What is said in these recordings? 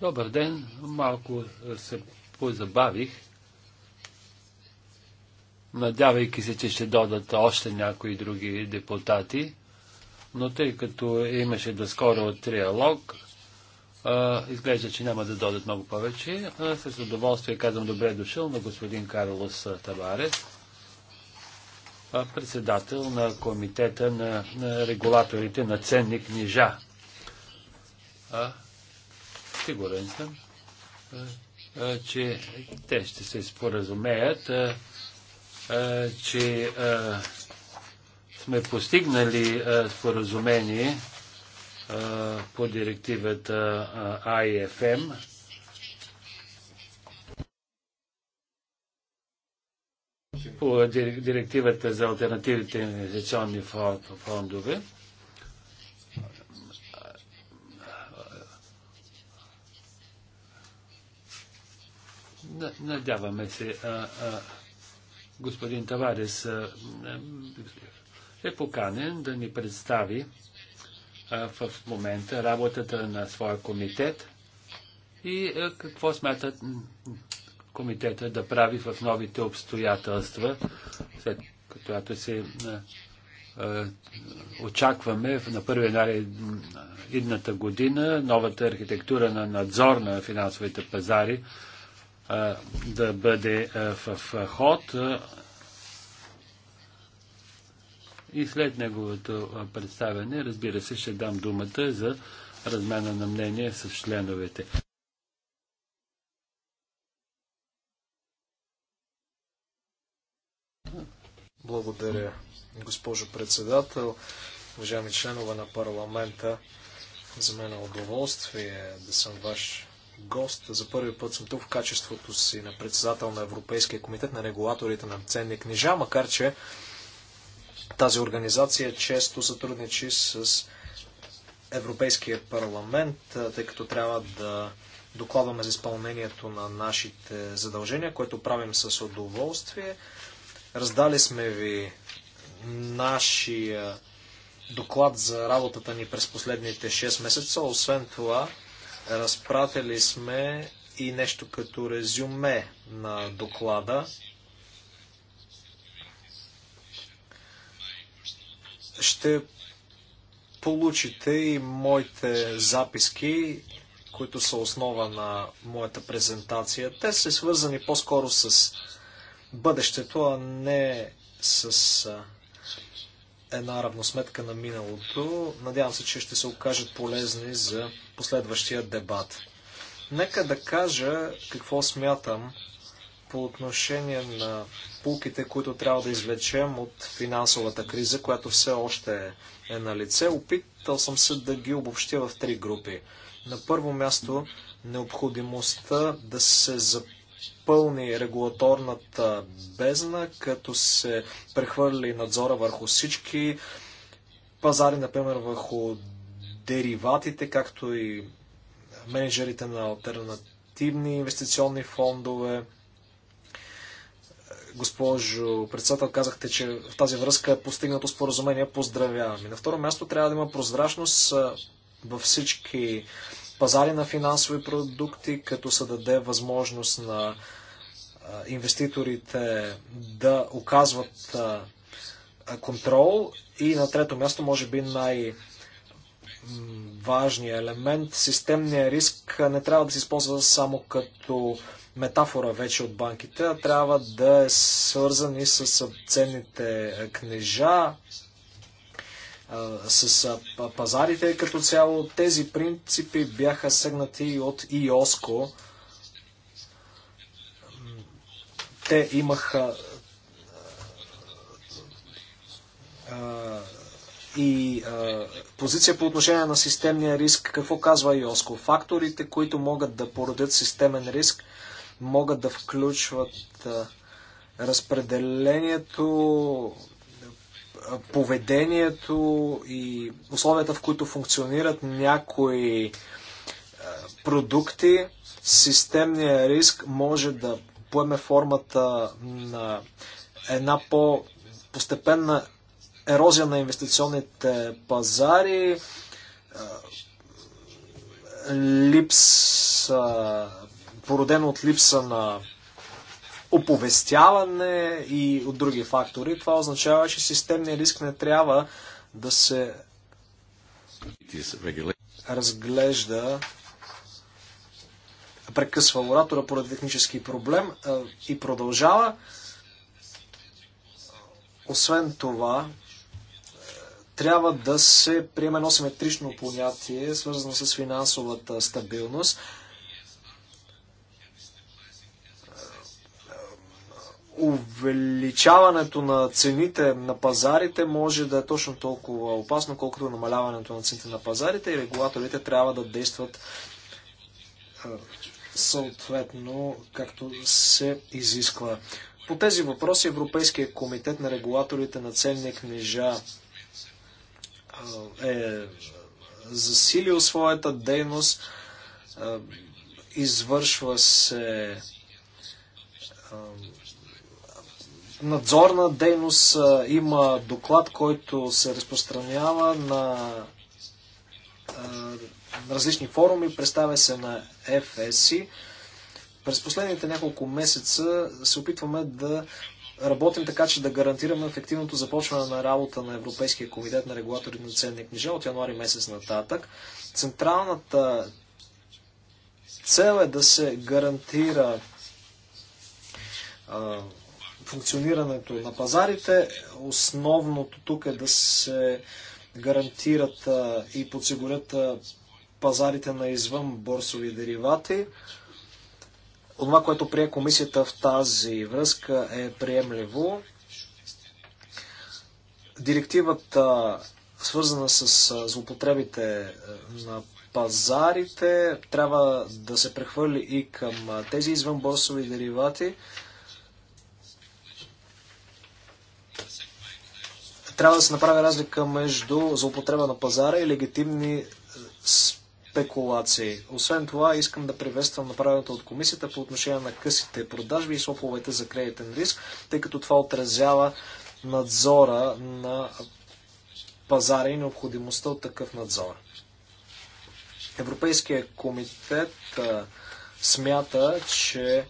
Добър ден, малко се позабавих, надявайки се, че ще додат още някои други депутати, но тъй като имаше доскоро триалог, изглежда, че няма да додат много повече. С удоволствие казвам добре дошъл на господин Карлос Табарес, председател на комитета на, на регулаторите на ценни книжа. Сигурен съм, че те ще се споразумеят, че сме постигнали споразумение по директивата IFM. по директивата за альтернативните инвестиционни фондове. Надяваме се, а, а, господин Таварес а, е поканен да ни представи а, в момента работата на своя комитет и а, какво смята комитета да прави в новите обстоятелства, след като се очакваме на 1 януари идната година новата архитектура на надзор на финансовите пазари да бъде в ход и след неговото представяне, разбира се, ще дам думата за размяна на мнение с членовете. Благодаря, госпожо председател, уважаеми членове на парламента. За мен е удоволствие да съм ваш гост. За първи път съм тук в качеството си на председател на Европейския комитет на регулаторите на ценни книжа, макар че тази организация често сътрудничи с Европейския парламент, тъй като трябва да докладваме за изпълнението на нашите задължения, което правим с удоволствие. Раздали сме ви нашия доклад за работата ни през последните 6 месеца. Освен това, Разпратили сме и нещо като резюме на доклада. Ще получите и моите записки, които са основа на моята презентация. Те са свързани по-скоро с бъдещето, а не с една равносметка на миналото. Надявам се, че ще се окажат полезни за последващия дебат. Нека да кажа какво смятам по отношение на пулките, които трябва да извлечем от финансовата криза, която все още е на лице. Опитал съм се да ги обобщя в три групи. На първо място необходимостта да се запълни регулаторната бездна, като се прехвърли надзора върху всички пазари, например върху дериватите, както и менеджерите на альтернативни инвестиционни фондове. Госпожо председател, казахте, че в тази връзка е постигнато споразумение. Поздравявам. И на второ място трябва да има прозрачност във всички пазари на финансови продукти, като се даде възможност на инвеститорите да оказват контрол и на трето място, може би най- важния елемент. Системния риск не трябва да се използва само като метафора вече от банките, а трябва да е свързан и с ценните книжа, с пазарите като цяло. Тези принципи бяха сегнати и от ИОСКО. Те имаха и а, позиция по отношение на системния риск. Какво казва Йоско? Факторите, които могат да породят системен риск, могат да включват а, разпределението, а, поведението и условията, в които функционират някои а, продукти. Системния риск може да поеме формата на една по-постепенна ерозия на инвестиционните пазари, липса, породено от липса на оповестяване и от други фактори. Това означава, че системният риск не трябва да се разглежда прекъсва оратора поради технически проблем и продължава. Освен това, трябва да се приема едно симетрично понятие, свързано с финансовата стабилност. Увеличаването на цените на пазарите може да е точно толкова опасно, колкото намаляването на цените на пазарите и регулаторите трябва да действат съответно, както се изисква. По тези въпроси Европейския комитет на регулаторите на ценни книжа е, е засилил своята дейност, е, извършва се е, надзорна дейност, има доклад, който се разпространява на различни форуми, представя се на FSI. През последните няколко месеца се опитваме да работим така, че да гарантираме ефективното започване на работа на Европейския комитет на регулатори на ценни книжа от януари месец нататък. Централната цел е да се гарантира а, функционирането на пазарите. Основното тук е да се гарантират а, и подсигурят а, пазарите на извън борсови деривати. А, това, което прие комисията в тази връзка е приемливо. Директивата, свързана с злопотребите на пазарите, трябва да се прехвърли и към тези извънборсови деривати. Трябва да се направи разлика между злоупотреба на пазара и легитимни спекулации спекулации. Освен това, искам да приветствам направеното от комисията по отношение на късите продажби и соповете за кредитен риск, тъй като това отразява надзора на пазара и необходимостта от такъв надзор. Европейския комитет а, смята, че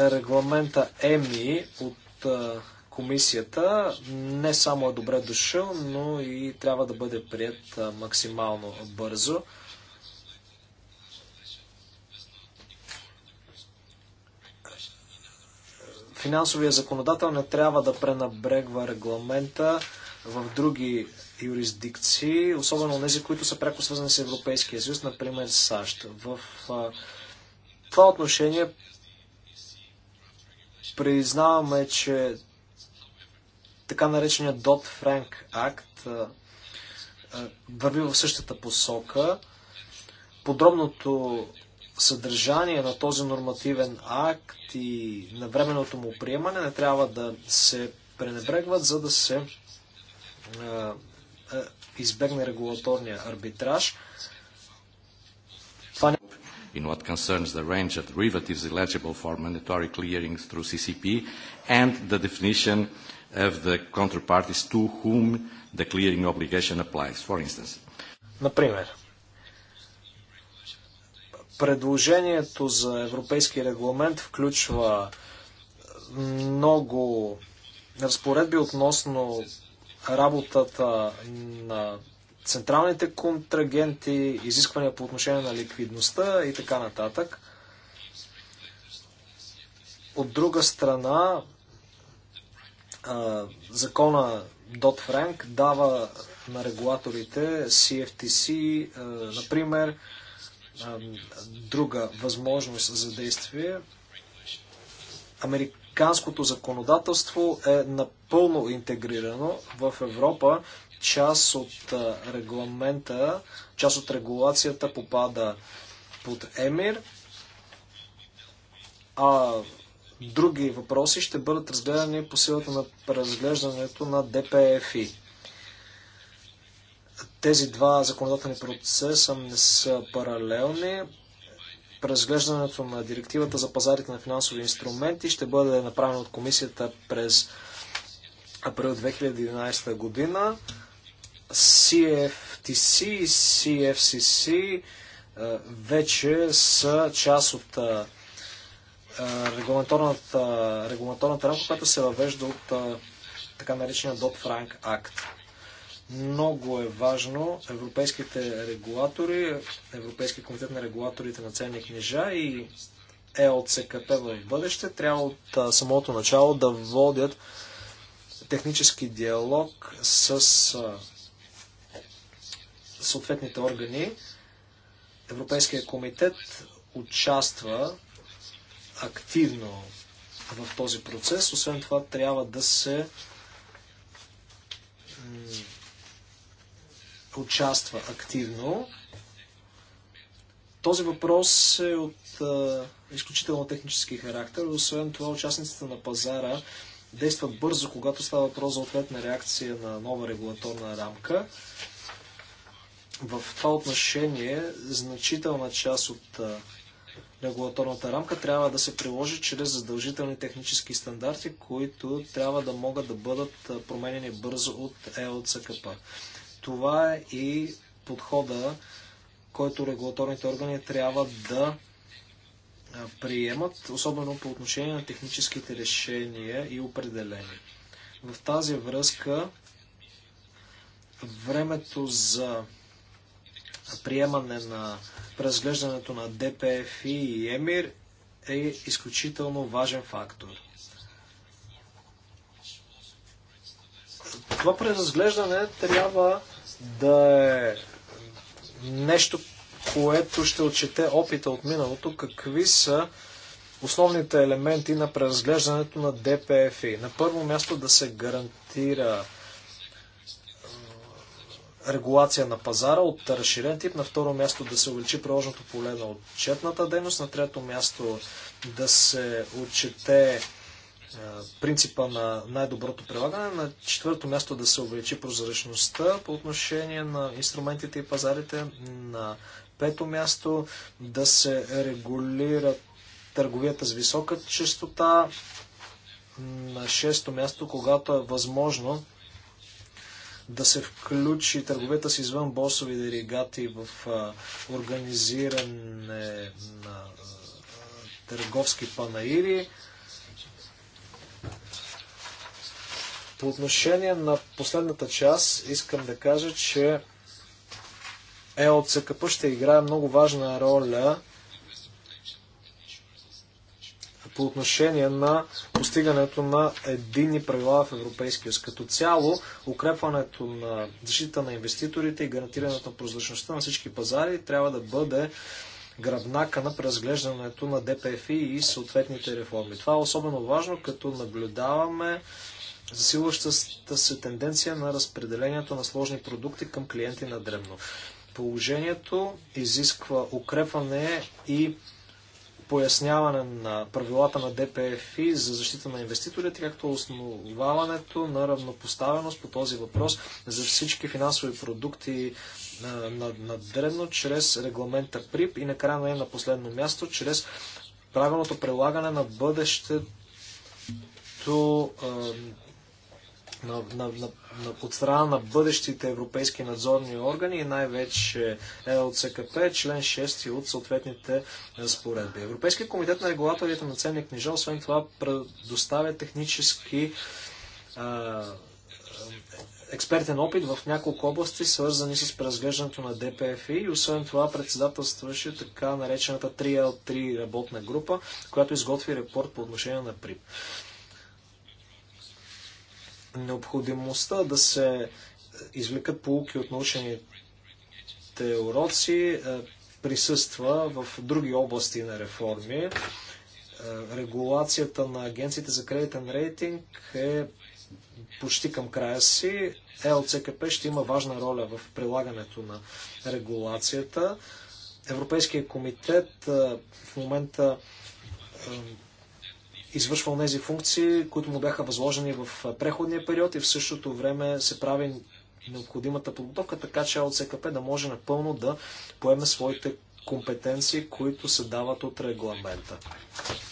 регламента ЕМИ от а, комисията не само е добре дошъл, но и трябва да бъде прият максимално бързо. финансовия законодател не трябва да пренабрегва регламента в други юрисдикции, особено тези, които са пряко свързани с Европейския съюз, например САЩ. В а, това отношение признаваме, че така наречения Дот Франк акт върви в същата посока. Подробното съдържание на този нормативен акт и на временното му приемане не трябва да се пренебрегват, за да се а, а, избегне регулаторния арбитраж. In what concerns the range of derivatives eligible for mandatory clearing through CCP and the definition of the counterparties to whom the clearing obligation applies, for instance. Например, Предложението за европейски регламент включва много разпоредби относно работата на централните контрагенти, изисквания по отношение на ликвидността и така нататък. От друга страна, закона Дот Франк дава на регулаторите CFTC, например, друга възможност за действие. Американското законодателство е напълно интегрирано в Европа. Част от регламента, част от регулацията попада под Емир, а други въпроси ще бъдат разгледани по силата на разглеждането на ДПФИ тези два законодателни процеса не са паралелни. Разглеждането на директивата за пазарите на финансови инструменти ще бъде направено от комисията през април 2011 година. CFTC и CFCC е, вече са част от е, регулаторната, рамка, която се въвежда от е, така наречения Dodd-Frank акт. Много е важно европейските регулатори, Европейския комитет на регулаторите на ценни книжа и ЕОЦКП в бъдеще трябва от самото начало да водят технически диалог с съответните органи. Европейския комитет участва активно в този процес. Освен това, трябва да се участва активно. Този въпрос е от а, изключително технически характер. Освен това, участниците на пазара действат бързо, когато става въпрос за ответна реакция на нова регулаторна рамка. В това отношение, значителна част от а, регулаторната рамка трябва да се приложи чрез задължителни технически стандарти, които трябва да могат да бъдат променени бързо от ЕОЦКП. Това е и подхода, който регулаторните органи трябва да приемат, особено по отношение на техническите решения и определения. В тази връзка времето за приемане на разглеждането на ДПФИ и ЕМИР е изключително важен фактор. Това преразглеждане трябва да е нещо, което ще отчете опита от миналото, какви са основните елементи на преразглеждането на ДПФИ. На първо място да се гарантира регулация на пазара от разширен тип, на второ място да се увеличи приложното поле на отчетната дейност, на трето място да се отчете принципа на най-доброто прилагане. На четвърто място да се увеличи прозрачността по отношение на инструментите и пазарите. На пето място да се регулира търговията с висока частота. На шесто място, когато е възможно, да се включи търговията с извън босови деригати в организиране на търговски панаири. По отношение на последната част, искам да кажа, че ЕОЦКП ще играе много важна роля по отношение на постигането на единни правила в Европейския съюз. Като цяло, укрепването на защита на инвеститорите и гарантирането на прозрачността на всички пазари трябва да бъде гръбнака на преразглеждането на ДПФИ и съответните реформи. Това е особено важно, като наблюдаваме засилващата се тенденция на разпределението на сложни продукти към клиенти на дребно. Положението изисква укрепване и поясняване на правилата на ДПФИ за защита на инвеститорите, както основаването на равнопоставеност по този въпрос за всички финансови продукти е, на, на, на древно, чрез регламента ПРИП и накрая на последно място, чрез правилното прилагане на бъдещето е, на, на, на, на подстрана на бъдещите европейски надзорни органи и най-вече ЛЦКП, е член 6 от съответните споредби. Европейския комитет на регулаторите на ценни книжа, освен това, предоставя технически а, експертен опит в няколко области, свързани с преразглеждането на ДПФИ и освен това председателстваше така наречената 3L3 работна група, която изготви репорт по отношение на ПРИП. Необходимостта да се извлекат полуки от научените уроци е, присъства в други области на реформи. Е, регулацията на агенциите за кредитен рейтинг е почти към края си. ЛЦКП е ще има важна роля в прилагането на регулацията. Европейския комитет в момента извършвал тези функции, които му бяха възложени в преходния период и в същото време се прави необходимата подготовка, така че ОЦКП да може напълно да поеме своите компетенции, които се дават от регламента.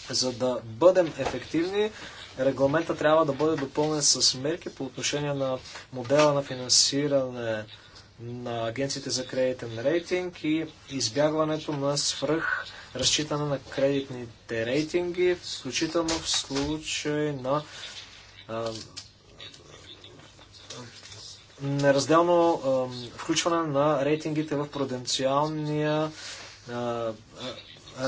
За да бъдем ефективни, регламента трябва да бъде допълнен с мерки по отношение на модела на финансиране на агенциите за кредитен рейтинг и избягването на свръх разчитане на кредитните рейтинги, включително в случай на а, неразделно а, включване на рейтингите в пруденциалния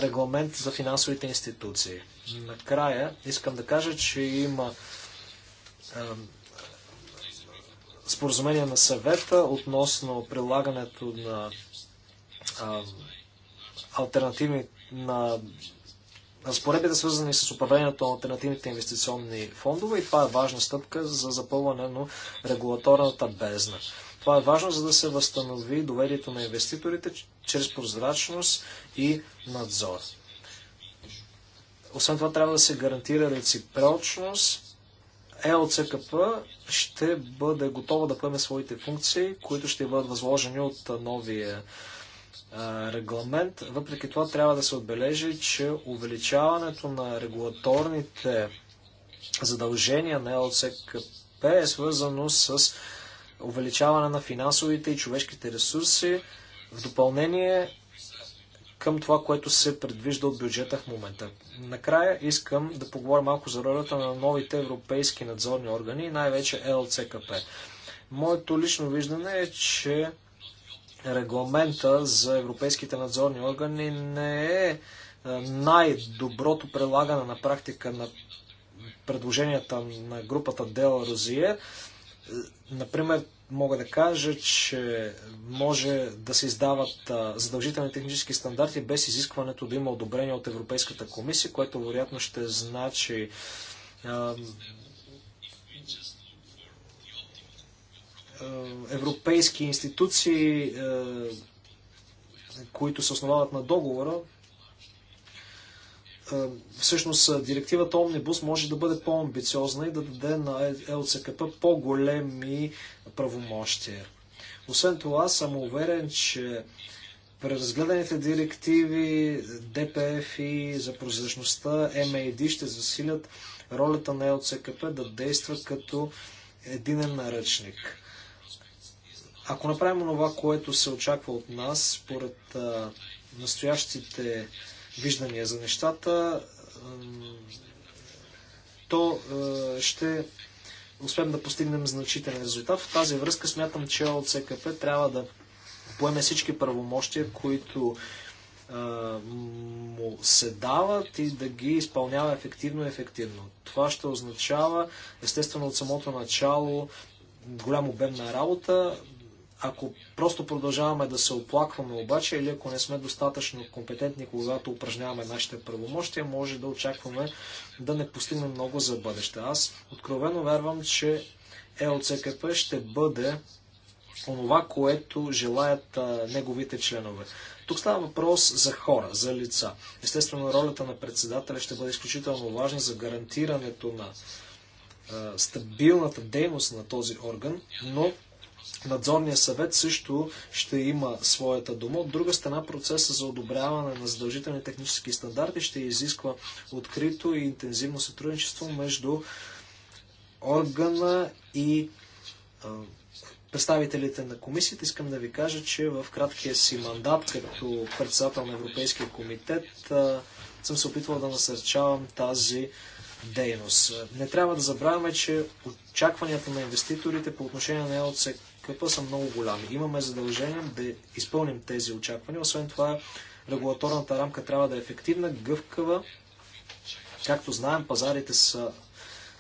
регламент за финансовите институции. Накрая искам да кажа, че има споразумение на съвета относно прилагането на альтернативни на разпоредбите, свързани с управлението на альтернативните инвестиционни фондове и това е важна стъпка за запълване на регулаторната бездна. Това е важно, за да се възстанови доверието на инвеститорите чрез прозрачност и надзор. Освен това трябва да се гарантира реципрочност. ЕЛЦКП ще бъде готова да поеме своите функции, които ще бъдат възложени от новия регламент. Въпреки това трябва да се отбележи, че увеличаването на регулаторните задължения на ЛЦКП е свързано с увеличаване на финансовите и човешките ресурси в допълнение към това, което се предвижда от бюджета в момента. Накрая искам да поговоря малко за ролята на новите европейски надзорни органи, най-вече ЛЦКП. Моето лично виждане е, че регламента за европейските надзорни органи не е, е най-доброто прилагане на практика на предложенията на групата Дел Розие. Е, например, мога да кажа, че може да се издават е, задължителни технически стандарти без изискването да има одобрение от Европейската комисия, което вероятно ще значи Е, европейски институции, е, които се основават на договора, е, всъщност директивата Омнибус може да бъде по-амбициозна и да даде на ЛЦКП по-големи правомощия. Освен това, съм уверен, че преразгледаните директиви ДПФ и за прозрачността МАД ще засилят ролята на ЛЦКП да действа като единен наръчник. Ако направим това, което се очаква от нас, според а, настоящите виждания за нещата, а, то а, ще успеем да постигнем значителен резултат. В тази връзка смятам, че ОЦКП трябва да поеме всички правомощия, които му се дават и да ги изпълнява ефективно и ефективно. Това ще означава, естествено, от самото начало голям обем на работа, ако просто продължаваме да се оплакваме обаче или ако не сме достатъчно компетентни, когато упражняваме нашите правомощия, може да очакваме да не постигнем много за бъдеще. Аз откровено вярвам, че ЕОЦКП ще бъде онова, което желаят а, неговите членове. Тук става въпрос за хора, за лица. Естествено, ролята на председателя ще бъде изключително важна за гарантирането на а, стабилната дейност на този орган, но Надзорния съвет също ще има своята дума. От друга страна, процеса за одобряване на задължителни технически стандарти ще изисква открито и интензивно сътрудничество между органа и представителите на комисията. Искам да ви кажа, че в краткия си мандат като председател на Европейския комитет съм се опитвал да насърчавам тази дейност. Не трябва да забравяме, че очакванията на инвеститорите по отношение на ЕОЦ подкрепа са много голями. Имаме задължение да изпълним тези очаквания. Освен това, регулаторната рамка трябва да е ефективна, гъвкава. Както знаем, пазарите са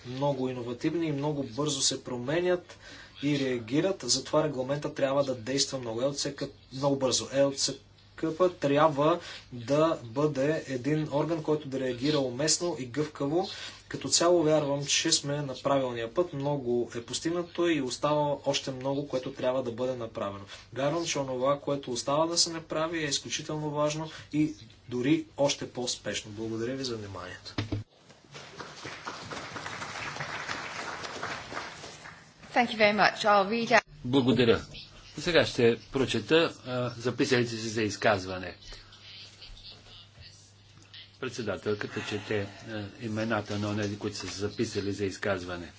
много иновативни и много бързо се променят и реагират. Затова регламента трябва да действа много, елце, много бързо. ЕЛЦК подкрепа трябва да бъде един орган, който да реагира уместно и гъвкаво. Като цяло вярвам, че сме на правилния път. Много е постигнато и остава още много, което трябва да бъде направено. Вярвам, че онова, което остава да се направи е изключително важно и дори още по-спешно. Благодаря ви за вниманието. Благодаря. Сега ще прочета а, записалите се за изказване. Председателката чете а, имената на онези, които са записали за изказване.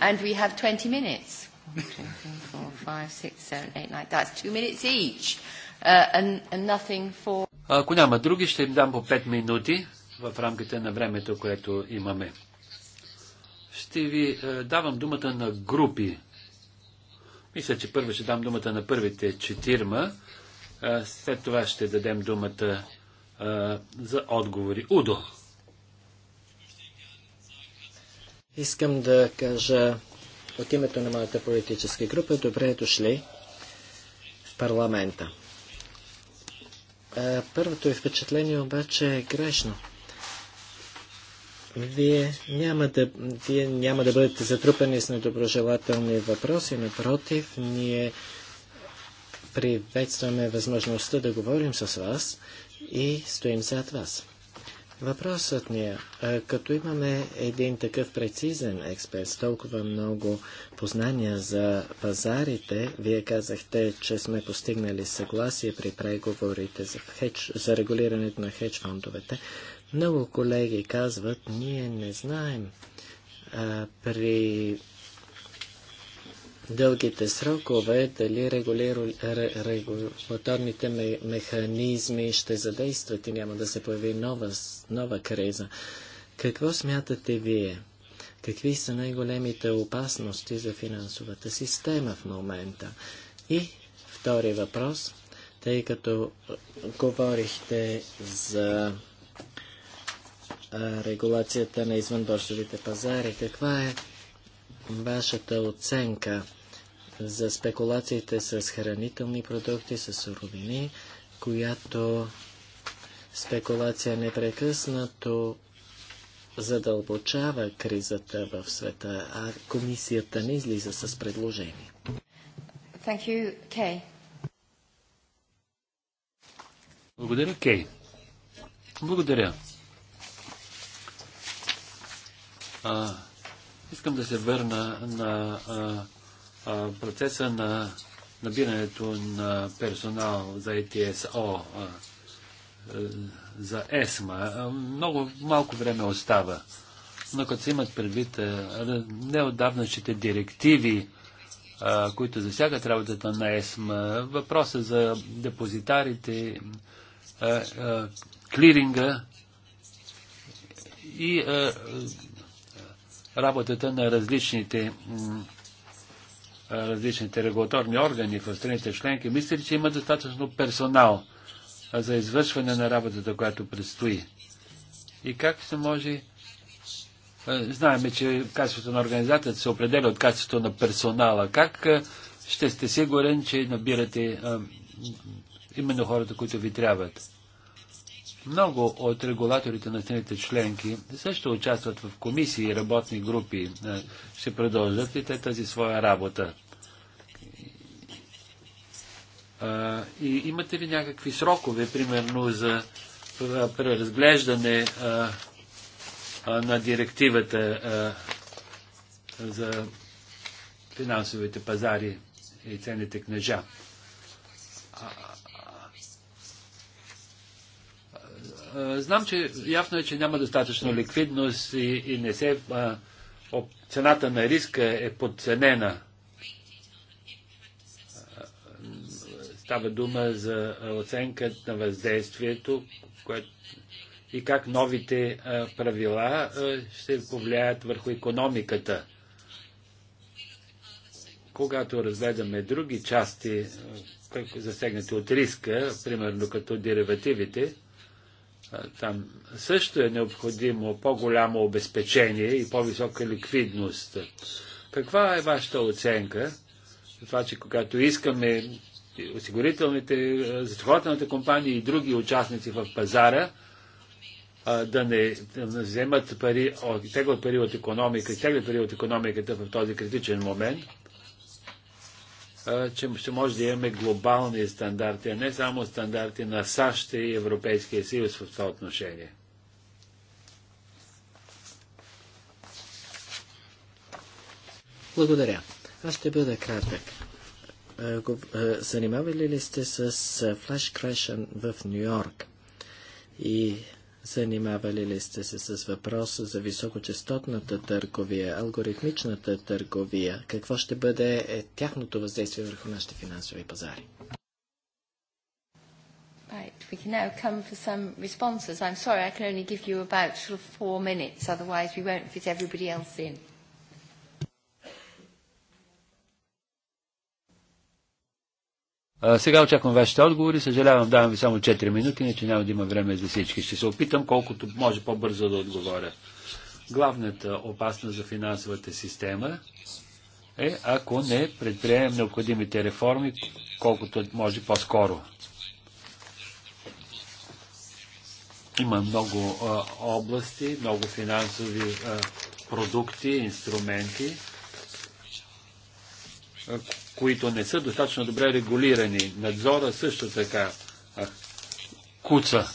And we have 20 minutes. One, two, three, four, five, six, seven, eight, nine. That's two minutes each. Uh, and, and nothing for... Ако няма други, ще им дам по 5 минути в рамките на времето, което имаме. Ще ви е, давам думата на групи. Мисля, че първо ще дам думата на първите четирма. Е, след това ще дадем думата е, за отговори. Удо. Искам да кажа от името на моята политическа група добре дошли в парламента. Първото ви впечатление обаче е грешно. Вие няма да, вие няма да бъдете затрупани с недоброжелателни въпроси. Напротив, ние приветстваме възможността да говорим с вас и стоим зад вас. Въпросът ни е, като имаме един такъв прецизен експерт с толкова много познания за пазарите, вие казахте, че сме постигнали съгласие при преговорите за, хедж, за регулирането на хедж фондовете. Много колеги казват, ние не знаем а, при дългите срокове, дали регулиру... регулаторните механизми ще задействат и няма да се появи нова, нова криза. Какво смятате вие? Какви са най-големите опасности за финансовата система в момента? И втори въпрос, тъй като говорихте за регулацията на извънборсовите пазари, каква е вашата оценка за спекулациите с хранителни продукти, с суровини, която спекулация непрекъснато задълбочава кризата в света, а комисията не излиза с предложение. Thank you, Kay. Благодаря, Кей. Благодаря. А, искам да се върна на а, процеса на набирането на персонал за ETSO, е за ЕСМА, много малко време остава. Но като се имат предвид неотдавнащите директиви, които засягат работата на ЕСМА, въпроса за депозитарите, клиринга и работата на различните различните регулаторни органи в страните членки, мисля ли, че има достатъчно персонал за извършване на работата, която предстои? И как се може... Знаеме, че качеството на организацията се определя от качеството на персонала. Как ще сте сигурен, че набирате именно хората, които ви трябват? Много от регулаторите на страните членки също участват в комисии и работни групи. Е, ще продължат ли те тази своя работа? И имате ли някакви срокове, примерно, за преразглеждане на директивата за финансовите пазари и ценните книжа? Е, знам, че ясно е, че няма достатъчно ликвидност и, и не се. А, об, цената на риска е подценена. Е, става дума за оценка на въздействието което, и как новите а, правила а, ще повлияят върху економиката. Когато разгледаме други части, засегнати от риска, примерно като деривативите, там също е необходимо по-голямо обезпечение и по-висока ликвидност. Каква е вашата оценка? за Това, че когато искаме осигурителните, застрахователните компании и други участници в пазара да не, да не вземат пари, теглят пари от економика, теглят пари от економиката в този критичен момент – че ще може да имаме глобални стандарти, а не само стандарти на САЩ и Европейския съюз в това отношение. Благодаря. Аз ще бъда кратък. Занимавали ли сте с флеш в Нью Йорк? И Занимавали ли сте се с въпроса за високочастотната търговия, алгоритмичната търговия? Какво ще бъде е тяхното въздействие върху нашите финансови пазари? Right, we can now come for some responses. I'm sorry, I can only give you about sort of four minutes, otherwise we won't fit everybody else in. А, сега очаквам вашите отговори. Съжалявам, давам ви само 4 минути, иначе няма да има време за всички. Ще се опитам колкото може по-бързо да отговоря. Главната опасност за финансовата система е ако не предприемем необходимите реформи колкото може по-скоро. Има много а, области, много финансови а, продукти, инструменти, които не са достатъчно добре регулирани. Надзора също така куца.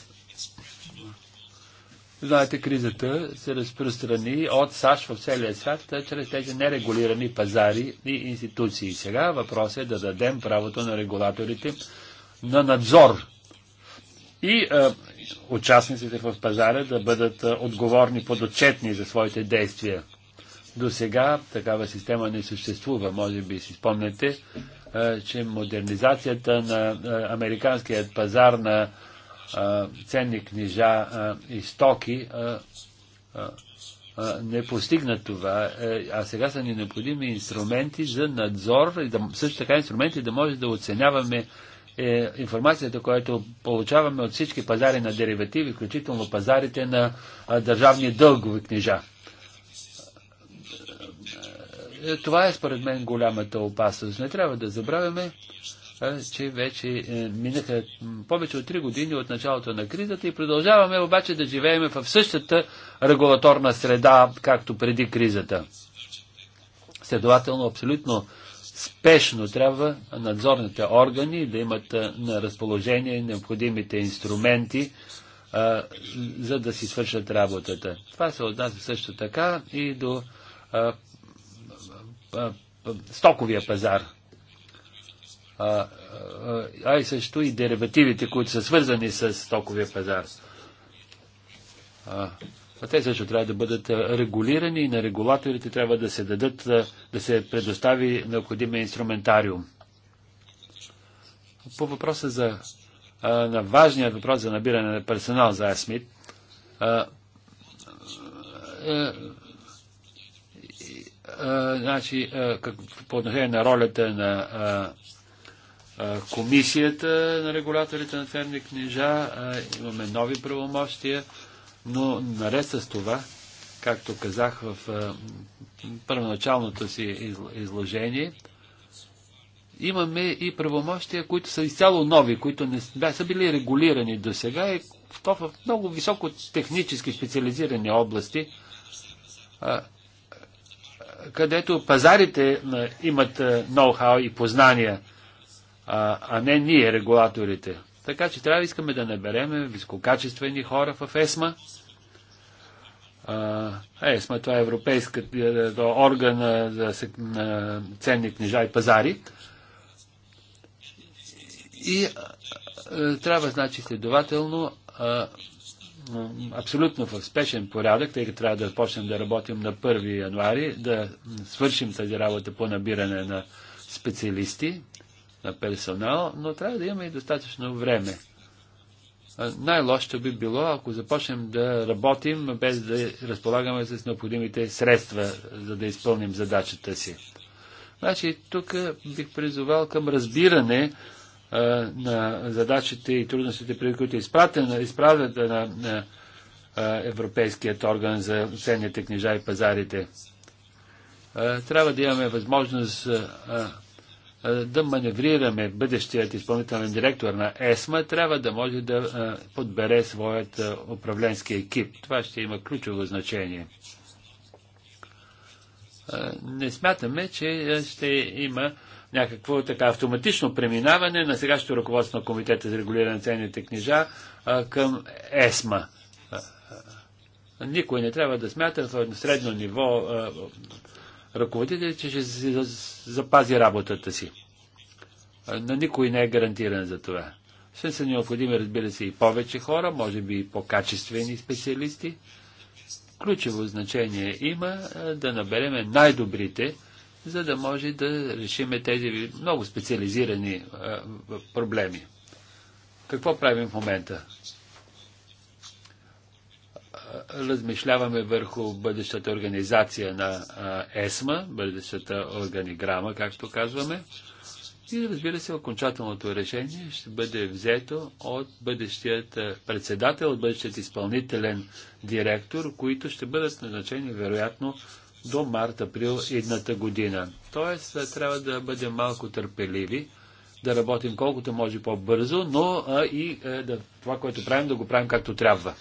Знаете, кризата се разпространи от САЩ в целия свят чрез тези нерегулирани пазари и институции. Сега въпросът е да дадем правото на регулаторите на надзор и а, участниците в пазара да бъдат а, отговорни, подотчетни за своите действия. До сега такава система не съществува. Може би си спомнете, че модернизацията на американският пазар на ценни книжа и стоки не постигна това, е, а сега са ни необходими инструменти за надзор и да, също така инструменти да може да оценяваме е, информацията, която получаваме от всички пазари на деривативи, включително пазарите на държавни дългови книжа. Е, това е според мен голямата опасност. Не трябва да забравяме, че вече е, минаха повече от 3 години от началото на кризата и продължаваме обаче да живеем в същата регулаторна среда, както преди кризата. Следователно, абсолютно спешно трябва надзорните органи да имат е, на разположение необходимите инструменти, за да си свършат работата. Това се отнася също така и до стоковия пазар. А, а и също и деривативите, които са свързани с стоковия пазар. А, а те също трябва да бъдат регулирани и на регулаторите трябва да се дадат, да се предостави необходимия инструментариум. По въпроса за а, на важният въпрос за набиране на персонал за АСМИТ, значи, как, по отношение на ролята на комисията на регуляторите на ценни книжа, имаме нови правомощия, но наред с това, както казах в първоначалното си изложение, имаме и правомощия, които са изцяло нови, които не са били регулирани до сега и то в много високо технически специализирани области, където пазарите имат е, ноу-хау и познания, а не ние, регулаторите. Така че трябва да искаме да наберем висококачествени хора в ЕСМА. ЕСМА, това е европейска е, е, орган за ценни книжа и пазари. И трябва, значи, следователно абсолютно в спешен порядък, тъй като трябва да почнем да работим на 1 януари, да свършим тази работа по набиране на специалисти, на персонал, но трябва да имаме и достатъчно време. Най-лошо би било, ако започнем да работим без да разполагаме с необходимите средства, за да изпълним задачата си. Значи, тук бих призовал към разбиране на задачите и трудностите, при които е изпратена, изправят на, на Европейският орган за ценните книжа и пазарите. Трябва да имаме възможност да маневрираме бъдещият изпълнителен директор на ЕСМА, трябва да може да подбере своят управленски екип. Това ще има ключово значение. Не смятаме, че ще има някакво така автоматично преминаване на сегашното ръководство на Комитета за регулиране на ценните книжа а, към ЕСМА. никой не трябва да смята на средно ниво ръководители, че ще запази работата си. На никой не е гарантиран за това. Ще са необходими, разбира се, и повече хора, може би и по-качествени специалисти. Ключово значение има да набереме най-добрите, за да може да решиме тези много специализирани а, е, проблеми. Какво правим в момента? Размишляваме върху бъдещата организация на е, ЕСМА, бъдещата органиграма, както казваме. И разбира се, окончателното решение ще бъде взето от бъдещият е, председател, от бъдещият изпълнителен директор, които ще бъдат назначени вероятно до март-април едната година. Тоест, е, трябва да бъдем малко търпеливи, да работим колкото може по-бързо, но а, и а, е, да, това, което правим, да го правим както трябва.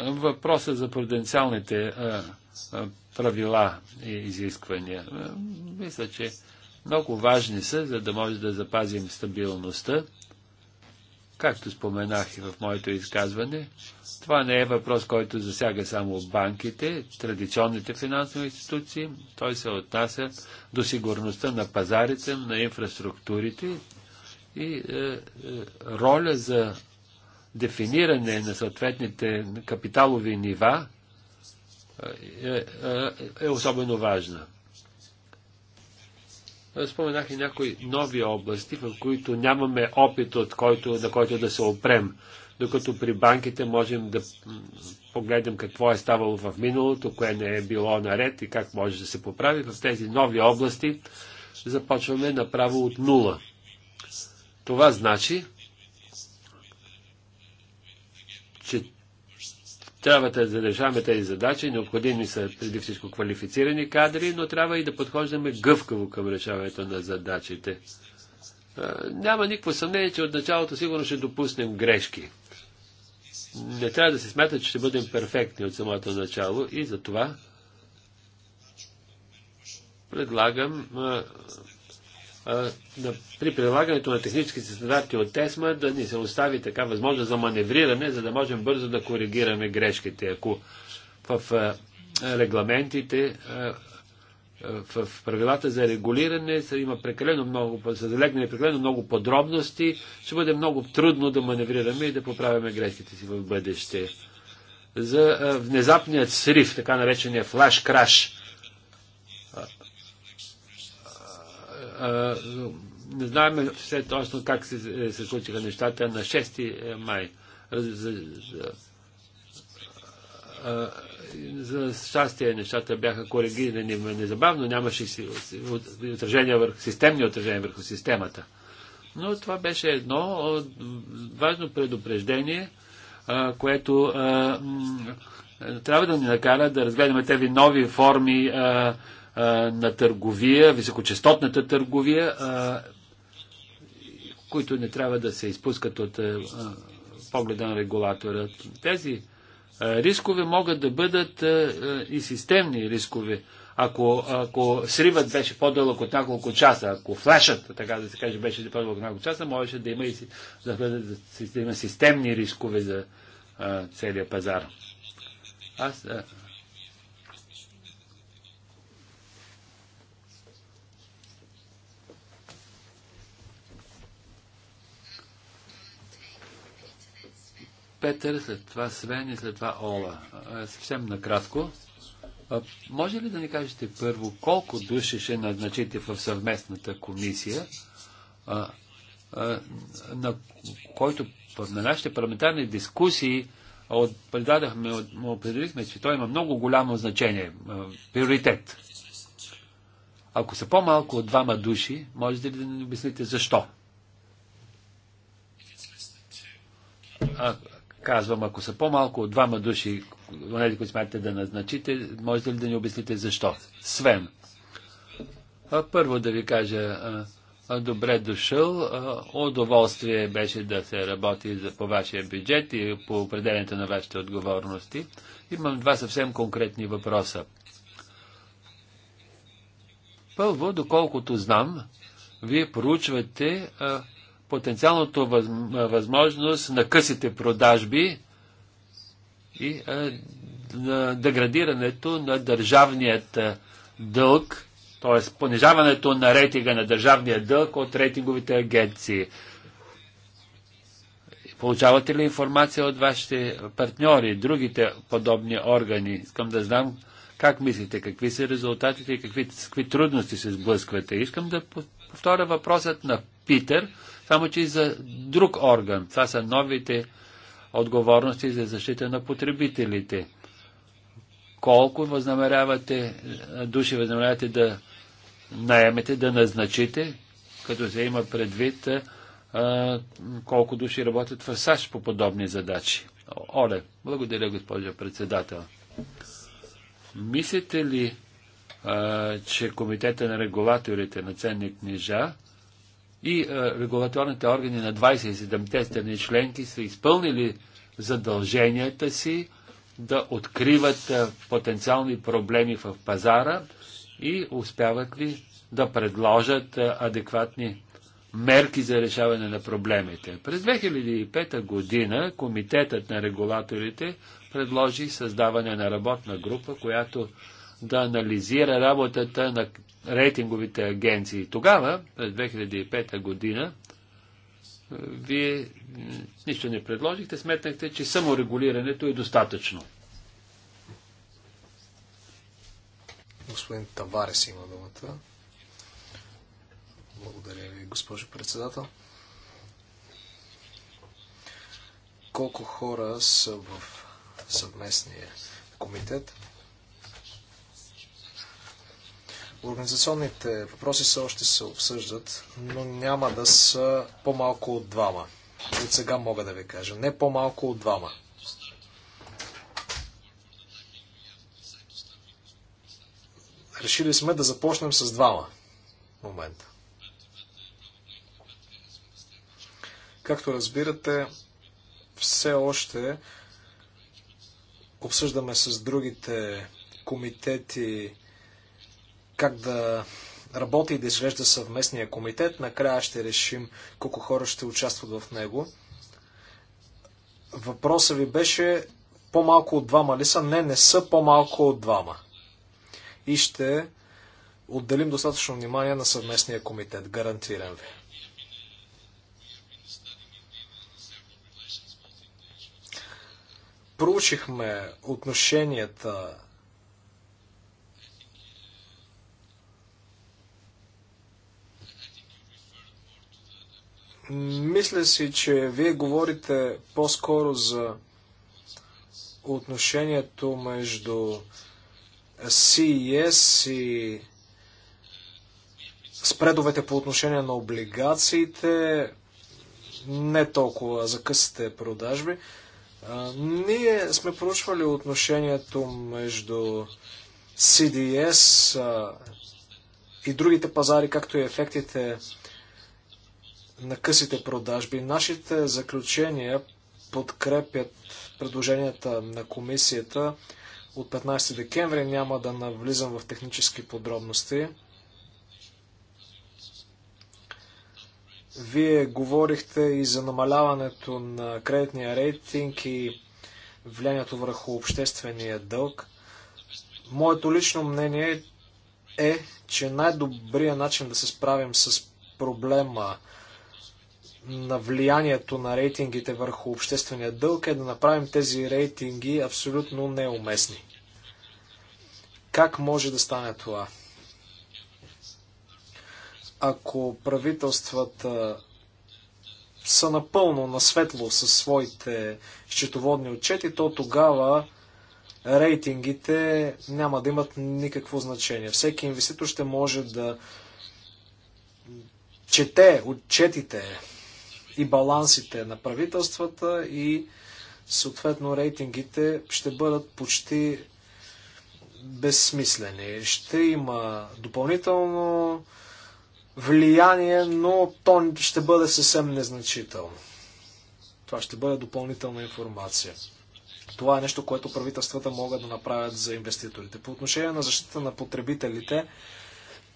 Въпроса за пруденциалните а, а, правила и изисквания. Мисля, че много важни са, за да може да запазим стабилността Както споменах и в моето изказване, това не е въпрос, който засяга само банките, традиционните финансови институции. Той се отнася до сигурността на пазарите, на инфраструктурите и е, е, роля за дефиниране на съответните капиталови нива е, е, е, е особено важна. Е, споменах и някои нови области, в които нямаме опит, от който, на който да се опрем. Докато при банките можем да погледнем какво е ставало в миналото, кое не е било наред и как може да се поправи. В тези нови области започваме направо от нула. Това значи, че трябва да решаваме тези задачи, необходими са преди всичко квалифицирани кадри, но трябва и да подхождаме гъвкаво към решаването на задачите. Няма никакво съмнение, че от началото сигурно ще допуснем грешки. Не трябва да се смята, че ще бъдем перфектни от самото начало и за това предлагам на, при прилагането на техническите стандарти от ТЕСМА да ни се остави така възможност за маневриране, за да можем бързо да коригираме грешките. Ако в а, регламентите, а, а, в правилата за регулиране са, има прекалено много, са залегнали прекалено много подробности, ще бъде много трудно да маневрираме и да поправяме грешките си в бъдеще. За внезапният срив, така наречения флаш краш, а, не знаем все точно как се, е, се случиха нещата на 6 е, май. За, за, за щастие нещата бяха коригирани незабавно, нямаше отражения върху, системни отражения върху системата. Но това беше едно важно предупреждение, което трябва да ни накара да разгледаме тези нови форми на търговия, високочастотната търговия, които не трябва да се изпускат от погледа на регулатора. Тези рискове могат да бъдат и системни рискове. Ако, ако сривът беше по-дълъг от няколко часа, ако флешът, така да се каже, беше по-дълъг от няколко часа, можеше да има, и, да, бъде, да има системни рискове за а, целия пазар. Аз а, Петър, след това Свен и след това Ола. Е, съвсем накратко. Може ли да ни кажете първо колко души ще назначите в съвместната комисия, на който на нашите парламентарни дискусии предадахме, определихме, че той има много голямо значение, приоритет. Ако са по-малко от двама души, можете ли да ни обясните защо? А, казвам, ако са по-малко от двама души, онези, които смятате да назначите, можете ли да ни обясните защо? Свен. А, първо да ви кажа, а, а, добре дошъл. А, удоволствие беше да се работи за, по вашия бюджет и по определенето на вашите отговорности. Имам два съвсем конкретни въпроса. Първо, доколкото знам, вие проучвате а, потенциалното въз, възможност на късите продажби и а, на деградирането на държавният дълг, т.е. понижаването на рейтинга на държавния дълг от рейтинговите агенции. Получавате ли информация от вашите партньори, другите подобни органи? Искам да знам как мислите, какви са резултатите и какви, какви трудности се сблъсквате. Искам да повторя въпросът на Питер само че и за друг орган. Това са новите отговорности за защита на потребителите. Колко възнамерявате, души възнамерявате да наемете, да назначите, като се има предвид а, колко души работят в САЩ по подобни задачи. Оле, благодаря, госпожа председател. Мислите ли, а, че Комитета на регулаторите на ценни книжа и е, регулаторните органи на 27-те страни членки са изпълнили задълженията си да откриват е, потенциални проблеми в пазара и успяват ли да предложат е, адекватни мерки за решаване на проблемите. През 2005 година Комитетът на регулаторите предложи създаване на работна група, която да анализира работата на рейтинговите агенции. Тогава, през 2005 година, вие нищо не предложихте, сметнахте, че саморегулирането е достатъчно. Господин Таварес има думата. Благодаря ви, госпожо председател. Колко хора са в съвместния комитет? Организационните въпроси все още се обсъждат, но няма да са по-малко от двама. От сега мога да ви кажа. Не по-малко от двама. Решили сме да започнем с двама в момента. Както разбирате, все още обсъждаме с другите комитети как да работи и да изглежда съвместния комитет. Накрая ще решим колко хора ще участват в него. Въпроса ви беше по-малко от двама ли са? Не, не са по-малко от двама. И ще отделим достатъчно внимание на съвместния комитет. Гарантирам ви. Проучихме отношенията Мисля си, че вие говорите по-скоро за отношението между CES и спредовете по отношение на облигациите, не толкова за късите продажби. ние сме проучвали отношението между CDS и другите пазари, както и ефектите на късите продажби. Нашите заключения подкрепят предложенията на комисията от 15 декември. Няма да навлизам в технически подробности. Вие говорихте и за намаляването на кредитния рейтинг и влиянието върху обществения дълг. Моето лично мнение е, че най-добрият начин да се справим с проблема на влиянието на рейтингите върху обществения дълг е да направим тези рейтинги абсолютно неуместни. Как може да стане това? Ако правителствата са напълно на светло със своите счетоводни отчети, то тогава рейтингите няма да имат никакво значение. Всеки инвеститор ще може да чете отчетите и балансите на правителствата и съответно рейтингите ще бъдат почти безсмислени. Ще има допълнително влияние, но то ще бъде съвсем незначително. Това ще бъде допълнителна информация. Това е нещо, което правителствата могат да направят за инвеститорите. По отношение на защита на потребителите,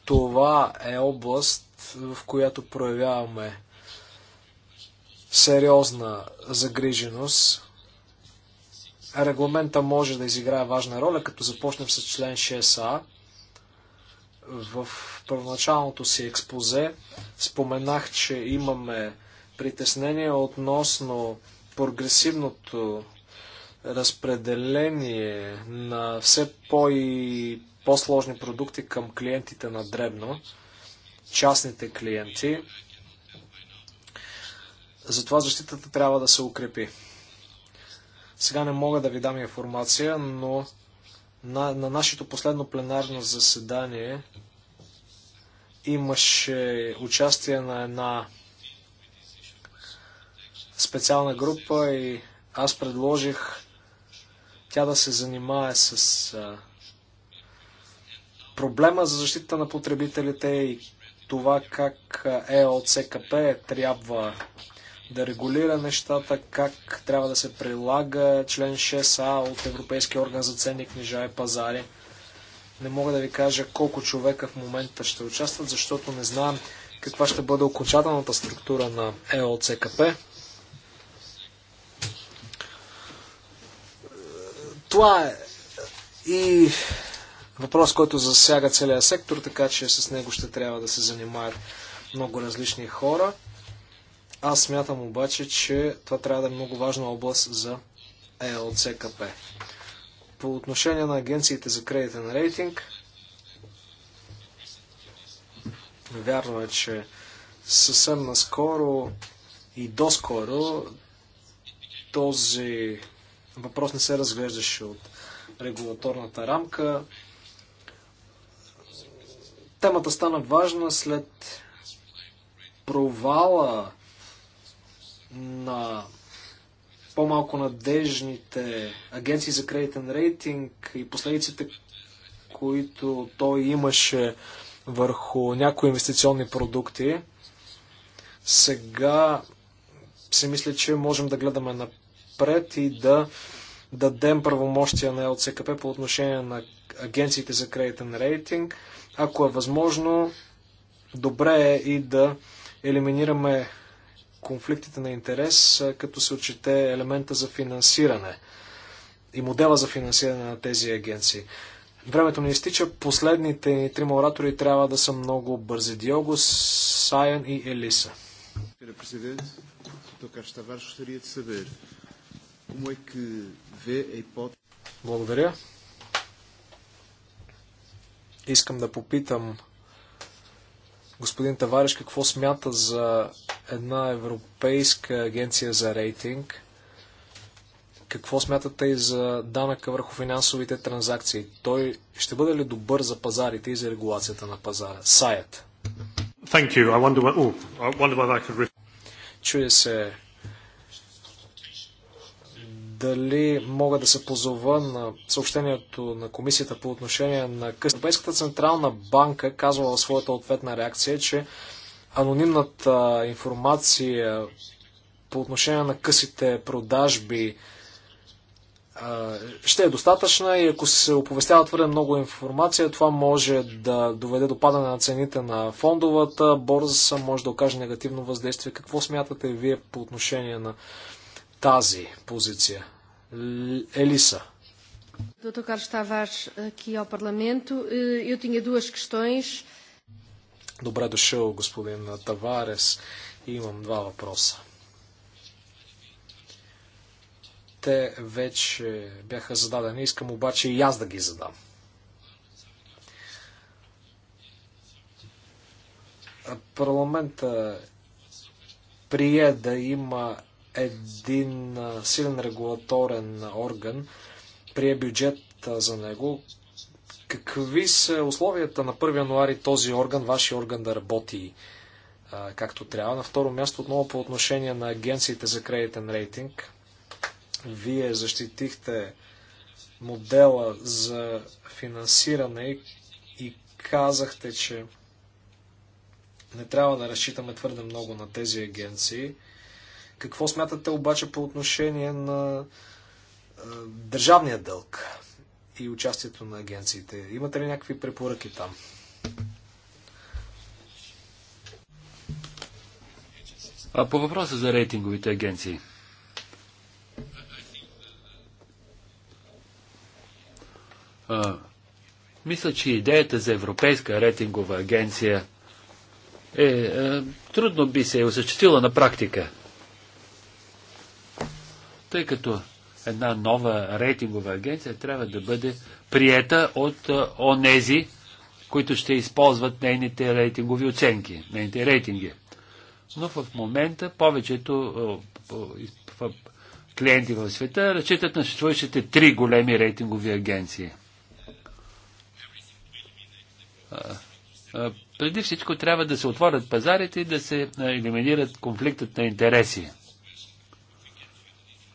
това е област, в която проявяваме сериозна загриженост. Регламента може да изиграе важна роля, като започнем с член 6а. В първоначалното си експозе споменах, че имаме притеснение относно прогресивното разпределение на все по- и по-сложни продукти към клиентите на дребно, частните клиенти. Затова защитата трябва да се укрепи. Сега не мога да ви дам информация, но на, на нашето последно пленарно заседание имаше участие на една специална група и аз предложих тя да се занимае с а, проблема за защита на потребителите и това как ЕОЦКП трябва да регулира нещата, как трябва да се прилага член 6А от Европейския орган за ценни книжа и пазари. Не мога да ви кажа колко човека в момента ще участват, защото не знам каква ще бъде окончателната структура на ЕОЦКП. Това е и въпрос, който засяга целия сектор, така че с него ще трябва да се занимаят много различни хора. Аз смятам обаче, че това трябва да е много важна област за ЕЛЦКП. По отношение на агенциите за кредитен рейтинг, вярно е, че съвсем наскоро и доскоро този въпрос не се разглеждаше от регулаторната рамка. Темата стана важна след провала на по-малко надежните агенции за кредитен рейтинг и последиците, които той имаше върху някои инвестиционни продукти, сега си мисля, че можем да гледаме напред и да дадем правомощия на ЛЦКП по отношение на агенциите за кредитен рейтинг. Ако е възможно, добре е и да елиминираме конфликтите на интерес, като се отчете елемента за финансиране и модела за финансиране на тези агенции. Времето ни изтича. Последните ни трима оратори трябва да са много бързи. Диого, Саян и Елиса. Благодаря. Искам да попитам господин Тавариш какво смята за една европейска агенция за рейтинг. Какво смятате и за данъка върху финансовите транзакции? Той ще бъде ли добър за пазарите и за регулацията на пазара? Саят. Oh, could... Чуя се дали мога да се позова на съобщението на комисията по отношение на Европейската централна банка казва в своята ответна реакция, че анонимната информация по отношение на късите продажби ще е достатъчна и ако се оповестява твърде много информация, това може да доведе до падане на цените на фондовата борса, може да окаже негативно въздействие. Какво смятате вие по отношение на тази позиция? Елиса. Doutor Carlos Tavares, aqui ao Parlamento. Eh, eu tinha duas questões. Uh, Добре дошъл, господин Таварес. И имам два въпроса. Те вече бяха зададени. Искам обаче и аз да ги задам. Парламента прие да има един силен регулаторен орган, прие бюджет за него, Какви са условията на 1 януари този орган, вашия орган да работи а, както трябва? На второ място, отново по отношение на агенциите за кредитен рейтинг, вие защитихте модела за финансиране и казахте, че не трябва да разчитаме твърде много на тези агенции. Какво смятате обаче по отношение на а, държавния дълг? и участието на агенциите. Имате ли някакви препоръки там? А по въпроса за рейтинговите агенции. А, мисля, че идеята за Европейска рейтингова агенция е, е трудно би се е осъществила на практика. Тъй като една нова рейтингова агенция трябва да бъде приета от онези, които ще използват нейните рейтингови оценки, нейните рейтинги. Но в момента повечето клиенти в света разчитат на съществуващите три големи рейтингови агенции. Преди всичко трябва да се отворят пазарите и да се елиминират конфликтът на интереси.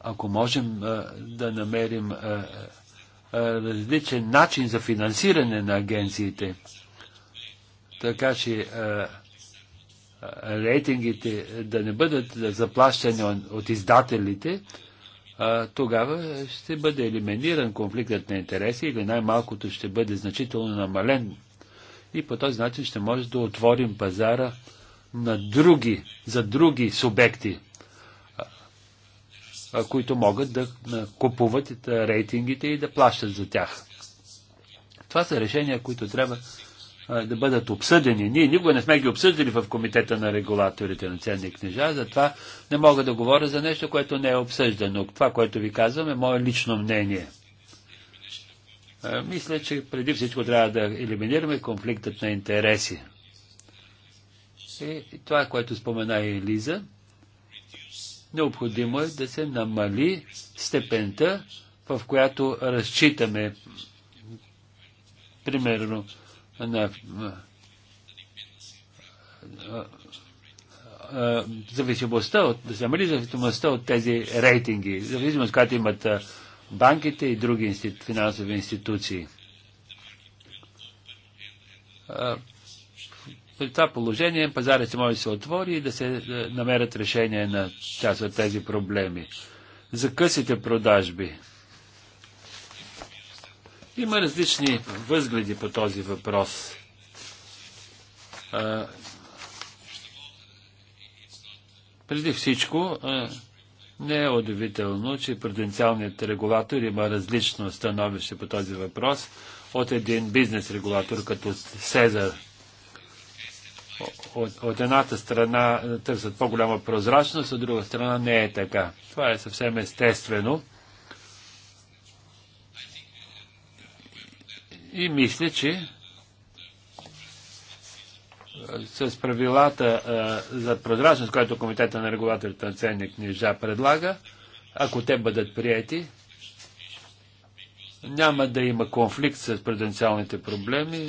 Ако можем да намерим различен начин за финансиране на агенциите, така че рейтингите да не бъдат заплащани от издателите, тогава ще бъде елиминиран конфликтът на интереси или най-малкото ще бъде значително намален. И по този начин ще може да отворим пазара на други, за други субекти които могат да купуват рейтингите и да плащат за тях. Това са решения, които трябва да бъдат обсъдени. Ние никога не сме ги обсъждали в Комитета на регулаторите на ценни книжа, затова не мога да говоря за нещо, което не е обсъждано. Това, което ви казвам, е мое лично мнение. Мисля, че преди всичко трябва да елиминираме конфликтът на интереси. И това, което спомена и Лиза, необходимо е да се намали степента, в която разчитаме примерно на зависимостта от, да се намали зависимостта от тези рейтинги, зависимост, която имат банките и други финансови институции. При това положение пазарът се може да се отвори и да се е, намерят решение на част от тези проблеми. За късите продажби. Има различни възгледи по този въпрос. преди всичко, не е удивително, че потенциалният регулатор има различно становище по този въпрос от един бизнес регулатор като Сезар от, от едната страна е, търсят по-голяма прозрачност, от друга страна не е така. Това е съвсем естествено. И мисля, че е, с правилата а, е, за прозрачност, която Комитета на регулаторите на ценни книжа предлага, ако те бъдат приети, няма да има конфликт с преденциалните проблеми,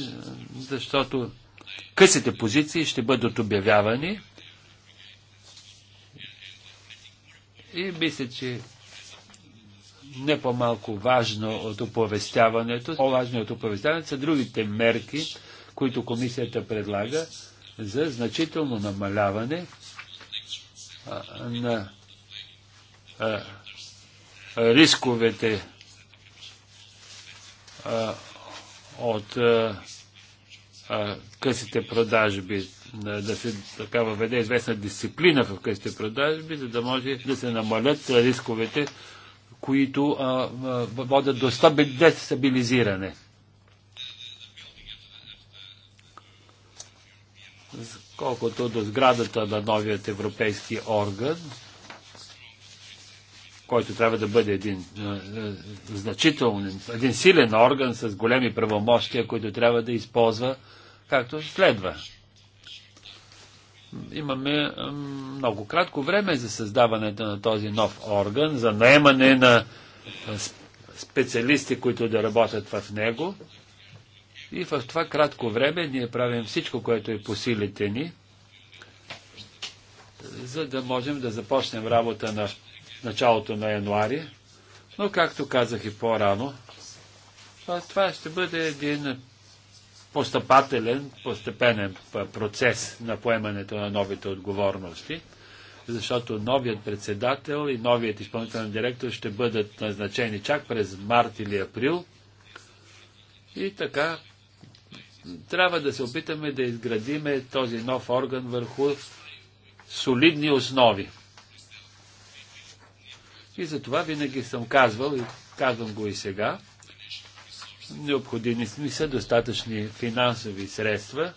защото късите позиции ще бъдат обявявани. И мисля, че не по-малко важно от оповестяването, по-важно от оповестяването са другите мерки, които комисията предлага за значително намаляване на рисковете от късите продажби, да се така въведе известна дисциплина в късите продажби, за да може да се намалят рисковете, които водят до дестабилизиране. Колкото до сградата на новият европейски орган, който трябва да бъде един значителен, един силен орган с големи правомощия, които трябва да използва както следва. Имаме много кратко време за създаването на този нов орган, за наемане на специалисти, които да работят в него. И в това кратко време ние правим всичко, което е по силите ни, за да можем да започнем работа на началото на януари. Но, както казах и по-рано, това ще бъде един постъпателен, постепенен процес на поемането на новите отговорности, защото новият председател и новият изпълнителен директор ще бъдат назначени чак през март или април. И така трябва да се опитаме да изградиме този нов орган върху солидни основи. И за това винаги съм казвал, и казвам го и сега, Необходими сме са достатъчни финансови средства,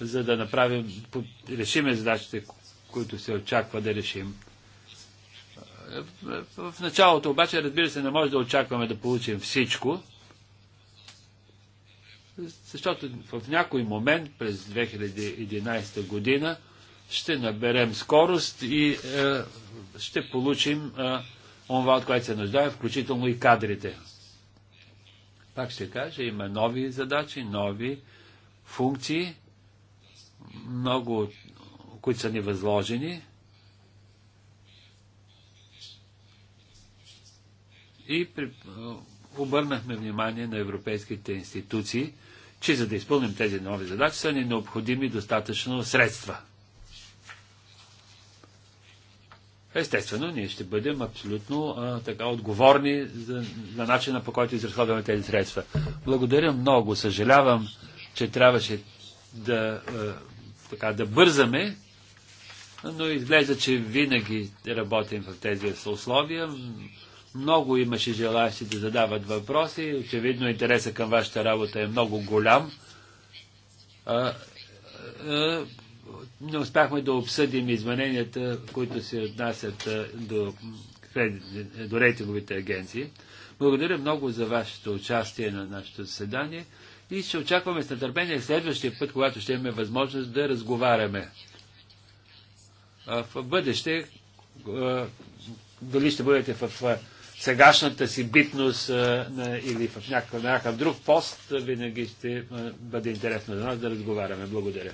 за да направим, решиме задачите, които се очаква да решим. В началото обаче, разбира се, не може да очакваме да получим всичко, защото в някой момент през 2011 година ще наберем скорост и е, ще получим е, онова, от което се нуждае, включително и кадрите. Пак ще кажа, има нови задачи, нови функции, много, които са ни възложени. И при, обърнахме внимание на европейските институции, че за да изпълним тези нови задачи са ни необходими достатъчно средства. Естествено, ние ще бъдем абсолютно а, така отговорни за, за начина по който изразходваме тези средства. Благодаря много. Съжалявам, че трябваше да, а, така, да бързаме, но изглежда, че винаги работим в тези условия. Много имаше желаящи да задават въпроси. Очевидно, интереса към вашата работа е много голям. А, а, не успяхме да обсъдим измененията, които се отнасят до, до рейтинговите агенции. Благодаря много за вашето участие на нашето заседание и ще очакваме с нетърпение следващия път, когато ще имаме възможност да разговаряме. В бъдеще, дали ще бъдете в сегашната си битност или в някакъв, някакъв друг пост, винаги ще бъде интересно за нас да разговаряме. Благодаря.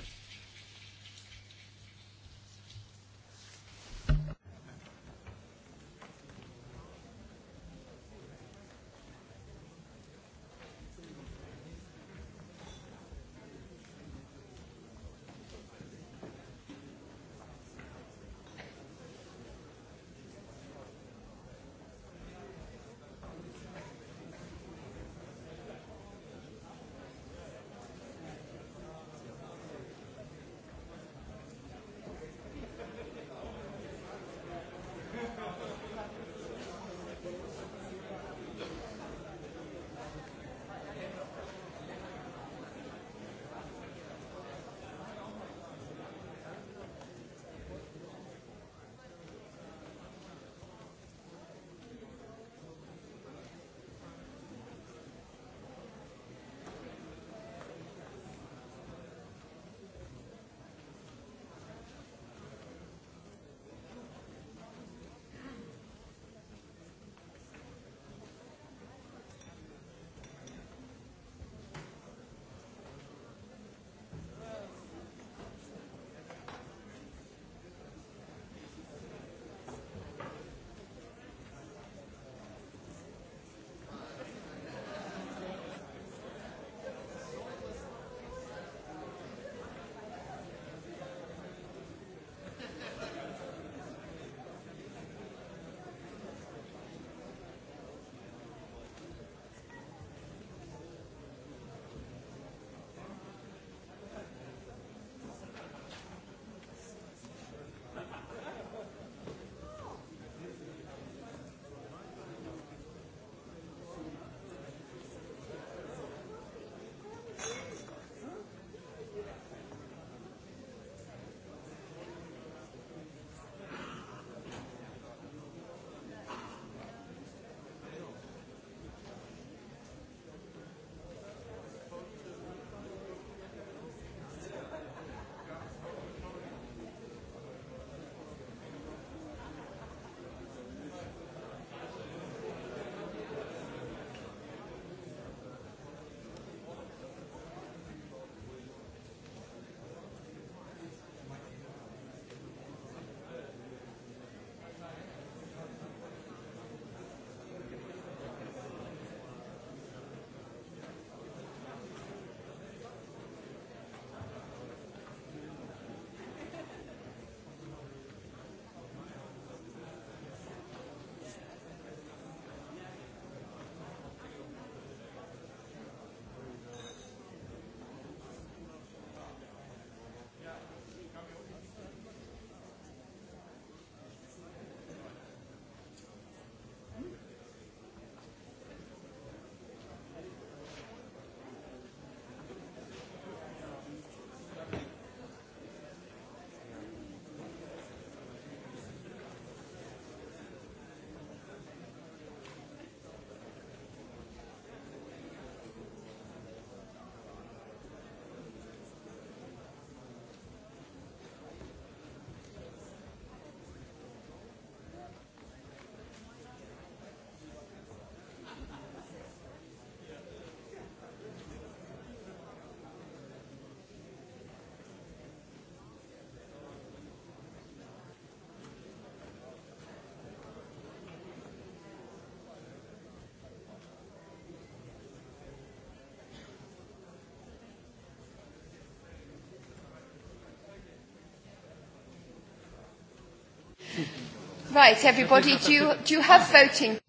Right, everybody, do you, do you have voting?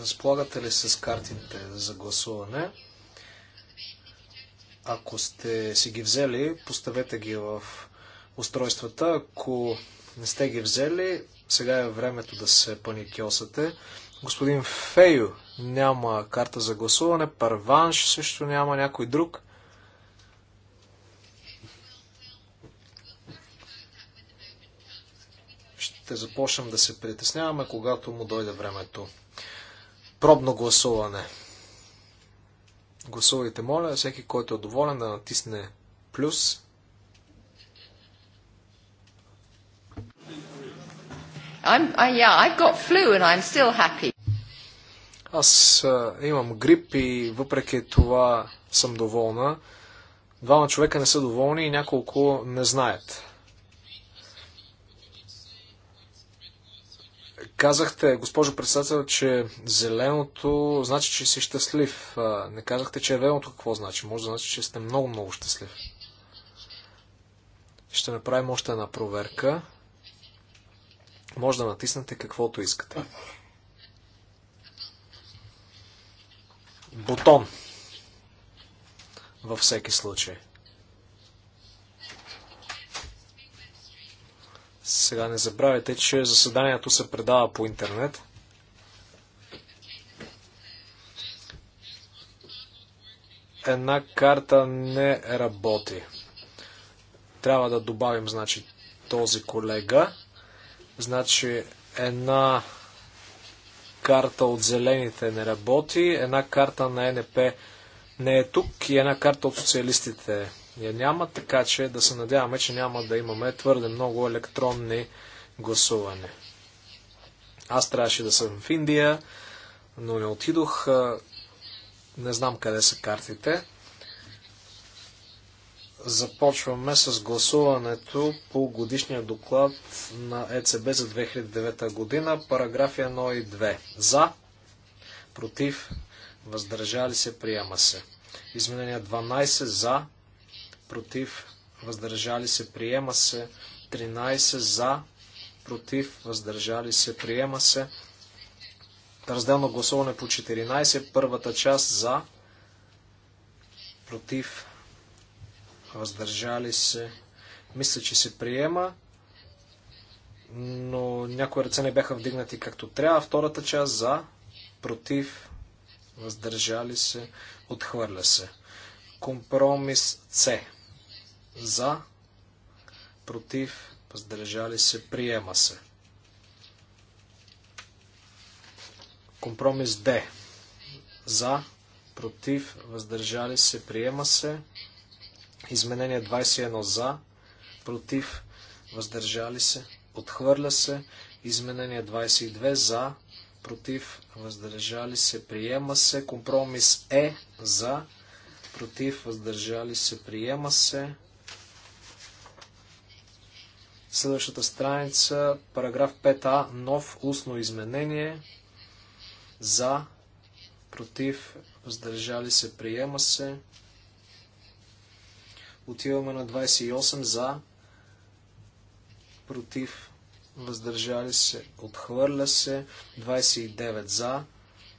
Разполагате ли с картите за гласуване? Ако сте си ги взели, поставете ги в устройствата. Ако не сте ги взели, сега е времето да се паникьосате. Господин Фею няма карта за гласуване, Парванш също няма някой друг. започнем да се притесняваме, когато му дойде времето. Пробно гласуване. Гласувайте, моля, всеки, който е доволен, да натисне плюс. I'm, I, yeah, I've got flu and I'm still happy. Аз а, имам грип и въпреки това съм доволна. Двама човека не са доволни и няколко не знаят. Казахте, госпожо председател, че зеленото значи, че си щастлив. Не казахте червеното какво значи. Може да значи, че сте много-много щастлив. Ще направим още една проверка. Може да натиснете каквото искате. Бутон. Във всеки случай. Сега не забравяйте, че заседанието се предава по интернет. Една карта не работи. Трябва да добавим, значи, този колега. Значи, една карта от зелените не работи, една карта на НП не е тук и една карта от социалистите я няма, така че да се надяваме, че няма да имаме твърде много електронни гласуване. Аз трябваше да съм в Индия, но не отидох. Не знам къде са картите. Започваме с гласуването по годишния доклад на ЕЦБ за 2009 година, параграфи 1 и 2. За, против, въздържали се, приема се. Изменение 12 за, против, въздържали се, приема се. 13 за, против, въздържали се, приема се. Разделно гласуване по 14, първата част за, против, въздържали се. Мисля, че се приема, но някои ръце не бяха вдигнати както трябва. Втората част за, против, въздържали се, отхвърля се. Компромис С. За, против, въздържали се, приема се. Компромис Д. За, против, въздържали се, приема се. Изменение 21 за, против, въздържали се, отхвърля се. Изменение 22 за, против, въздържали се, приема се. Компромис Е за, против, въздържали се, приема се. Следващата страница, параграф 5а, нов устно изменение. За, против, въздържали се, приема се. Отиваме на 28 за, против, въздържали се, отхвърля се, 29 за,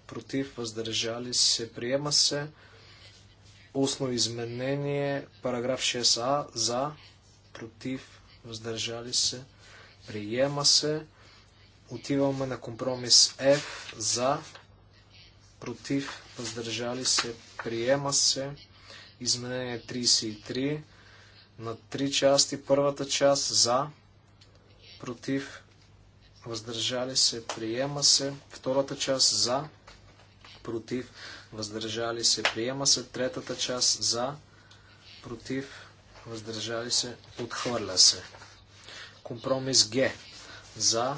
против, въздържали се, приема се, Устно изменение, параграф 6а, за, против, въздържали се, приема се. Отиваме на компромис F, за, против, въздържали се, приема се. Изменение 33 на три части. Първата част за, против, въздържали се, приема се. Втората част за, против, въздържали се, приема се. Третата част за, против, въздържали се, отхвърля се. Компромис Г. За,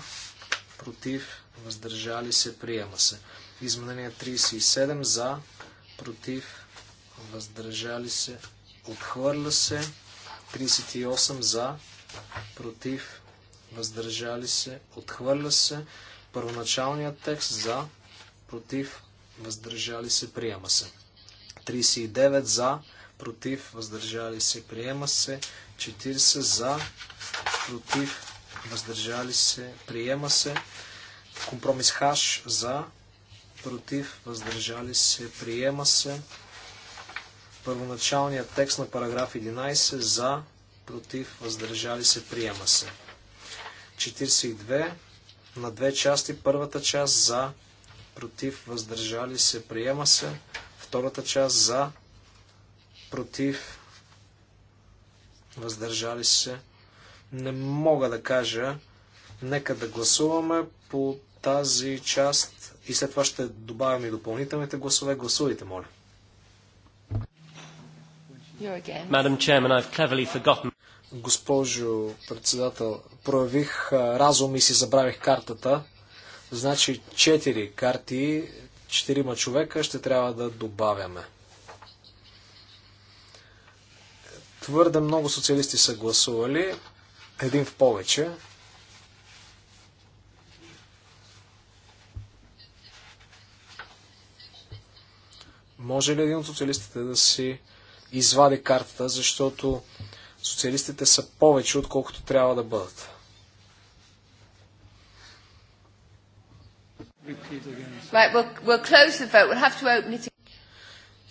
против, въздържали се, приема се. Изменение 37 за, против, въздържали се, отхвърля се. 38 за, против, въздържали се, отхвърля се. Първоначалният текст за, против, въздържали се, приема се. 39 за, против, въздържали се, приема се. 40 за, против, въздържали се, приема се. Компромис хаш за, против, въздържали се, приема се. Първоначалният текст на параграф 11 за, против, въздържали се, приема се. 42 на две части. Първата част за, против, въздържали се, приема се. Втората част за, против, въздържали се. Не мога да кажа. Нека да гласуваме по тази част и след това ще добавим и допълнителните гласове. Гласувайте, моля. Госпожо председател, проявих разум и си забравих картата. Значи 4 карти, 4 човека ще трябва да добавяме. Твърде много социалисти са гласували. Един в повече. Може ли един от социалистите да си извади картата, защото социалистите са повече, отколкото трябва да бъдат?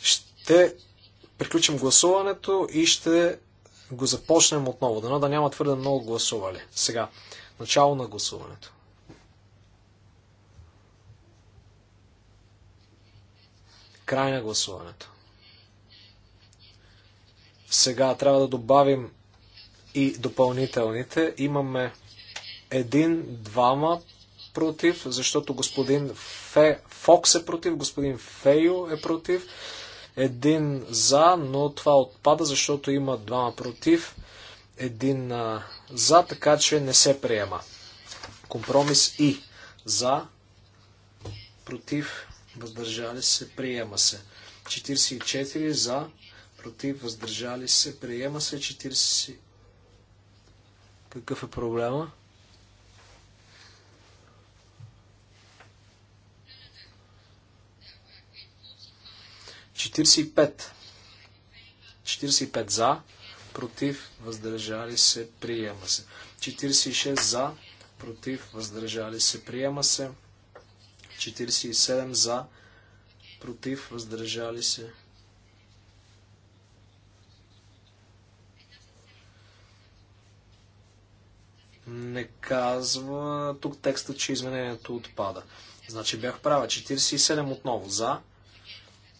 Ще приключим гласуването и ще го започнем отново. Дано да няма твърде много гласували. Сега, начало на гласуването. Край на гласуването. Сега трябва да добавим и допълнителните. Имаме един, двама, против, защото господин Фе... Фокс е против, господин Фейо е против, един за, но това отпада, защото има двама против, един а, за, така че не се приема. Компромис И. За, против, въздържали се, приема се. 44 за, против, въздържали се, приема се. 40. Какъв е проблема? 45. 45 за, против, въздържали се, приема се. 46 за, против, въздържали се, приема се. 47 за, против, въздържали се. Не казва тук текста, че изменението отпада. Значи бях права. 47 отново за,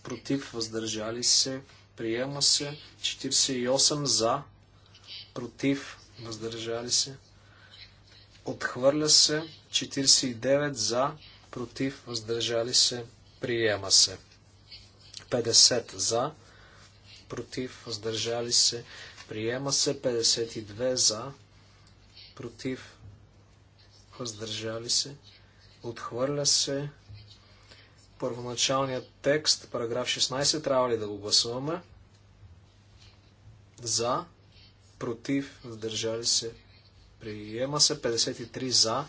против, въздържали се, приема се. 48 за, против, въздържали се, отхвърля се. 49 за, против, въздържали се, приема се. 50 за, против, въздържали се, приема се. 52 за, против, въздържали се, отхвърля се първоначалният текст, параграф 16, трябва ли да го гласуваме? За, против, въздържали се, приема се, 53 за,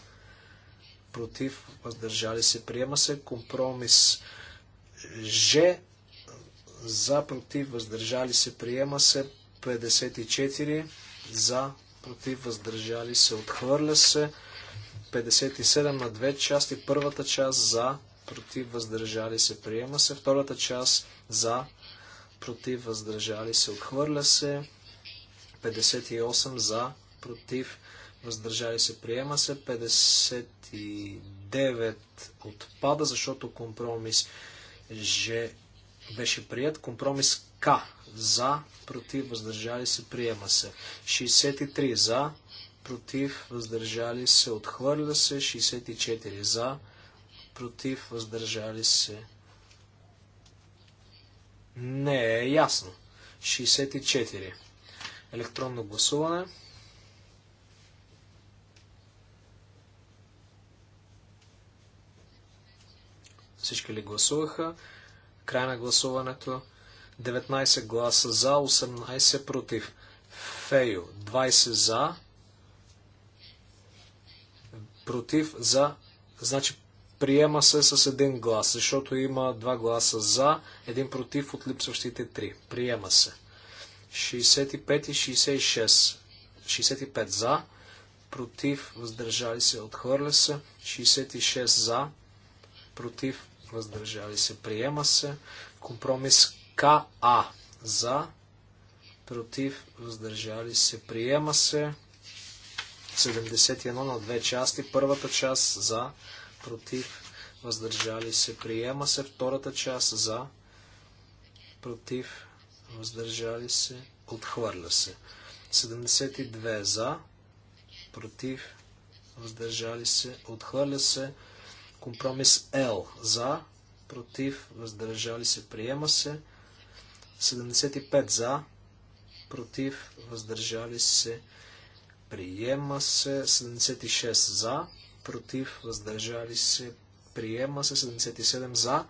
против, въздържали се, приема се, компромис Ж, за, против, въздържали се, приема се, 54 за, против, въздържали се, отхвърля се, 57 на две части, първата част за, против, въздържали се, приема се. Втората част за, против, въздържали се, отхвърля се. 58 за, против, въздържали се, приема се. 59 отпада, защото компромис Ж беше прият. Компромис К за, против, въздържали се, приема се. 63 за, против, въздържали се, отхвърля се, 64 за, против, въздържали се. Не е ясно. 64. Електронно гласуване. Всички ли гласуваха? Край на гласуването. 19 гласа за, 18 против. Фейо. 20 за. Против за. Значи Приема се с един глас, защото има два гласа за, един против от липсващите три. Приема се. 65 и 66. 65 за, против, въздържали се, отхвърля се. 66 за, против, въздържали се, приема се. Компромис КА за, против, въздържали се, приема се. 71 на две части. Първата част за, против, въздържали се, приема се. Втората част за, против, въздържали се, отхвърля се. 72 за, против, въздържали се, отхвърля се. Компромис L за, против, въздържали се, приема се. 75 за, против, въздържали се, приема се. 76 за, против, въздържали се, приема се. 77 за,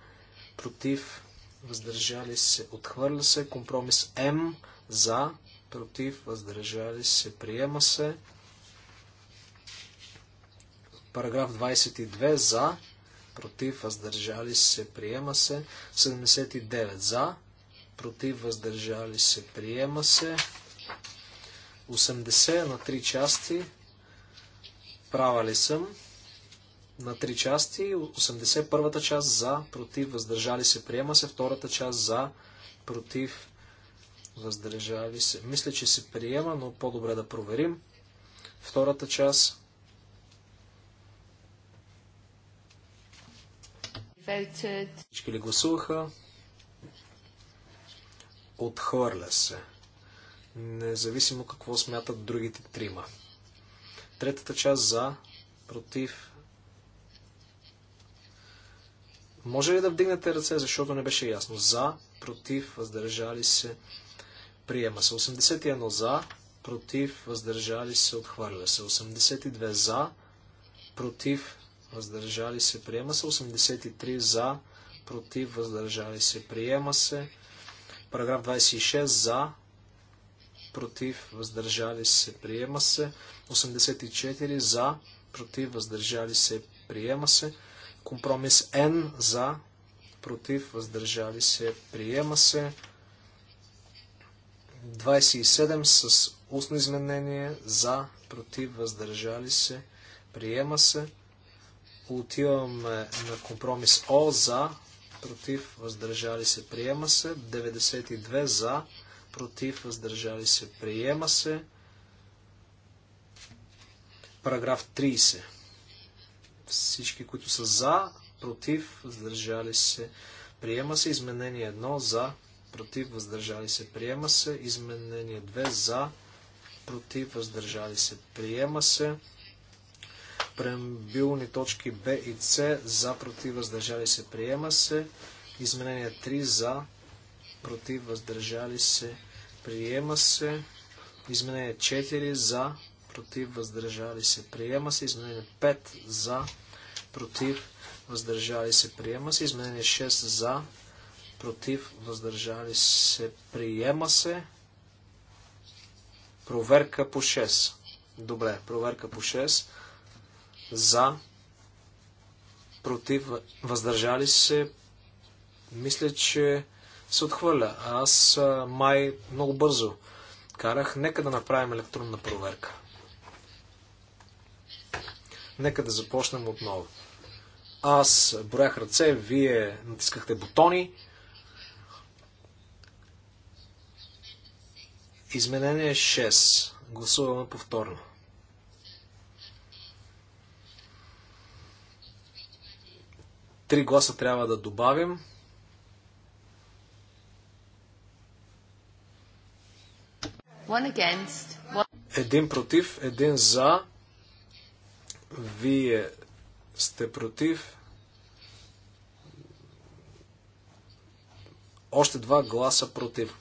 против, въздържали се, отхвърля се. Компромис М за, против, въздържали се, приема се. Параграф 22 за, против, въздържали се, приема се. 79 за, против, въздържали се, приема се. 80 на 3 части. Права ли съм? на три части. 81-та част за, против, въздържали се, приема се. Втората част за, против, въздържали се. Мисля, че се приема, но по-добре да проверим. Втората част. Всички ли гласуваха? Отхвърля се. Независимо какво смятат другите трима. Третата част за, против, Може ли да вдигнете ръце, защото не беше ясно? За, против, въздържали се, приема се. 81 за, против, въздържали се, отхвърля се. 82 за, против, въздържали се, приема се. 83 за, против, въздържали се, приема се. Параграф 26 за, против, въздържали се, приема се. 84 за, против, въздържали се, приема се. Компромис Н за, против, въздържали се, приема се. 27 с устно изменение за, против, въздържали се, приема се. Отиваме на компромис О за, против, въздържали се, приема се. 92 за, против, въздържали се, приема се. Параграф 30. Всички, които са за, против, въздържали се, приема се. Изменение 1 за, против, въздържали се, приема се. Изменение 2 за, против, въздържали се, приема се. Прембилни точки Б и С за, против, въздържали се, приема се. Изменение 3 за, против, въздържали се, приема се. Изменение 4 за, против, въздържали се, приема се. Изменение 5 за, против, въздържали се, приема се. Изменение 6 за, против, въздържали се, приема се. Проверка по 6. Добре, проверка по 6. За, против, въздържали се, мисля, че се отхвърля. Аз май много бързо карах. Нека да направим електронна проверка. Нека да започнем отново. Аз броях ръце, вие натискахте бутони. Изменение 6. Гласуваме повторно. Три гласа трябва да добавим. Един против, един за. Вие сте против. Още два гласа против.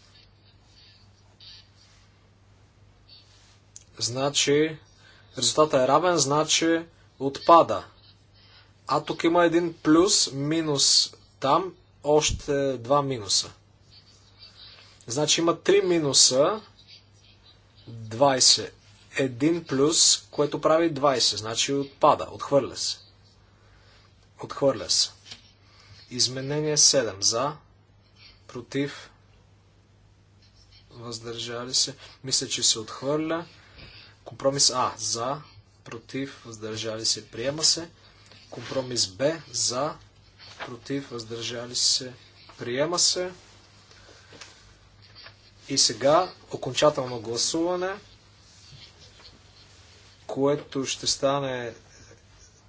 Значи, резултата е равен, значи отпада. А тук има един плюс, минус там, още два минуса. Значи има три минуса 20. Един плюс, което прави 20, значи отпада, отхвърля се. Отхвърля се. Изменение 7. За. Против. Въздържали се. Мисля, че се отхвърля. Компромис А. За. Против. Въздържали се. Приема се. Компромис Б. За. Против. Въздържали се. Приема се. И сега окончателно гласуване, което ще стане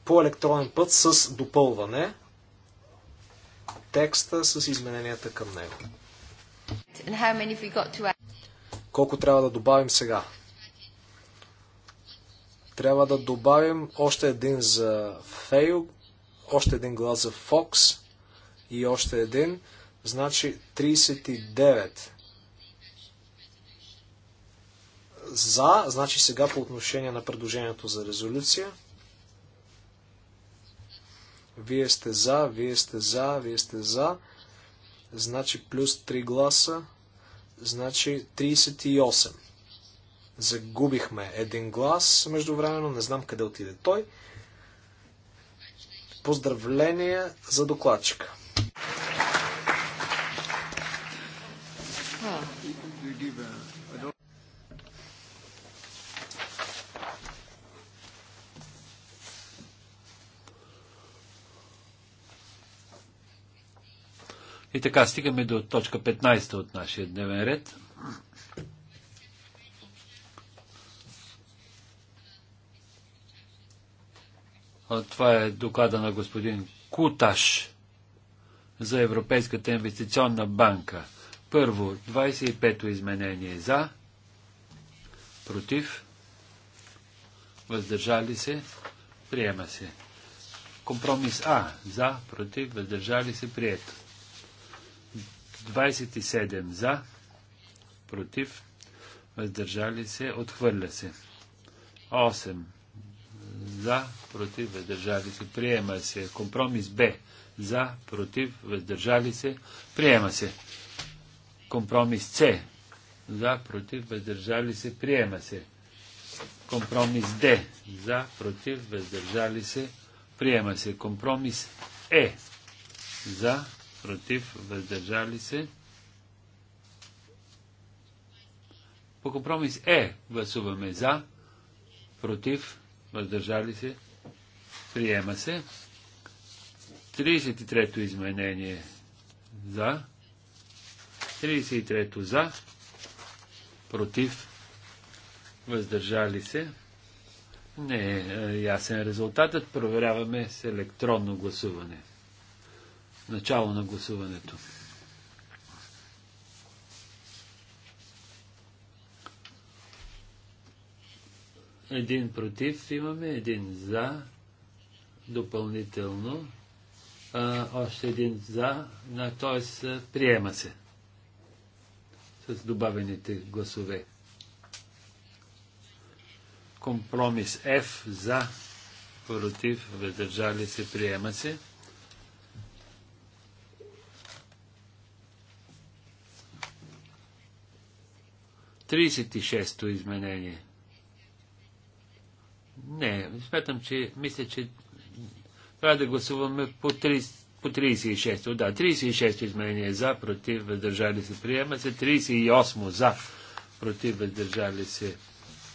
по електронен път с допълване текста с измененията към него. Колко трябва да добавим сега? Трябва да добавим още един за Фейл, още един глас за Фокс и още един. Значи 39. За, значи сега по отношение на предложението за резолюция. Вие сте за, вие сте за, вие сте за. Значи плюс 3 гласа. Значи 38. Загубихме един глас междувременно. Не знам къде отиде той. Поздравления за докладчика. И така стигаме до точка 15 от нашия дневен ред. Това е доклада на господин Куташ за Европейската инвестиционна банка. Първо, 25-то изменение за, против, въздържали се, приема се. Компромис А. За, против, въздържали се, прието. 27 за, против, въздържали се, отхвърля се. 8 за, против, въздържали се, приема се. Компромис Б за, против, въздържали се, приема се. Компромис С за, против, въздържали се, приема се. Компромис Д за, против, въздържали се, приема се. Компромис Е за, против, въздържали се. По компромис Е гласуваме за, против, въздържали се, приема се. 33-то изменение за, 33-то за, против, въздържали се. Не е ясен резултатът. Проверяваме с електронно гласуване. Начало на гласуването. Един против имаме, един за, допълнително, а, още един за, на т.е. приема се с добавените гласове. Компромис F за, против, въздържали се, приема се. 36-то изменение. Не, смятам, че мисля, че трябва да гласуваме по 30 по 36-то. Да, 36-то изменение за, против, въздържали се, приема се. 38-то за, против, въздържали се,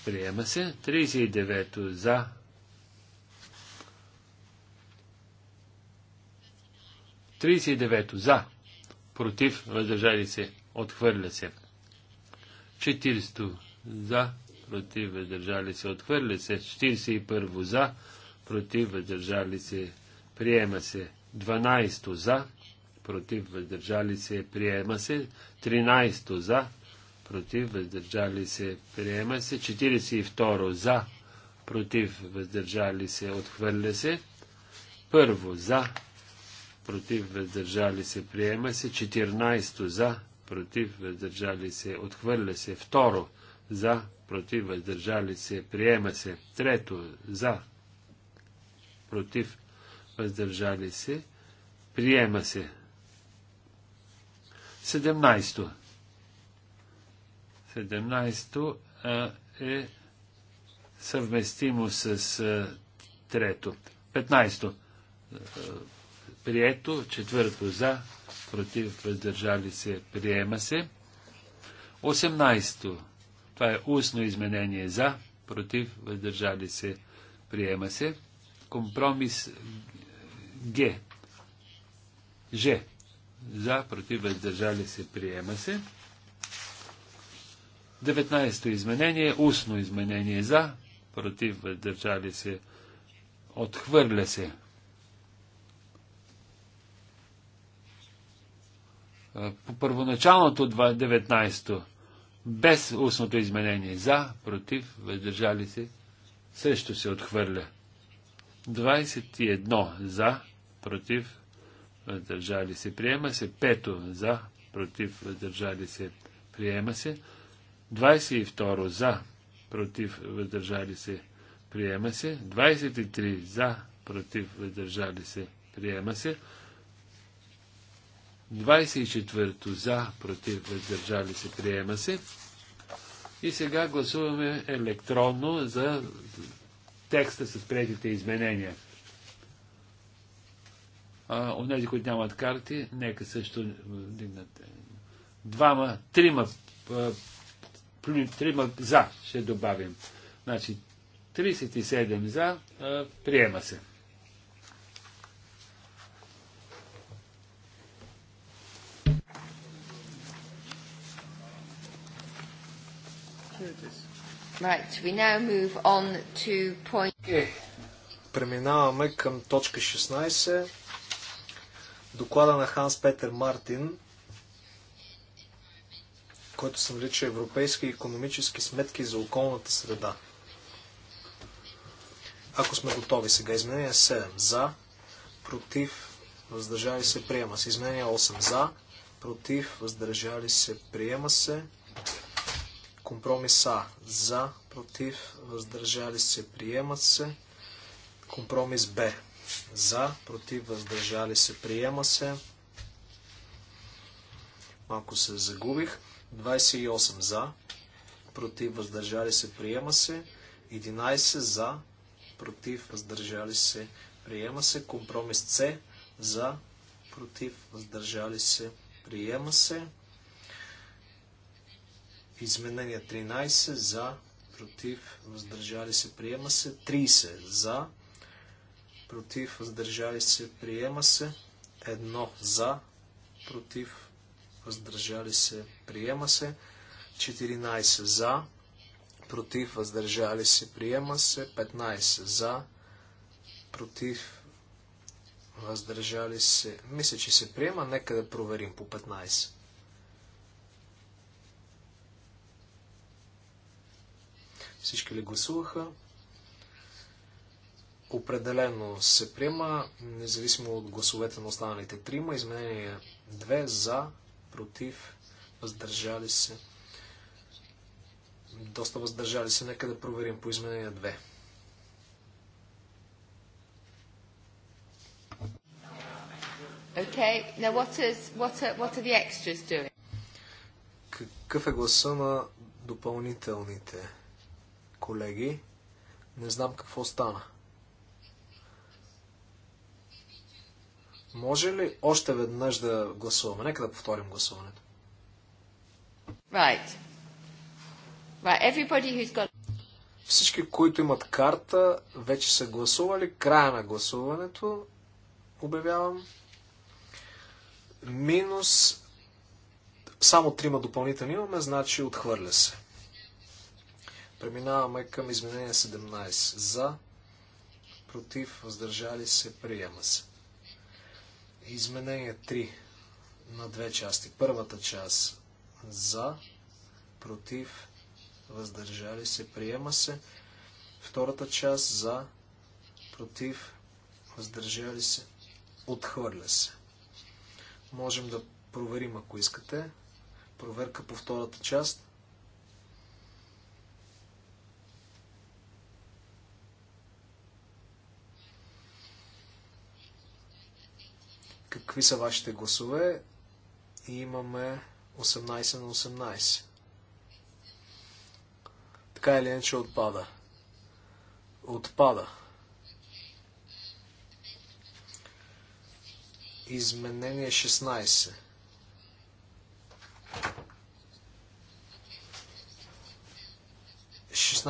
приема се. 39-то за. Тридесет и девето за, против, въздържали се, отхвърля се. 40 за, против, въздържали се, отхвърля се. 41 за, против, въздържали се, приема се. 12 за, против, въздържали се, приема се. 13 за, против, въздържали се, приема се. 42 за, против, въздържали се, отхвърля се. Първо за, против, въздържали се, приема се. 14 за, против, въздържали се, отхвърля се. Второ, за, против, въздържали се, приема се. Трето, за, против, въздържали се, приема се. 17. 17 е съвместимо с трето. 15 прието, четвърто за, против, въздържали се, приема се. 18. то Това е устно изменение за, против, въздържали се, приема се. Компромис Г. Ж. За, против, въздържали се, приема се. 19-то изменение, устно изменение за, против, въздържали се, отхвърля се. по първоначалното 19-то, без устното изменение. За, против, въздържали се, също се отхвърля. 21 за, против, въздържали се, приема се. 5 за, против, въздържали се, приема се. 22 за, против, въздържали се, приема се. 23 за, против, въздържали се, приема се. 24-то за, против, въздържали се, приема се. И сега гласуваме електронно за текста с предите изменения. А, онези, които нямат карти, нека също дигнат. Двама, трима, трима за ще добавим. Значи 37 за, приема се. Right, we now move on to point... Okay. Е, преминаваме към точка 16. Доклада на Ханс Петер Мартин, който се нарича Европейски економически сметки за околната среда. Ако сме готови сега, изменение 7 за, против, въздържали се, приема се. Изменение 8 за, против, въздържали се, приема се компромиса За, против, въздържали се, приемат се. Компромис Б. За, против, въздържали се, приема се. Малко се загубих. 28 за, против, въздържали се, приема се. 11 за, против, въздържали се, приема се. Компромис С. За, против, въздържали се, приема се. Изменение 13 за, против, въздържали се, приема се. 30 за, против, въздържали се, приема се. 1 за, против, въздържали се, приема се. 14 за, против, въздържали се, приема се. 15 за, против, въздържали се. Мисля, че се приема. Нека да проверим по 15. Всички ли гласуваха? Определено се приема, независимо от гласовете на останалите трима. Изменение 2 за, против, въздържали се. Доста въздържали се. Нека да проверим по изменение 2. Okay. Now what is what are what are the extras doing? Какъв е гласа на допълнителните? колеги. Не знам какво стана. Може ли още веднъж да гласуваме? Нека да повторим гласуването. Right. Right. got... Всички, които имат карта, вече са гласували. Края на гласуването обявявам. Минус само трима допълнителни имаме, значи отхвърля се. Преминаваме към изменение 17. За, против, въздържали се, приема се. Изменение 3 на две части. Първата част за, против, въздържали се, приема се. Втората част за, против, въздържали се, отхвърля се. Можем да проверим, ако искате. Проверка по втората част. какви са вашите гласове. И имаме 18 на 18. Така или иначе отпада. Отпада. Изменение 16.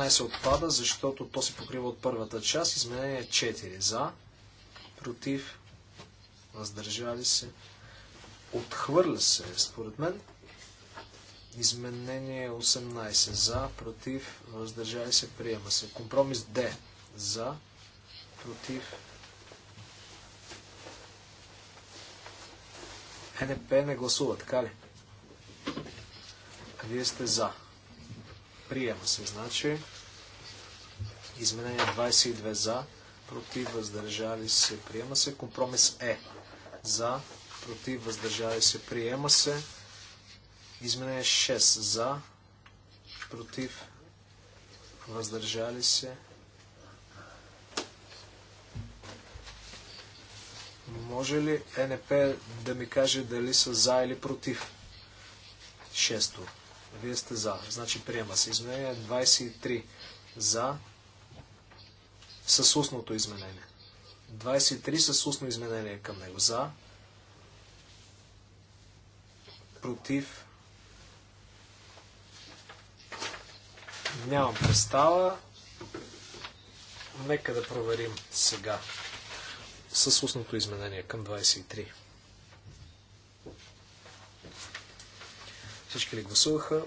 се отпада, защото то се покрива от първата част. Изменение 4 за, против въздържали се, отхвърля се, според мен. Изменение 18 за, против, въздържали се, приема се. Компромис Д за, против. НП не гласува, така ли? Вие сте за. Приема се, значи. Изменение 22 за, против, въздържали се, приема се. Компромис Е за, против, въздържали се, приема се. Изменение 6 за, против, въздържали се. Може ли НП да ми каже дали са за или против? Шесто. Вие сте за. Значи приема се. Изменение 23. За. С устното изменение. 23 с устно изменение към него. За. Против. Нямам представа. Нека да проверим сега с устното изменение към 23. Всички ли гласуваха?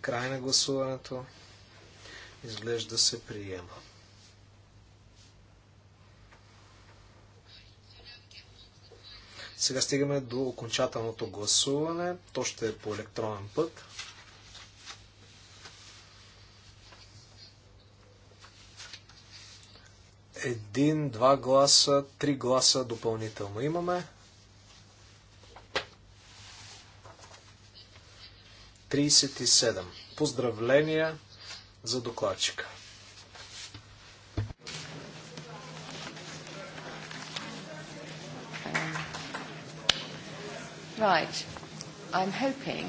Край на гласуването. Изглежда се приема. Сега стигаме до окончателното гласуване. То ще е по електронен път. Един, два гласа, три гласа допълнително имаме. 37. Поздравления за докладчика. Right. I'm hoping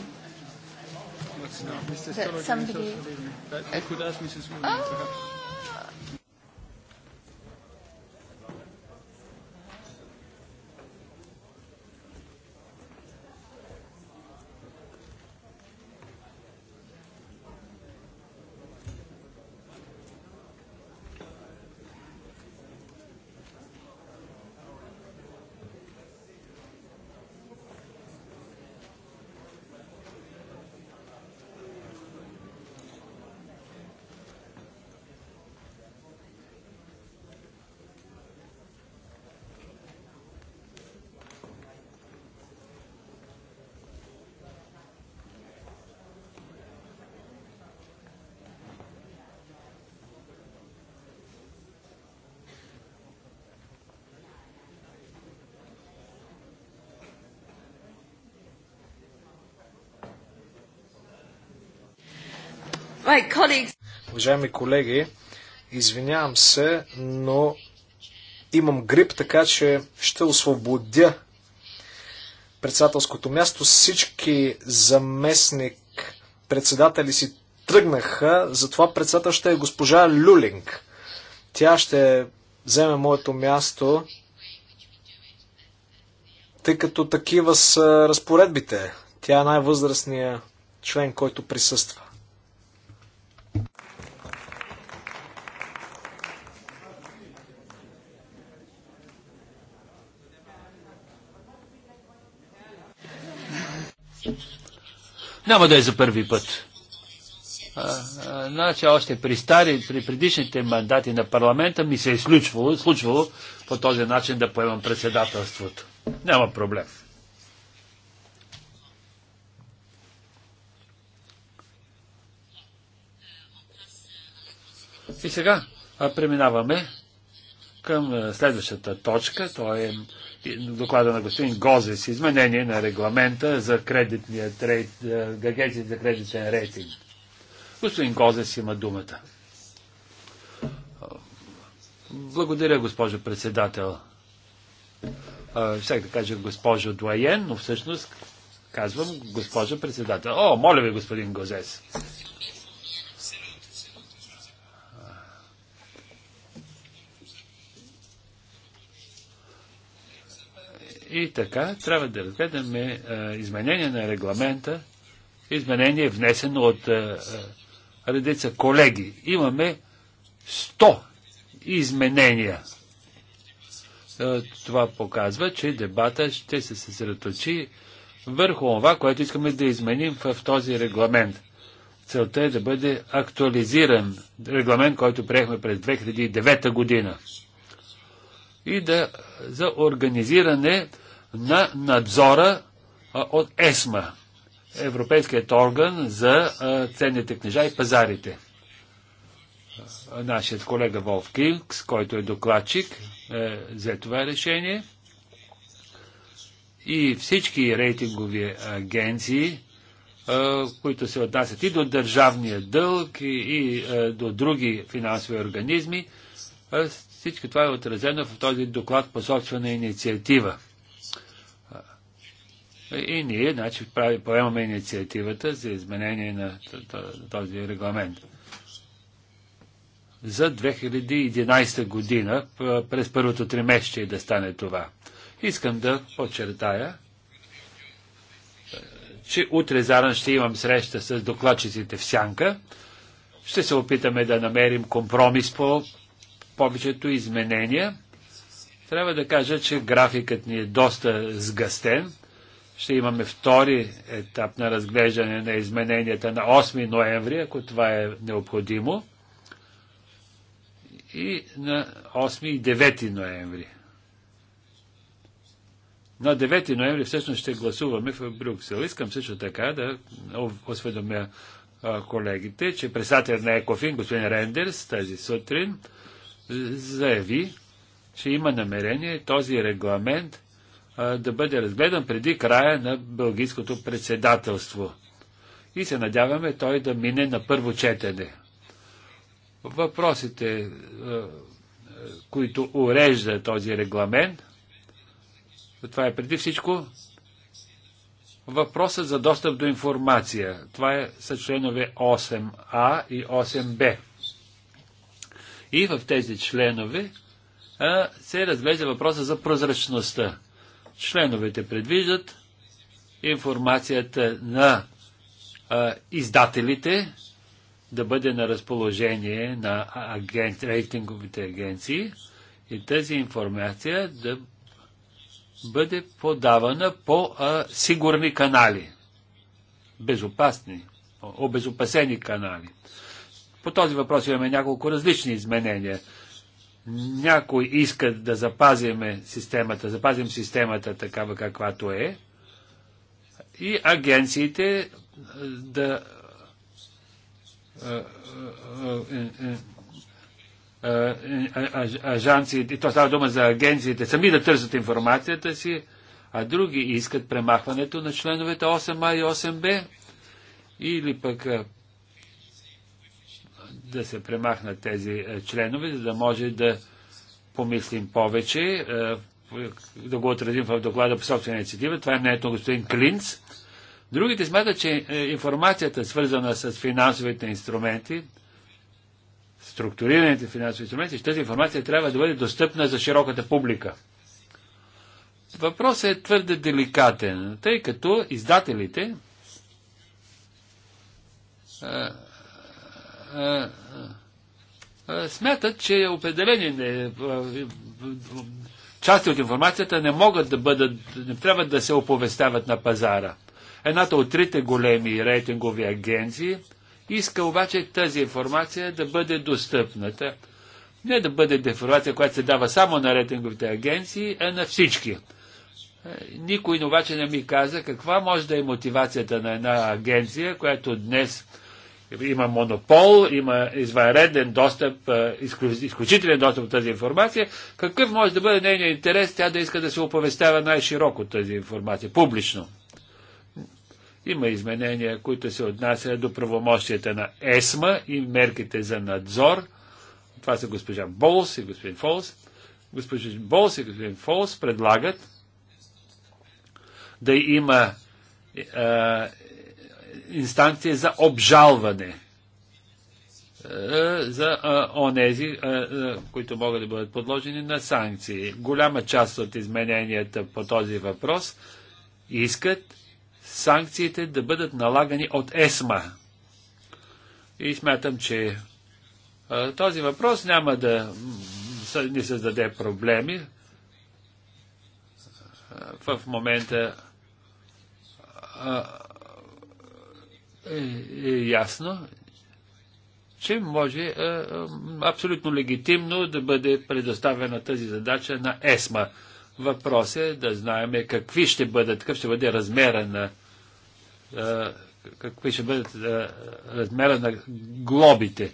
that somebody... But could ask Mrs. Williams, perhaps. Уважаеми колеги, извинявам се, но имам грип, така че ще освободя председателското място. Всички заместник председатели си тръгнаха, затова председател ще е госпожа Люлинг. Тя ще вземе моето място, тъй като такива са разпоредбите. Тя е най-възрастният член, който присъства. Няма да е за първи път. А, а, значи още при стари, при предишните мандати на парламента ми се е случвало, случвало по този начин да поемам председателството. Няма проблем. И сега преминаваме към следващата точка. Това е доклада на господин Гозес, изменение на регламента за кредитния трейд, е, агенция за кредитен рейтинг. Господин Гозес има думата. Благодаря, госпожо председател. Всяк да кажа госпожо Дуаен, но всъщност казвам госпожо председател. О, моля ви, господин Гозес. И така, трябва да разгледаме изменение на регламента, изменение внесено от редица колеги. Имаме 100 изменения. това показва, че дебата ще се съсредоточи върху това, което искаме да изменим в този регламент. Целта е да бъде актуализиран регламент, който приехме през 2009 година и да, за организиране на надзора от ЕСМА, Европейският орган за ценните книжа и пазарите. Нашият колега Волф Кинкс, който е докладчик, е, взе това решение. И всички рейтингови агенции, които се отнасят и до държавния дълг, и, и до други финансови организми. Всичко това е отразено в този доклад собствена инициатива. И ние, значи, прави, поемаме инициативата за изменение на този регламент. За 2011 година, през първото месече да стане това. Искам да подчертая, че утре заран ще имам среща с докладчиците в Сянка. Ще се опитаме да намерим компромис по повечето изменения. Трябва да кажа, че графикът ни е доста сгъстен. Ще имаме втори етап на разглеждане на измененията на 8 ноември, ако това е необходимо. И на 8 и 9 ноември. На 9 ноември всъщност ще гласуваме в Брюксел. Искам също така да осведомя колегите, че председателят на Екофин, господин Рендерс, тази сутрин заяви, че има намерение този регламент да бъде разгледан преди края на бългийското председателство. И се надяваме той да мине на първо четене. Въпросите, които урежда този регламент, това е преди всичко въпросът за достъп до информация. Това е са членове 8а и 8б. И в тези членове се разглежда въпроса за прозрачността. Членовете предвиждат информацията на а, издателите да бъде на разположение на агент, рейтинговите агенции и тази информация да бъде подавана по а, сигурни канали, безопасни, обезопасени канали. По този въпрос имаме няколко различни изменения някой иска да запазиме системата, запазим системата такава каквато е, и агенциите да агенциите, то става дума за агенциите, сами да търсят информацията си, а други искат премахването на членовете 8А и 8Б или пък да се премахнат тези е, членове, за да може да помислим повече, е, да го отразим в доклада по собствена инициатива. Това е мнението на господин Клинц. Другите смятат, че е, информацията, свързана с финансовите инструменти, структурираните финансови инструменти, че тази информация трябва да бъде достъпна за широката публика. Въпросът е твърде деликатен, тъй като издателите смятат, че определени не, части от информацията не могат да бъдат, не трябва да се оповестяват на пазара. Едната от трите големи рейтингови агенции иска обаче тази информация да бъде достъпната. Не да бъде информация, която се дава само на рейтинговите агенции, а на всички. Е, никой обаче не ми каза каква може да е мотивацията на една агенция, която днес има монопол, има извънреден достъп, изключителен достъп до тази информация, какъв може да бъде нейният интерес тя да иска да се оповестява най-широко тази информация, публично? Има изменения, които се отнасят до правомощията на ЕСМА и мерките за надзор. Това са госпожа Болс и господин Фолс. Госпожа Болс и господин Фолс предлагат да има инстанция за обжалване е, за е, онези, е, които могат да бъдат подложени на санкции. Голяма част от измененията по този въпрос искат санкциите да бъдат налагани от ЕСМА. И смятам, че този въпрос няма да ни създаде проблеми. В момента е, е ясно, че може е, е, абсолютно легитимно да бъде предоставена тази задача на ЕСМА. Въпрос е да знаем какви ще бъдат, какъв ще бъде размера на е, какви ще бъдат е, размера на глобите. Е,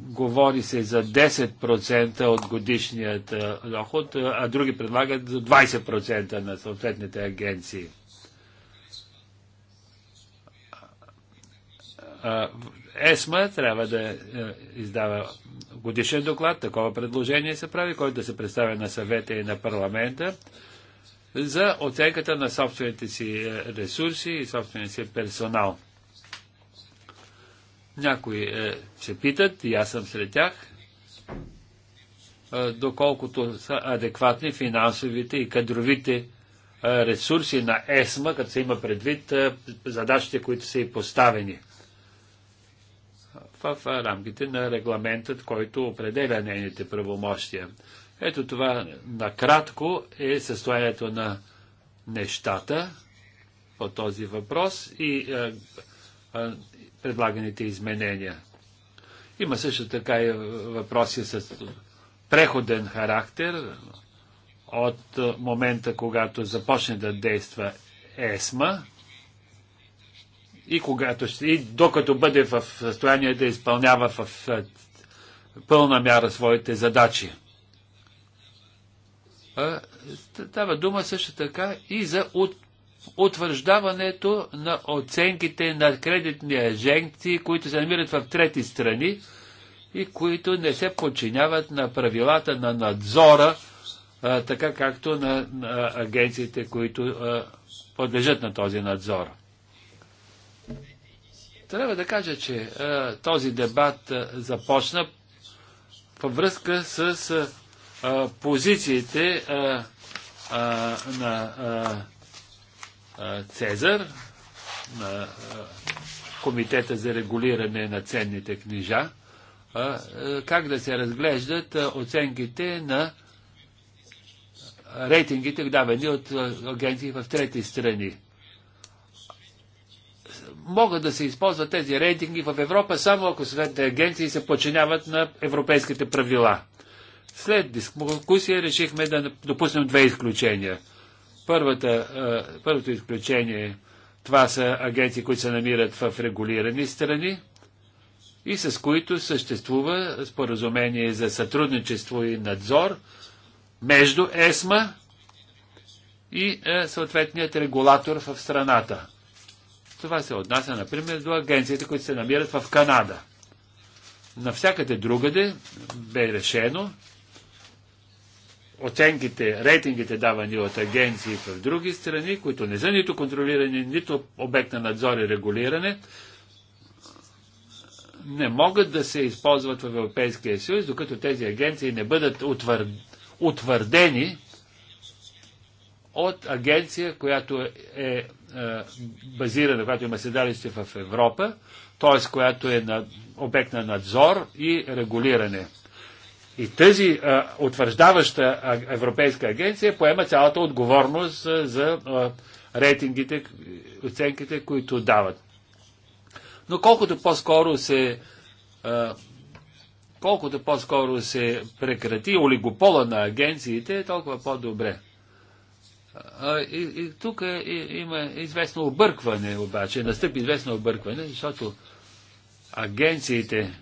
говори се за 10% от годишният е, доход, е, а други предлагат за 20% на съответните агенции. ЕСМА трябва да е, издава годишен доклад, такова предложение се прави, който да се представя на съвета и на парламента за оценката на собствените си е, ресурси и собствения си персонал. Някои е, се питат, и аз съм сред тях, доколкото са адекватни финансовите и кадровите ресурси на ЕСМА, като се има предвид задачите, които са и поставени в рамките на регламентът, който определя нейните правомощия. Ето това накратко е състоянието на нещата по този въпрос и а, е, а, е, предлаганите изменения. Има също така и въпроси с преходен характер от момента, когато започне да действа ЕСМА, и, когато, и докато бъде в състояние да изпълнява в пълна мяра своите задачи. Става дума също така и за утвърждаването на оценките на кредитни агенции, които се намират в трети страни и които не се подчиняват на правилата на надзора, а, така както на, на агенциите, които а, подлежат на този надзор. Трябва да кажа, че а, е, този дебат а, е, започна във връзка с а, е, позициите а, а, на а, Цезар, на а, Комитета за регулиране на ценните книжа, а, а, как да се разглеждат а, оценките на рейтингите, давани от агенции в трети страни могат да се използват тези рейтинги в Европа, само ако съветните агенции се подчиняват на европейските правила. След дискусия решихме да допуснем две изключения. Първата, първото изключение това са агенции, които се намират в регулирани страни и с които съществува споразумение за сътрудничество и надзор между ЕСМА и съответният регулатор в страната. Това се отнася, например, до агенциите, които се намират в Канада. Навсякъде другаде бе решено оценките, рейтингите давани от агенции в други страни, които не са нито контролирани, нито обект на надзор и регулиране, не могат да се използват в Европейския съюз, докато тези агенции не бъдат утвър... утвърдени от агенция, която е, е, е базирана, която има седалище в Европа, т.е. която е на, обект на надзор и регулиране. И тази е, утвърждаваща Европейска агенция поема цялата отговорност за е, рейтингите, оценките, които дават. Но колкото по-скоро се колкото по-скоро се прекрати олигопола на агенциите, толкова по-добре. И, и тук е, има известно объркване обаче, настъпи известно объркване, защото агенциите,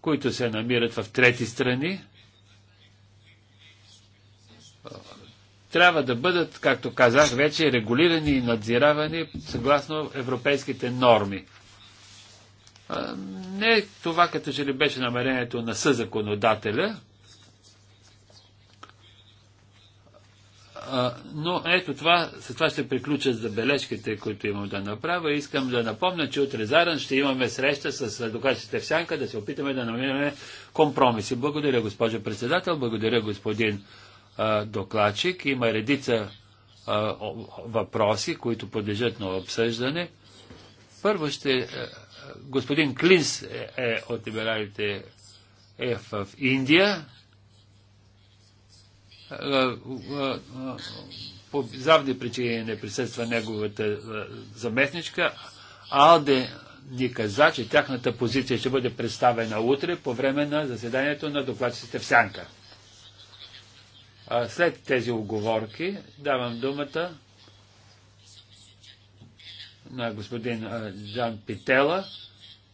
които се намират в трети страни, трябва да бъдат, както казах вече, регулирани и надзиравани съгласно европейските норми. Не това като че ли беше намерението на съзаконодателя, но ето това, с това ще приключа забележките, които имам да направя. Искам да напомня, че утре заран ще имаме среща с адвокатите в Сянка, да се опитаме да намираме компромиси. Благодаря, госпожо председател, благодаря, господин а, докладчик. Има редица а, въпроси, които подлежат на обсъждане. Първо ще... Господин Клинс е, е от либералите е в Индия. Е, е, по завни причини не присъства неговата е, заместничка. Алде ни каза, че тяхната позиция ще бъде представена утре по време на заседанието на докладчиците в Сянка. След тези оговорки давам думата на господин Джан Питела,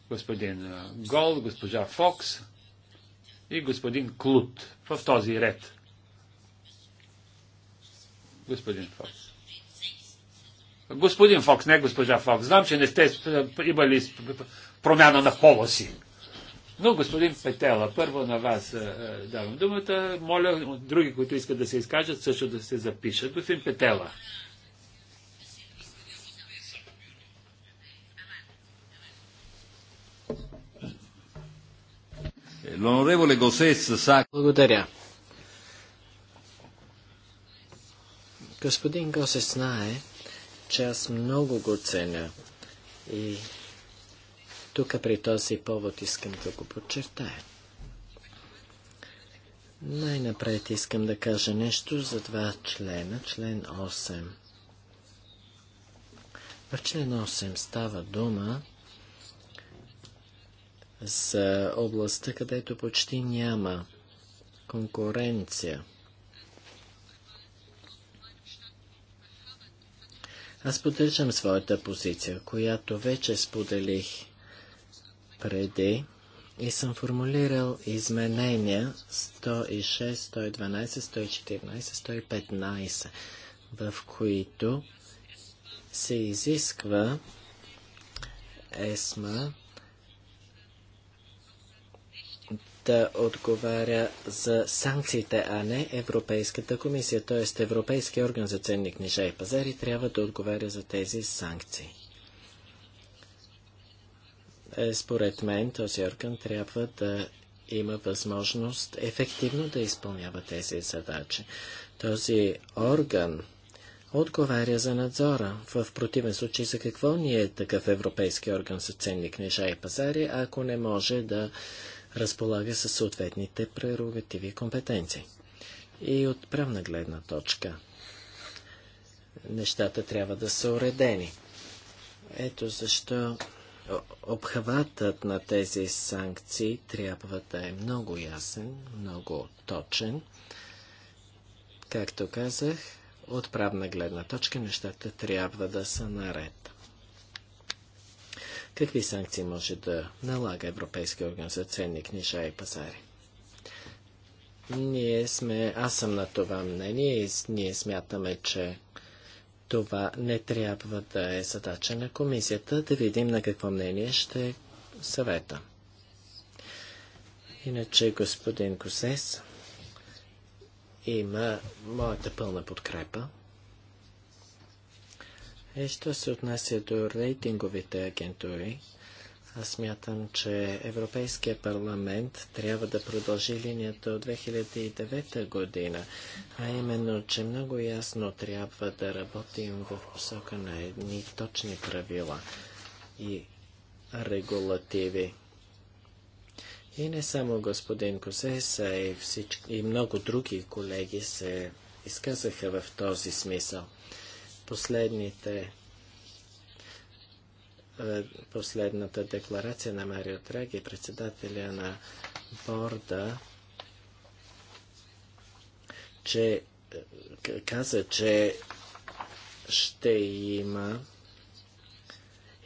господин Гол, госпожа Фокс и господин Клут в този ред господин Фокс. Господин Фокс, не госпожа Фокс. Знам, че не сте е, имали промяна на пола си. Но, господин Петела, първо на вас е, е, давам думата. Моля, други, които искат да се изкажат, също да се запишат. Господин Петела. Благодаря. Господин Госес знае, че аз много го ценя и тук при този повод искам да го подчертая. Най-напред искам да кажа нещо за два члена, член 8. В член 8 става дума за областта, където почти няма конкуренция. Аз поддържам своята позиция, която вече споделих преди и съм формулирал изменения 106, 112, 114, 115, в които се изисква ЕСМА да отговаря за санкциите, а не Европейската комисия, т.е. Европейския орган за ценни книжа и пазари трябва да отговаря за тези санкции. Е, според мен този орган трябва да има възможност ефективно да изпълнява тези задачи. Този орган отговаря за надзора. В противен случай за какво ни е такъв европейски орган за ценни книжа и пазари, ако не може да разполага със съответните прерогативи и компетенции. И от правна гледна точка нещата трябва да са уредени. Ето защо обхватът на тези санкции трябва да е много ясен, много точен. Както казах, от правна гледна точка нещата трябва да са наред. Какви санкции може да налага Европейския орган за ценни книжа и пазари? Ние сме, аз съм на това мнение и ние смятаме, че това не трябва да е задача на комисията, да видим на какво мнение ще съвета. Иначе господин Косес има моята пълна подкрепа. Е, що се отнася до рейтинговите агентури, аз смятам, че Европейския парламент трябва да продължи линията от 2009 година, а именно, че много ясно трябва да работим в посока на едни точни правила и регулативи. И не само господин Козес, а и, всички, и много други колеги се изказаха в този смисъл последните е, последната декларация на Марио Траги, председателя на борда, че е, каза, че ще има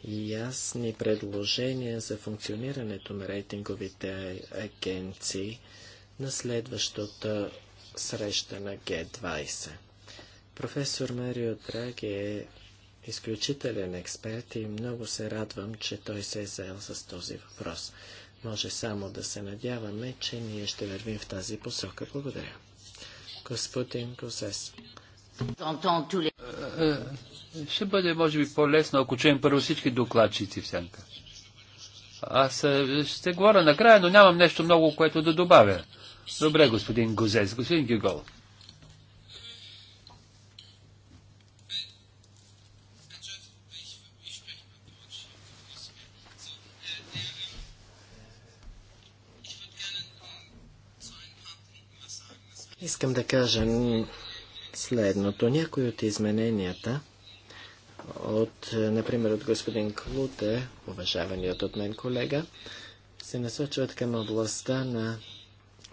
ясни предложения за функционирането на рейтинговите агенции на следващата среща на Г20. Професор Марио Драги е изключителен експерт и много се радвам, че той се е заел с този въпрос. Може само да се надяваме, че ние ще вървим в тази посока. Благодаря. Господин Козес. Е, е, ще бъде, може би, по-лесно, ако чуем първо всички докладчици в сянка. Аз е, ще говоря накрая, но нямам нещо много, което да добавя. Добре, господин Гозес. Господин Гюгол. Искам да кажа следното. Някои от измененията от, например, от господин Клуте, уважаваният от мен колега, се насочват към областта на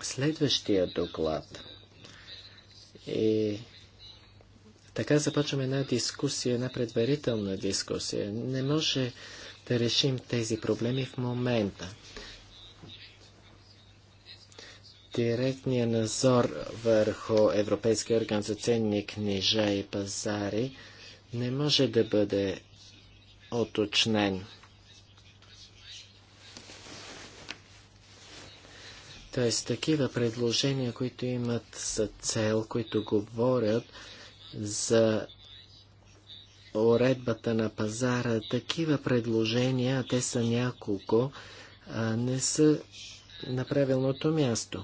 следващия доклад. И така започваме една дискусия, една предварителна дискусия. Не може да решим тези проблеми в момента директния надзор върху Европейския орган за ценни книжа и пазари не може да бъде оточнен. Т.е. такива предложения, които имат за цел, които говорят за уредбата на пазара, такива предложения, те са няколко, не са на правилното място.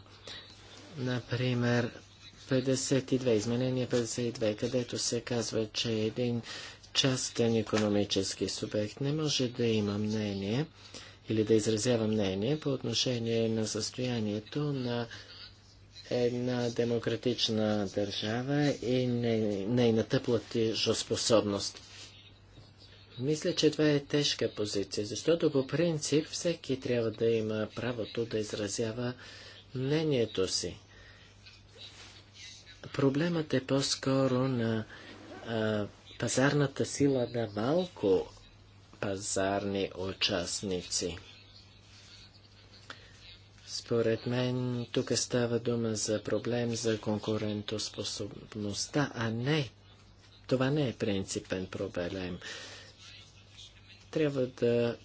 Например, 52, изменение 52, където се казва, че един частен економически субект не може да има мнение или да изразява мнение по отношение на състоянието на една демократична държава и нейната платежоспособност. Мисля, че това е тежка позиция, защото по принцип всеки трябва да има правото да изразява мнението си. Проблемът е по-скоро на а, пазарната сила на малко пазарни участници. Според мен тук става дума за проблем за конкурентоспособността, а не. Това не е принципен проблем. Трябва да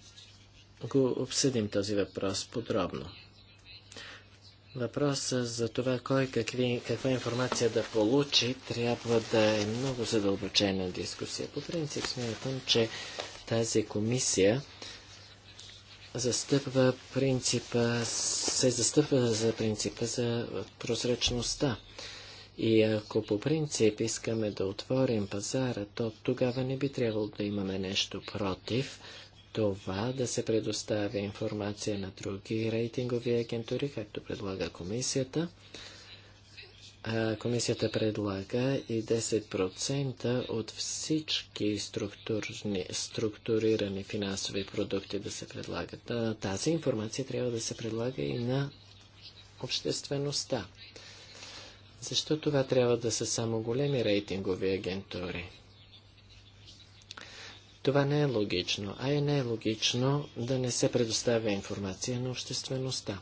го обсъдим този въпрос подробно. Въпросът за това кой какви, каква информация да получи трябва да е много задълбочена дискусия. По принцип смятам, че тази комисия застъпва принципа, се застъпва за принципа за прозрачността. И ако по принцип искаме да отворим пазара, то тогава не би трябвало да имаме нещо против това да се предоставя информация на други рейтингови агентури, както предлага комисията. комисията предлага и 10% от всички структурирани финансови продукти да се предлагат. тази информация трябва да се предлага и на обществеността. Защо това трябва да са само големи рейтингови агентури? Това не е логично, а и не е логично да не се предоставя информация на обществеността.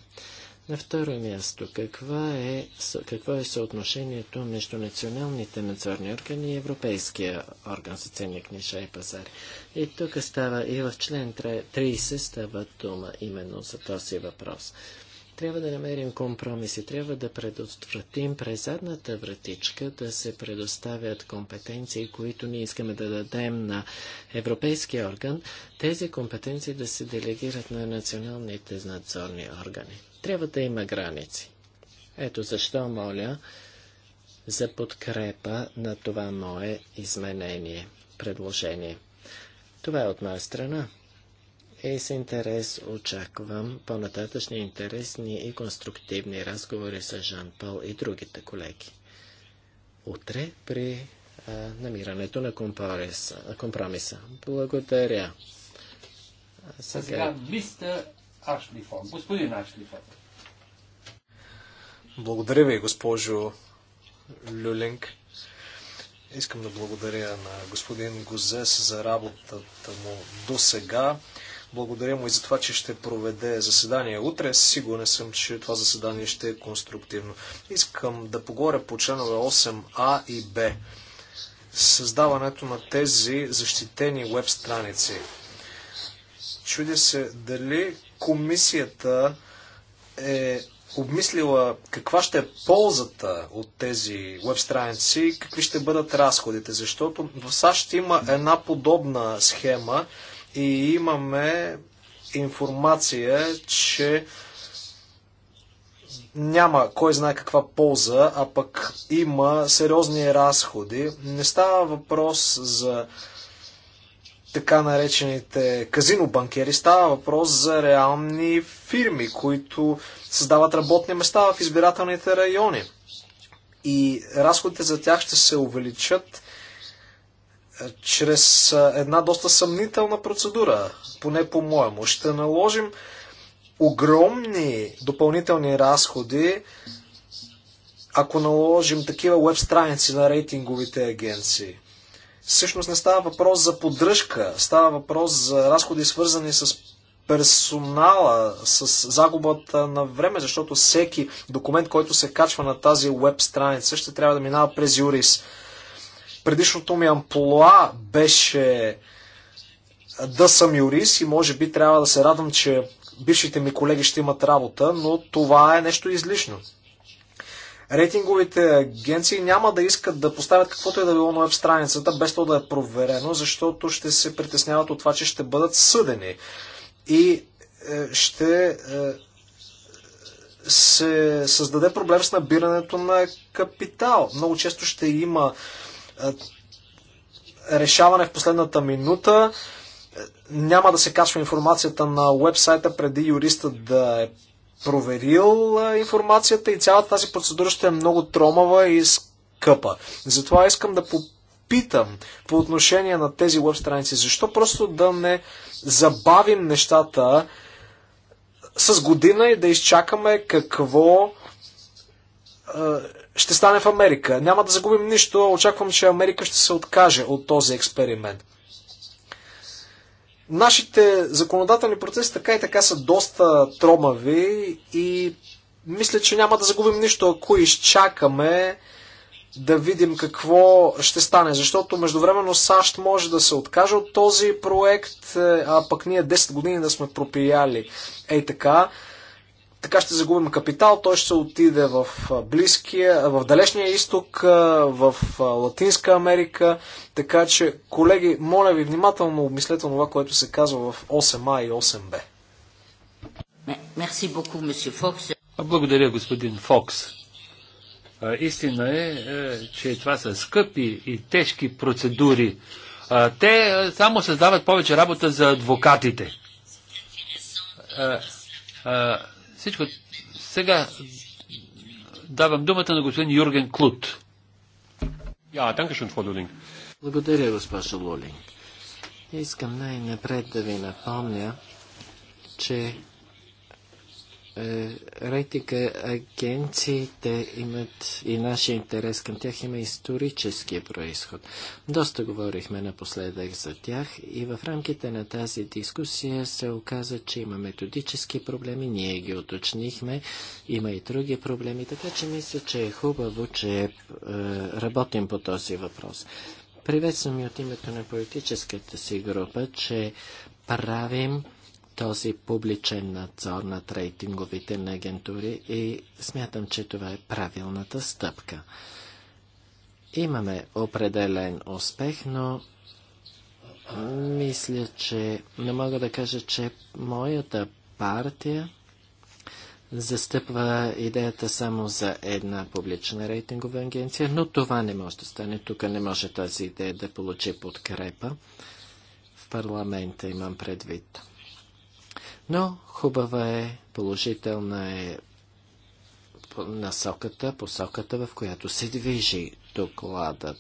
На второ място, каква е, какво е съотношението между националните надзорни органи и Европейския орган за ценни книжа и пазари? И тук става, и в член 30 става дума именно за този въпрос. Трябва да намерим компромиси, трябва да предотвратим през задната вратичка да се предоставят компетенции, които ние искаме да дадем на европейския орган, тези компетенции да се делегират на националните надзорни органи. Трябва да има граници. Ето защо моля за подкрепа на това мое изменение, предложение. Това е от моя страна. И е, с интерес очаквам по-нататъчни интересни и конструктивни разговори с Жан Пол и другите колеги. Утре при а, намирането на компромиса. Благодаря. сега мистер Ашлифон. Господин Ашлифон. Благодаря ви, госпожо Люлинг. Искам да благодаря на господин Гозес за работата му до сега. Благодаря му и за това, че ще проведе заседание утре. Сигурен съм, че това заседание ще е конструктивно. Искам да поговоря по членове 8А и Б. Създаването на тези защитени веб страници. Чудя се дали комисията е обмислила каква ще е ползата от тези веб страници, какви ще бъдат разходите, защото в САЩ има една подобна схема, и имаме информация, че няма кой знае каква полза, а пък има сериозни разходи. Не става въпрос за така наречените казино банкери, става въпрос за реални фирми, които създават работни места в избирателните райони. И разходите за тях ще се увеличат чрез една доста съмнителна процедура, поне по-моему. Ще наложим огромни допълнителни разходи, ако наложим такива веб страници на рейтинговите агенции. Всъщност не става въпрос за поддръжка, става въпрос за разходи свързани с персонала, с загубата на време, защото всеки документ, който се качва на тази веб страница, ще трябва да минава през юрис Предишното ми амплуа беше да съм юрист и може би трябва да се радвам, че бившите ми колеги ще имат работа, но това е нещо излишно. Рейтинговите агенции няма да искат да поставят каквото и е да било на веб страницата, без това да е проверено, защото ще се притесняват от това, че ще бъдат съдени и е, ще е, се създаде проблем с набирането на капитал. Много често ще има е, решаване в последната минута. Е, няма да се качва информацията на вебсайта преди юриста да е проверил е, информацията и цялата тази процедура ще е много тромава и скъпа. Затова искам да попитам по отношение на тези веб страници, защо просто да не забавим нещата с година и да изчакаме какво ще стане в Америка. Няма да загубим нищо. Очаквам, че Америка ще се откаже от този експеримент. Нашите законодателни процеси така и така са доста тромави и мисля, че няма да загубим нищо, ако изчакаме да видим какво ще стане. Защото междувременно САЩ може да се откаже от този проект, а пък ние 10 години да сме пропияли. Ей така така ще загубим капитал, той ще се отиде в близкия, в далечния изток, в Латинска Америка. Така че, колеги, моля ви внимателно обмислете това, което се казва в 8А и 8Б. Благодаря, господин Фокс. Истина е, е, че това са скъпи и тежки процедури. Те е, само създават повече работа за адвокатите всичко. Сега давам думата на господин Юрген Клут. Благодаря, госпожо Лолинг. Искам най-напред да ви напомня, че е, рейтинга агенциите имат и нашия интерес към тях има историческия происход. Доста говорихме напоследък за тях и в рамките на тази дискусия се оказа, че има методически проблеми, ние ги уточнихме, има и други проблеми, така че мисля, че е хубаво, че е, работим по този въпрос. Приветствам и от името на политическата си група, че правим този публичен надзор над рейтинговите на агентури и смятам, че това е правилната стъпка. Имаме определен успех, но мисля, че не мога да кажа, че моята партия застъпва идеята само за една публична рейтингова агенция, но това не може да стане. Тук не може тази идея да получи подкрепа. В парламента имам предвид. Но хубава е, положителна е насоката, посоката, в която се движи докладът.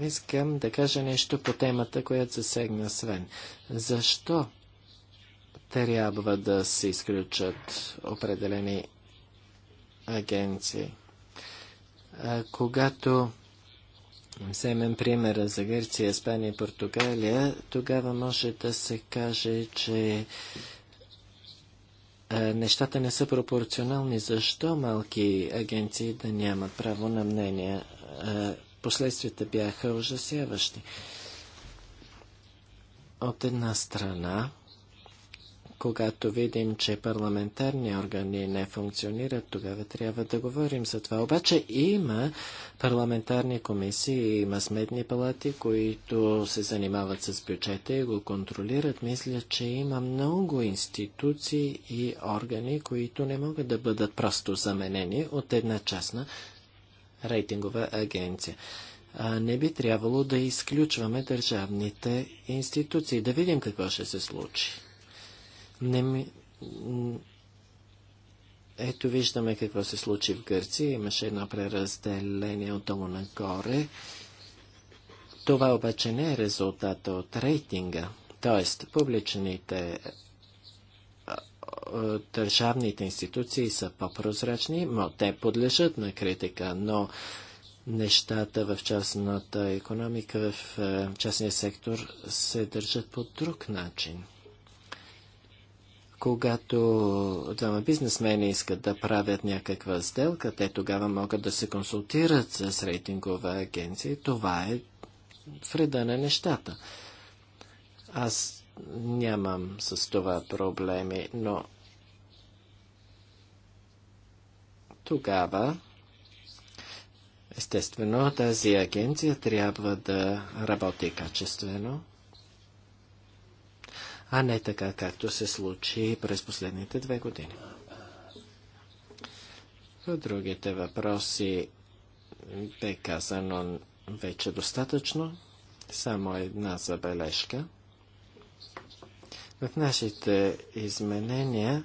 Искам да кажа нещо по темата, която засегна Свен. Защо трябва да се изключат определени агенции? когато вземем примера за Гърция, Испания и Португалия, тогава може да се каже, че нещата не са пропорционални. Защо малки агенции да нямат право на мнение? Последствията бяха ужасяващи. От една страна, когато видим, че парламентарни органи не функционират, тогава трябва да говорим за това. Обаче има парламентарни комисии, има сметни палати, които се занимават с бюджета и го контролират. Мисля, че има много институции и органи, които не могат да бъдат просто заменени от една частна рейтингова агенция не би трябвало да изключваме държавните институции. Да видим какво ще се случи. Не ми... Ето виждаме какво се случи в Гърция. Имаше едно преразделение от дома нагоре. Това обаче не е резултата от рейтинга. Тоест, публичните държавните институции са по-прозрачни, те подлежат на критика, но нещата в частната економика, в е, частния сектор се държат по друг начин. Когато двама бизнесмени искат да правят някаква сделка, те тогава могат да се консултират с рейтингова агенция. Това е вреда на нещата. Аз нямам с това проблеми, но тогава Естествено, тази агенция трябва да работи качествено а не така както се случи през последните две години. По другите въпроси бе казано вече достатъчно. Само една забележка. В нашите изменения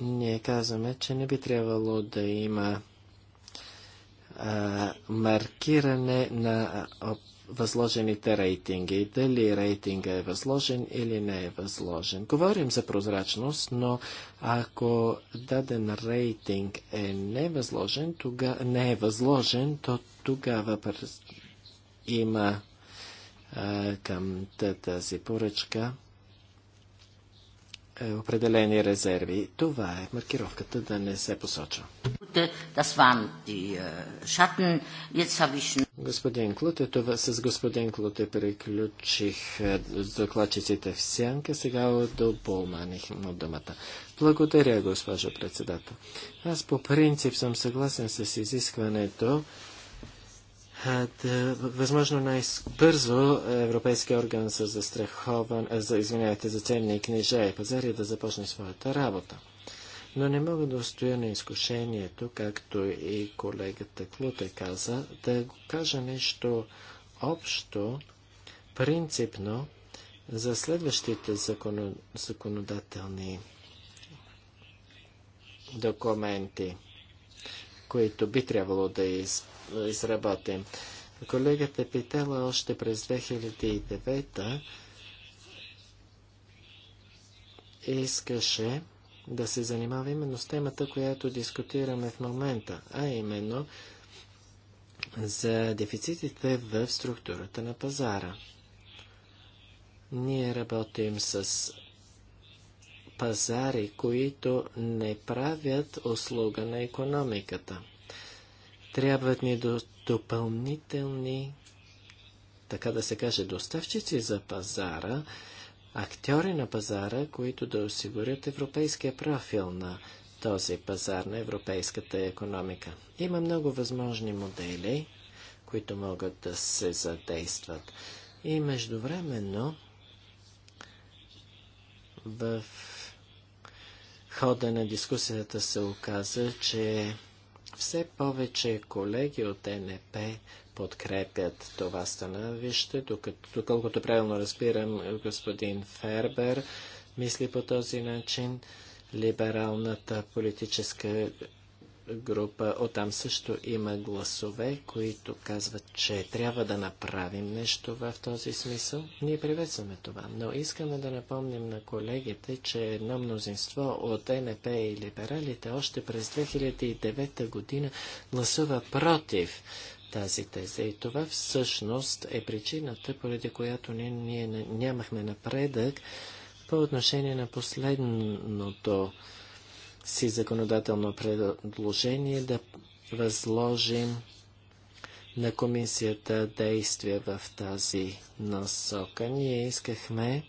ние казваме, че не би трябвало да има а, маркиране на възложените рейтинги. Дали рейтинга е възложен или не е възложен. Говорим за прозрачност, но ако даден рейтинг е не възложен, тога... не е възложен, то тогава има а, към тази поръчка е, определени резерви. Това е маркировката да не се посочва. Е, е господин Клуте, това, с господин Клуте приключих докладчиците в сянка, сега до Болманих на думата. Благодаря, госпожо председател. Аз по принцип съм съгласен с изискването възможно най-бързо Европейския орган за застрахован, за, извинявайте, за ценни книжа и пазари да започне своята работа. Но не мога да устоя на изкушението, както и колегата Клуте каза, да кажа нещо общо, принципно, за следващите закон... законодателни документи които би трябвало да из, изработим. Колегата питала още през 2009 искаше да се занимава именно с темата, която дискутираме в момента, а именно за дефицитите в структурата на пазара. Ние работим с пазари, които не правят услуга на економиката. Трябват ни допълнителни, така да се каже, доставчици за пазара, актьори на пазара, които да осигурят европейския профил на този пазар на европейската економика. Има много възможни модели, които могат да се задействат. И междувременно в хода на дискусията се оказа, че все повече колеги от НП подкрепят това становище, докато, доколкото правилно разбирам, господин Фербер мисли по този начин. Либералната политическа група. Оттам също има гласове, които казват, че трябва да направим нещо в този смисъл. Ние приветстваме това, но искаме да напомним на колегите, че едно мнозинство от НП и либералите още през 2009 година гласува против тази теза. И това всъщност е причината, поради която ние, ние нямахме напредък по отношение на последното си законодателно предложение да възложим на комисията действия в тази насока. Ние искахме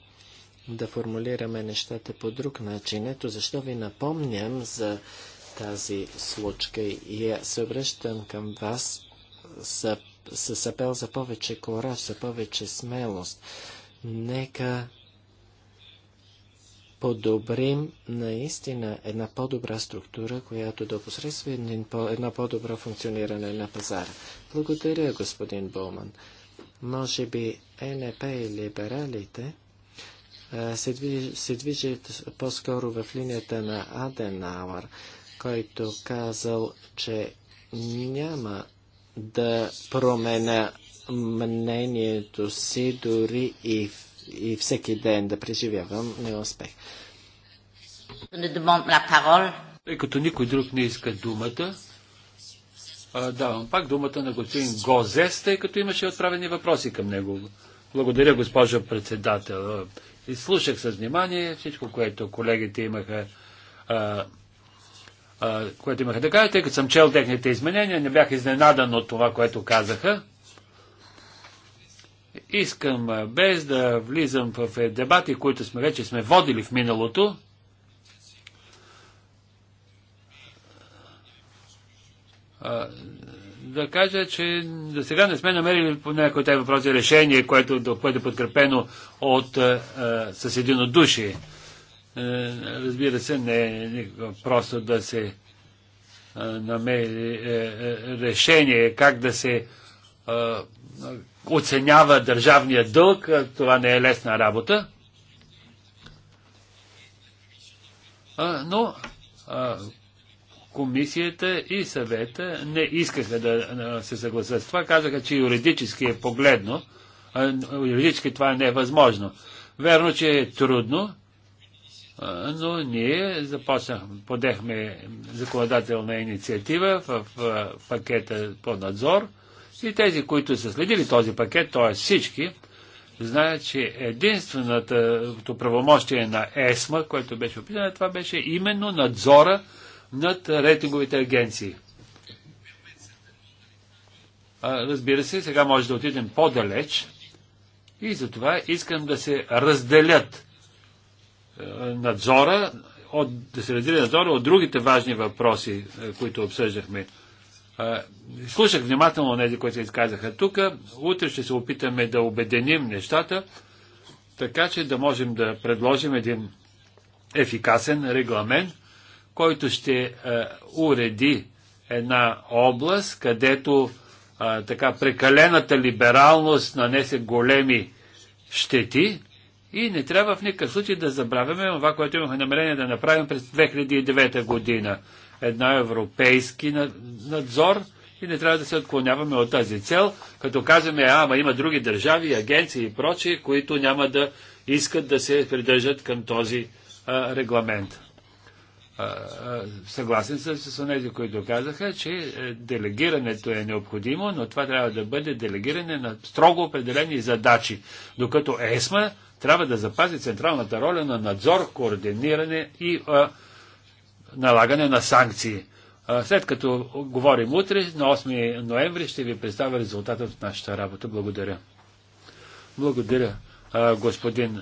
да формулираме нещата по друг начин. Ето защо ви напомням за тази случка и се обръщам към вас с, с апел за повече кораж, за повече смелост. Нека подобрим наистина една по-добра структура, която да посредства едно по-добро функциониране на пазара. Благодаря, господин Болман. Може би е НП и либералите се, движ, се движат по-скоро в линията на Аденауър, който казал, че няма да променя мнението си дори и в и всеки ден да преживявам неуспех. Тъй като никой друг не иска думата, давам пак думата на господин Гозес, тъй като имаше отправени въпроси към него. Благодаря, госпожо председател. И слушах с внимание всичко, което колегите имаха, а, а, което имаха да кажат, тъй като съм чел техните изменения, не бях изненадан от това, което казаха. Искам, без да влизам в е, дебати, които сме вече сме водили в миналото, да кажа, че до сега не сме намерили по някои тези въпроси решение, което, да е подкрепено от, а, с единодушие. Е, разбира се, не е просто да се намери е, решение как да се оценява държавния дълг, това не е лесна работа. Но комисията и съвета не искаха да се съгласят с това. Казаха, че юридически е погледно. Юридически това не е възможно. Верно, че е трудно, но ние започнахме, подехме законодателна инициатива в пакета по надзор – и тези, които са следили този пакет, т.е. всички, знаят, че единственото правомощие на ЕСМА, което беше описано, това беше именно надзора над рейтинговите агенции. Разбира се, сега може да отидем по-далеч и затова искам да се разделят надзора, от, да се разделят надзора от другите важни въпроси, които обсъждахме слушах внимателно тези, които се изказаха тук. Утре ще се опитаме да обеденим нещата, така че да можем да предложим един ефикасен регламент, който ще е, уреди една област, където е, така прекалената либералност нанесе големи щети и не трябва в никакъв случай да забравяме това, което имахме намерение да направим през 2009 година. Една европейски надзор – и не трябва да се отклоняваме от тази цел, като казваме, ама има други държави, агенции и прочие, които няма да искат да се придържат към този а, регламент. А, а, съгласен съм с тези, които казаха, че е, делегирането е необходимо, но това трябва да бъде делегиране на строго определени задачи, докато ЕСМА трябва да запази централната роля на надзор, координиране и а, налагане на санкции. След като говорим утре, на 8 ноември ще ви представя резултата от нашата работа. Благодаря. Благодаря, господин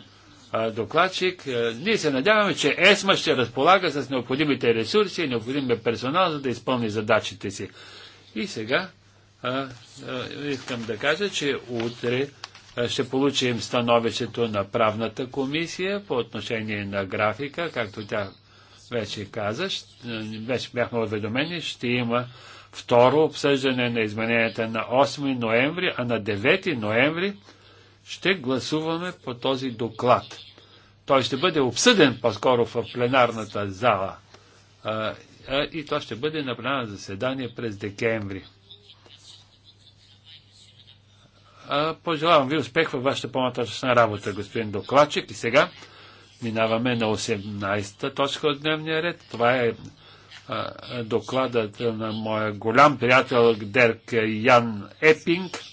докладчик. Ние се надяваме, че ЕСМА ще разполага с необходимите ресурси и необходимия персонал, за да изпълни задачите си. И сега а, а, искам да кажа, че утре ще получим становището на правната комисия по отношение на графика, както тя вече каза, вече бяхме уведомени, ще има второ обсъждане на измененията на 8 ноември, а на 9 ноември ще гласуваме по този доклад. Той ще бъде обсъден по-скоро в пленарната зала и то ще бъде на заседание през декември. пожелавам ви успех във вашата по-нататъчна работа, господин докладчик. И сега Минаваме на 18-та точка от дневния ред. Това е а, докладът на моя голям приятел Дерк Ян Епинг.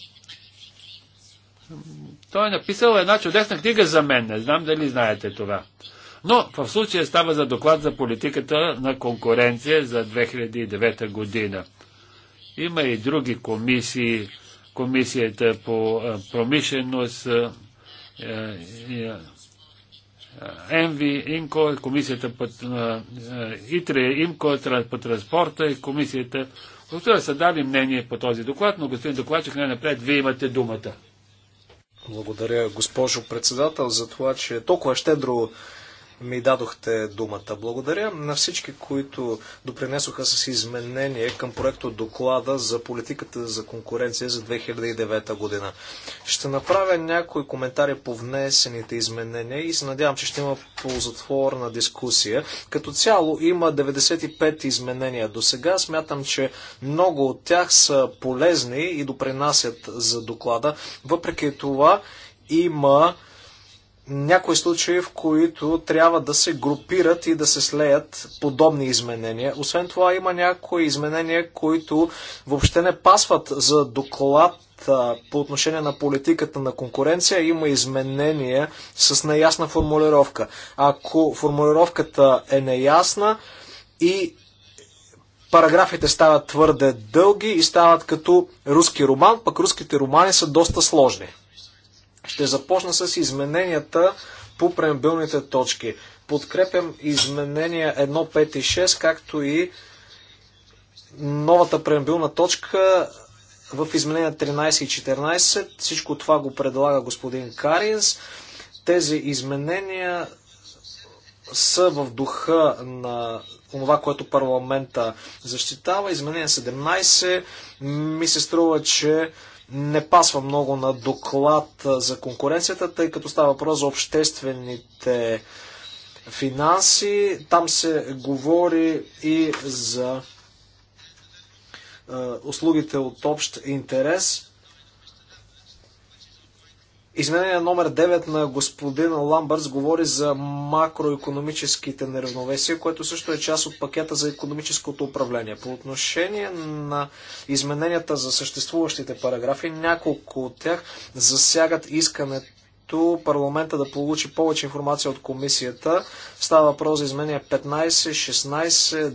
Той е написал една чудесна книга за мен. Не знам дали знаете това. Но в случая става за доклад за политиката на конкуренция за 2009 година. Има и други комисии, комисията по промишленост, ЕМВИ, ИМКО, комисията по ИТРЕ, ИМКО по транспорта и комисията. Отсюда са дали мнение по този доклад, но господин докладчик, най-напред, вие имате думата. Благодаря, госпожо председател, за това, че е толкова щедро ми дадохте думата. Благодаря на всички, които допринесоха с изменение към проекто доклада за политиката за конкуренция за 2009 година. Ще направя някои коментари по внесените изменения и се надявам, че ще има ползотворна дискусия. Като цяло има 95 изменения до сега. Смятам, че много от тях са полезни и допринасят за доклада. Въпреки това има някои случаи, в които трябва да се групират и да се слеят подобни изменения. Освен това има някои изменения, които въобще не пасват за доклад по отношение на политиката на конкуренция. Има изменения с неясна формулировка. Ако формулировката е неясна и параграфите стават твърде дълги и стават като руски роман, пък руските романи са доста сложни. Ще започна с измененията по преамбилните точки. Подкрепям изменения 1, 5 и 6, както и новата преамбилна точка в изменения 13 и 14. Всичко това го предлага господин Каринс. Тези изменения са в духа на това, което парламента защитава. Изменение 17 ми се струва, че не пасва много на доклад за конкуренцията, тъй като става въпрос за обществените финанси. Там се говори и за услугите от общ интерес. Изменение номер 9 на господин Ламбърс говори за макроекономическите неравновесия, което също е част от пакета за економическото управление. По отношение на измененията за съществуващите параграфи, няколко от тях засягат искането парламента да получи повече информация от комисията. Става въпрос за изменения 15, 16,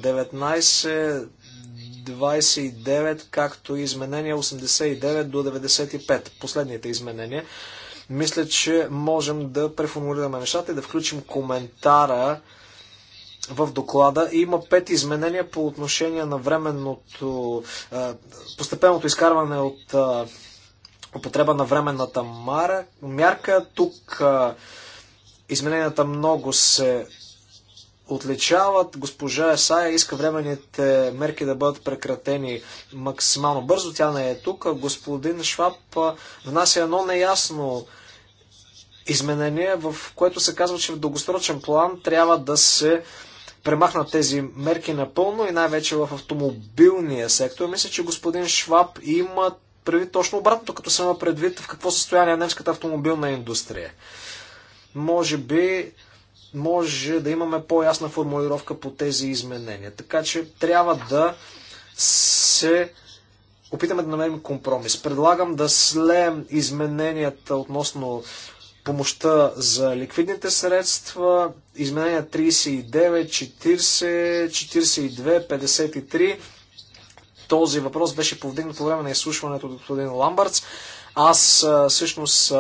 19, 29, както и изменения 89 до 95, последните изменения. Мисля, че можем да преформулираме нещата и да включим коментара в доклада. Има пет изменения по отношение на временното, постепенното изкарване от употреба на временната мара, мярка. Тук измененията много се отличават. Госпожа Есая иска временните мерки да бъдат прекратени максимално бързо. Тя не е тук. Господин Шваб внася едно неясно изменение, в което се казва, че в дългосрочен план трябва да се премахнат тези мерки напълно и най-вече в автомобилния сектор. Мисля, че господин Шваб има предвид точно обратното, като се има предвид в какво състояние е немската автомобилна индустрия. Може би може да имаме по-ясна формулировка по тези изменения. Така че трябва да се опитаме да намерим компромис. Предлагам да слеем измененията относно помощта за ликвидните средства, изменения 39, 40, 42, 53. Този въпрос беше повдигнат по време на изслушването от господин Ламбардс. Аз всъщност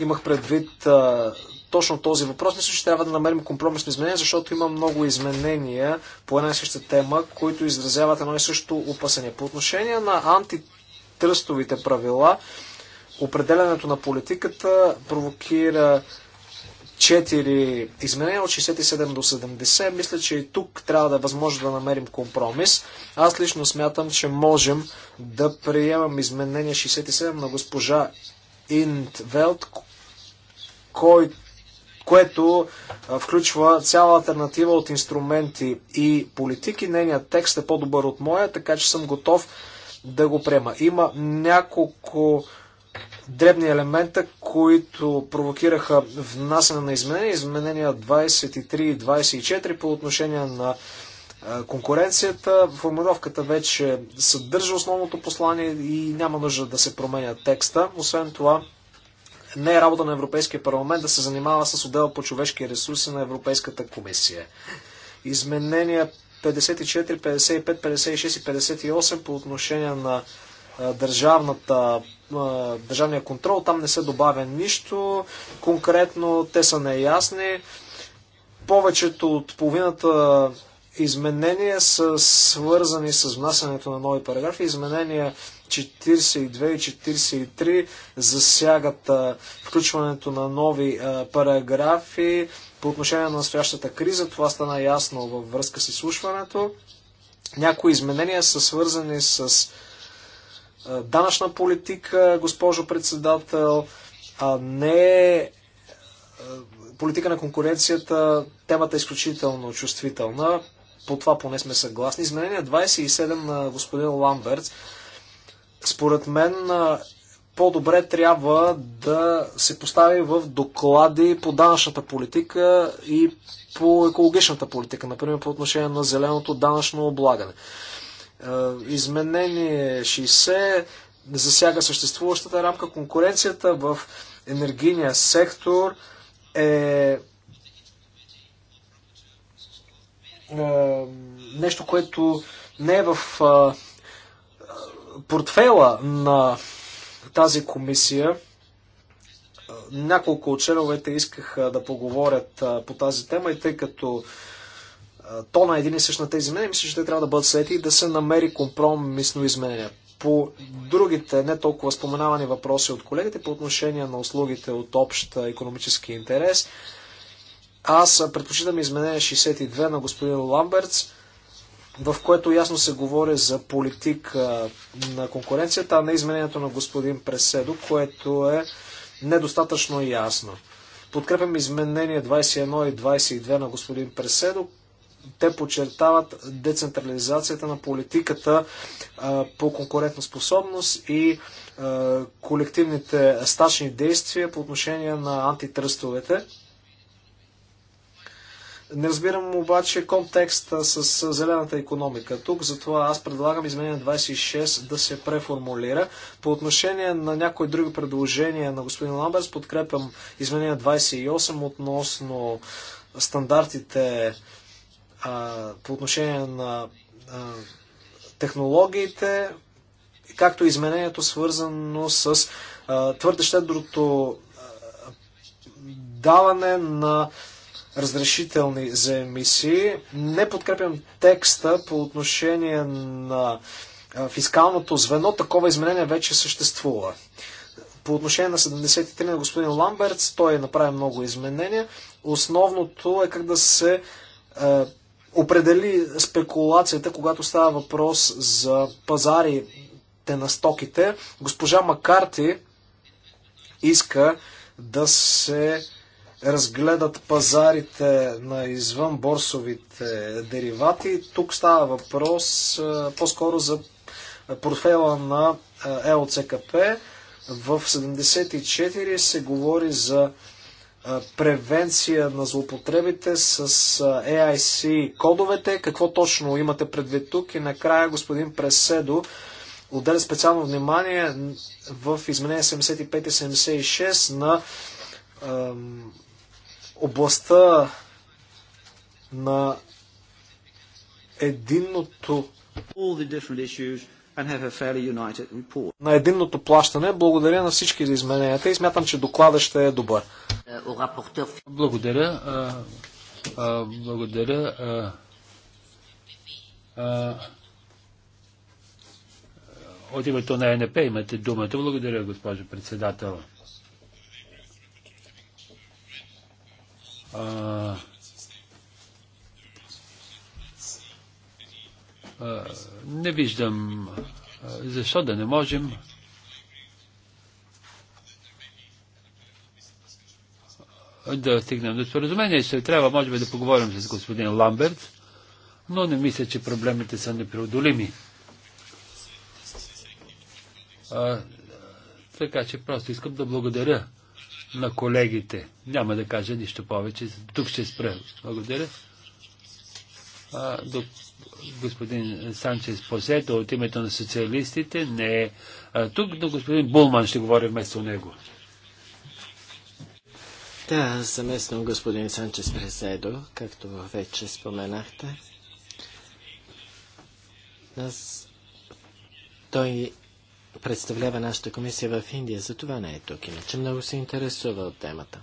имах предвид точно този въпрос. Мисля, че трябва да намерим компромисни изменения, защото има много изменения по една и съща тема, които изразяват едно и също опасение. По отношение на антитръстовите правила, Определенето на политиката провокира 4 изменения от 67 до 70. Мисля, че и тук трябва да е възможно да намерим компромис. Аз лично смятам, че можем да приемам изменение 67 на госпожа Интвелт, кой, което а, включва цяла альтернатива от инструменти и политики. Нейният текст е по-добър от моя, така че съм готов да го приема. Има няколко дребни елемента, които провокираха внасяне на изменения, изменения 23 и 24 по отношение на конкуренцията. Формулировката вече съдържа основното послание и няма нужда да се променя текста. Освен това, не е работа на Европейския парламент да се занимава с отдела по човешки ресурси на Европейската комисия. Изменения 54, 55, 56 и 58 по отношение на държавната държавния контрол, там не се добавя нищо конкретно, те са неясни. Повечето от половината изменения са свързани с внасянето на нови параграфи. Изменения 42 и 43 засягат а, включването на нови а, параграфи по отношение на настоящата криза. Това стана ясно във връзка с изслушването. Някои изменения са свързани с данъчна политика, госпожо председател, а не е, политика на конкуренцията. Темата е изключително чувствителна. По това поне сме съгласни. Изменение 27 на господин Ламберт. Според мен по-добре трябва да се постави в доклади по данъчната политика и по екологичната политика, например по отношение на зеленото данъчно облагане. Е, изменение 60 засяга съществуващата рамка. Конкуренцията в енергийния сектор е, е нещо, което не е в е, портфела на тази комисия. Няколко от членовете искаха да поговорят по тази тема и тъй като тона е един и същ на тези изменения, мисля, че те трябва да бъдат слети и да се намери компромисно изменение. По другите не толкова споменавани въпроси от колегите по отношение на услугите от общ економически интерес, аз предпочитам изменение 62 на господин Ламбертс, в което ясно се говори за политик на конкуренцията, а не изменението на господин Преседо, което е недостатъчно ясно. Подкрепям изменение 21 и 22 на господин Преседо, те подчертават децентрализацията на политиката по конкурентна способност и колективните стачни действия по отношение на антитръстовете. Не разбирам обаче контекста с зелената економика тук, затова аз предлагам изменение 26 да се преформулира. По отношение на някои други предложения на господин Ламберс, подкрепям изменение 28 относно стандартите по отношение на технологиите, както изменението свързано с твърде щедрото даване на разрешителни за емисии. Не подкрепям текста по отношение на фискалното звено. Такова изменение вече съществува. По отношение на 73 на господин Ламбертс, той направи много изменения. Основното е как да се определи спекулацията, когато става въпрос за пазарите на стоките. Госпожа Макарти иска да се разгледат пазарите на извън борсовите деривати. Тук става въпрос по-скоро за портфела на ЛЦКП. В 74 се говори за превенция на злоупотребите с AIC кодовете. Какво точно имате предвид тук? И накрая господин Преседо отделя специално внимание в изменение 75 и 76 на областта на единното All the different issues на единното плащане. Благодаря на всички за измененията и смятам, че докладът ще е добър. Е, благодаря. А, а, благодаря. А, от името на ЕНП имате думата. Благодаря, госпожо председател. Не виждам защо да не можем да стигнем до споразумение. Ще трябва, може би, да поговорим с господин Ламберт, но не мисля, че проблемите са непреодолими. А, така че просто искам да благодаря на колегите. Няма да кажа нищо повече. Тук ще спра. Благодаря а, до господин Санчес Посето от името на социалистите не е тук, но господин Булман ще говори вместо него. Да, съместно господин Санчес Преседо, както вече споменахте. Нас... Той представлява нашата комисия в Индия, за това не е тук, иначе много се интересува от темата.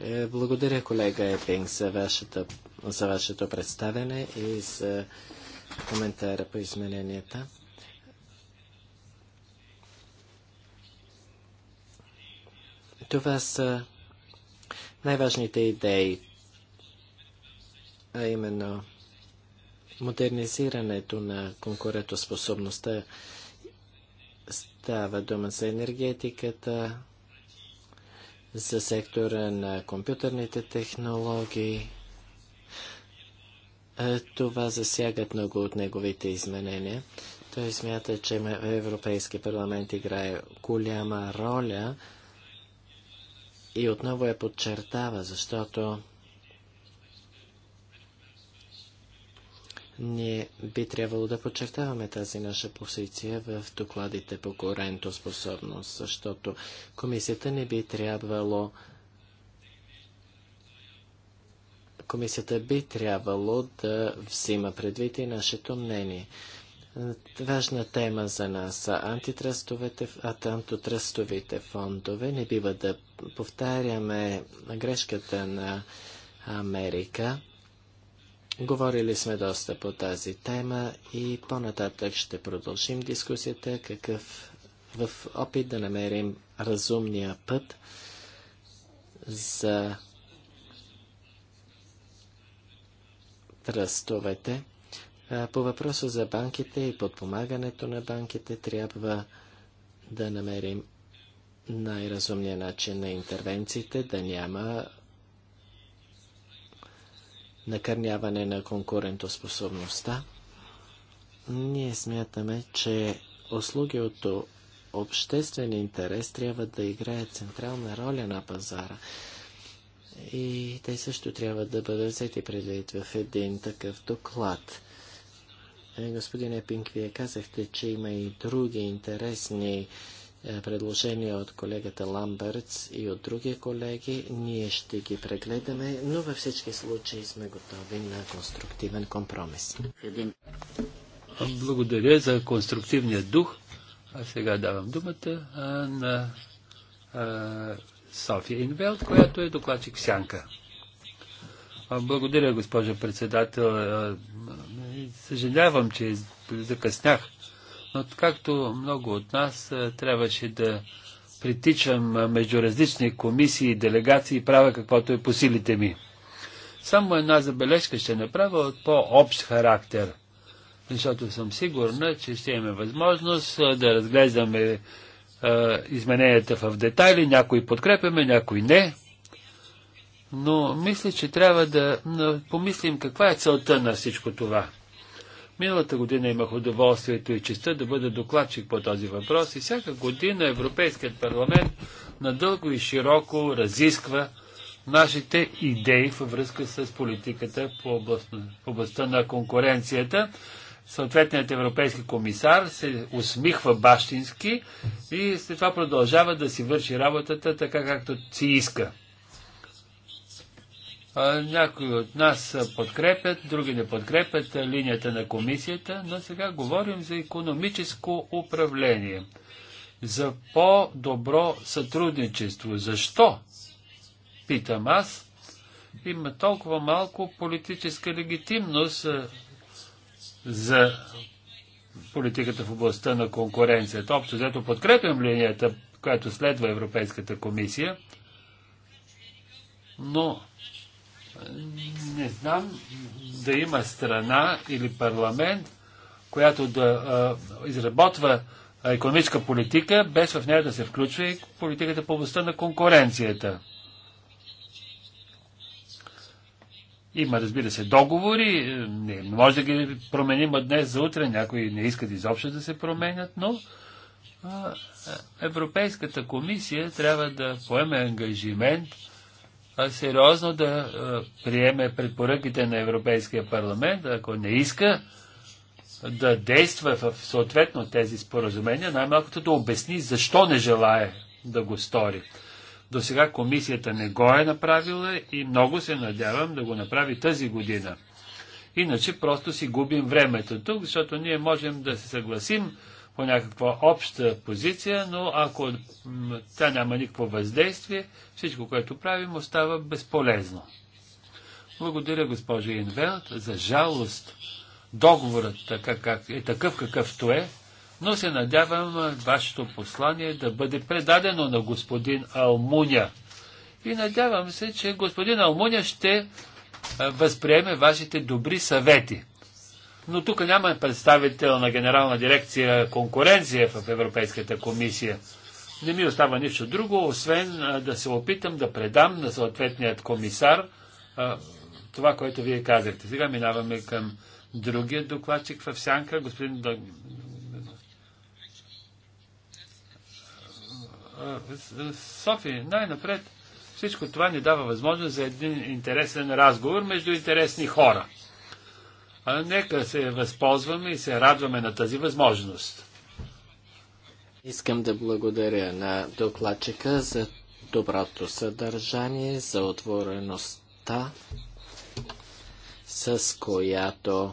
Е, благодаря, колега Епинг, за вашата за вашето представяне и за коментара по измененията. Това са най-важните идеи, а именно модернизирането на конкурентоспособността става дума за енергетиката, за сектора на компютърните технологии, това засягат много от неговите изменения. Той смята, че Европейски парламент играе голяма роля и отново я подчертава, защото ние би трябвало да подчертаваме тази наша позиция в докладите по корентоспособност, защото комисията не би трябвало комисията би трябвало да взима предвид и нашето мнение. Важна тема за нас са антитръстовите, антитръстовите фондове. Не бива да повтаряме грешката на Америка. Говорили сме доста по тази тема и по-нататък ще продължим дискусията какъв в опит да намерим разумния път за тръстовете. По въпроса за банките и подпомагането на банките трябва да намерим най-разумния начин на интервенциите, да няма накърняване на конкурентоспособността. Ние смятаме, че услуги от обществен интерес трябва да играят централна роля на пазара и те също трябва да бъдат взети предвид в един такъв доклад. Е, господин Епинг, вие казахте, че има и други интересни е, предложения от колегата Ламбъртс и от други колеги. Ние ще ги прегледаме, но във всички случаи сме готови на конструктивен компромис. Благодаря за конструктивния дух. А сега давам думата а, на а, София Инвелт, която е докладчик Сянка. Благодаря, госпожо председател. Съжалявам, че закъснях, но както много от нас трябваше да притичам между различни комисии и делегации и правя каквото е по силите ми. Само една забележка ще направя от по-общ характер, защото съм сигурна, че ще имаме възможност да разглеждаме е, измененията в детайли, някои подкрепяме, някои не. Но мисля, че трябва да помислим каква е целта на всичко това. Миналата година имах удоволствието и честа да бъда докладчик по този въпрос и всяка година Европейският парламент надълго и широко разисква нашите идеи във връзка с политиката по областта, по областта на конкуренцията съответният европейски комисар се усмихва бащински и след това продължава да си върши работата така както си иска. Някои от нас подкрепят, други не подкрепят линията на комисията, но сега говорим за економическо управление, за по-добро сътрудничество. Защо? Питам аз. Има толкова малко политическа легитимност за политиката в областта на конкуренцията. Общо взето подкрепям линията, която следва Европейската комисия, но не знам да има страна или парламент, която да а, изработва економическа политика, без в нея да се включва и политиката по областта на конкуренцията. Има, разбира се, договори, не може да ги променим от днес за утре, някои не искат изобщо да се променят, но Европейската комисия трябва да поеме ангажимент а сериозно да приеме предпоръките на Европейския парламент, ако не иска да действа в съответно тези споразумения, най-малкото да обясни защо не желая да го стори. До сега комисията не го е направила и много се надявам да го направи тази година. Иначе просто си губим времето тук, защото ние можем да се съгласим по някаква обща позиция, но ако тя няма никакво въздействие, всичко, което правим, остава безполезно. Благодаря, госпожа Инвелт. За жалост, договорът така, как, е такъв какъвто е но се надявам вашето послание да бъде предадено на господин Алмуня. И надявам се, че господин Алмуня ще възприеме вашите добри съвети. Но тук няма представител на Генерална дирекция конкуренция в Европейската комисия. Не ми остава нищо друго, освен да се опитам да предам на съответният комисар това, което вие казахте. Сега минаваме към другия докладчик в сянка, господин Е, София, най-напред всичко това ни дава възможност за един интересен разговор между интересни хора. А нека се възползваме и се радваме на тази възможност. Искам да благодаря на докладчика за доброто съдържание, за отвореността, с която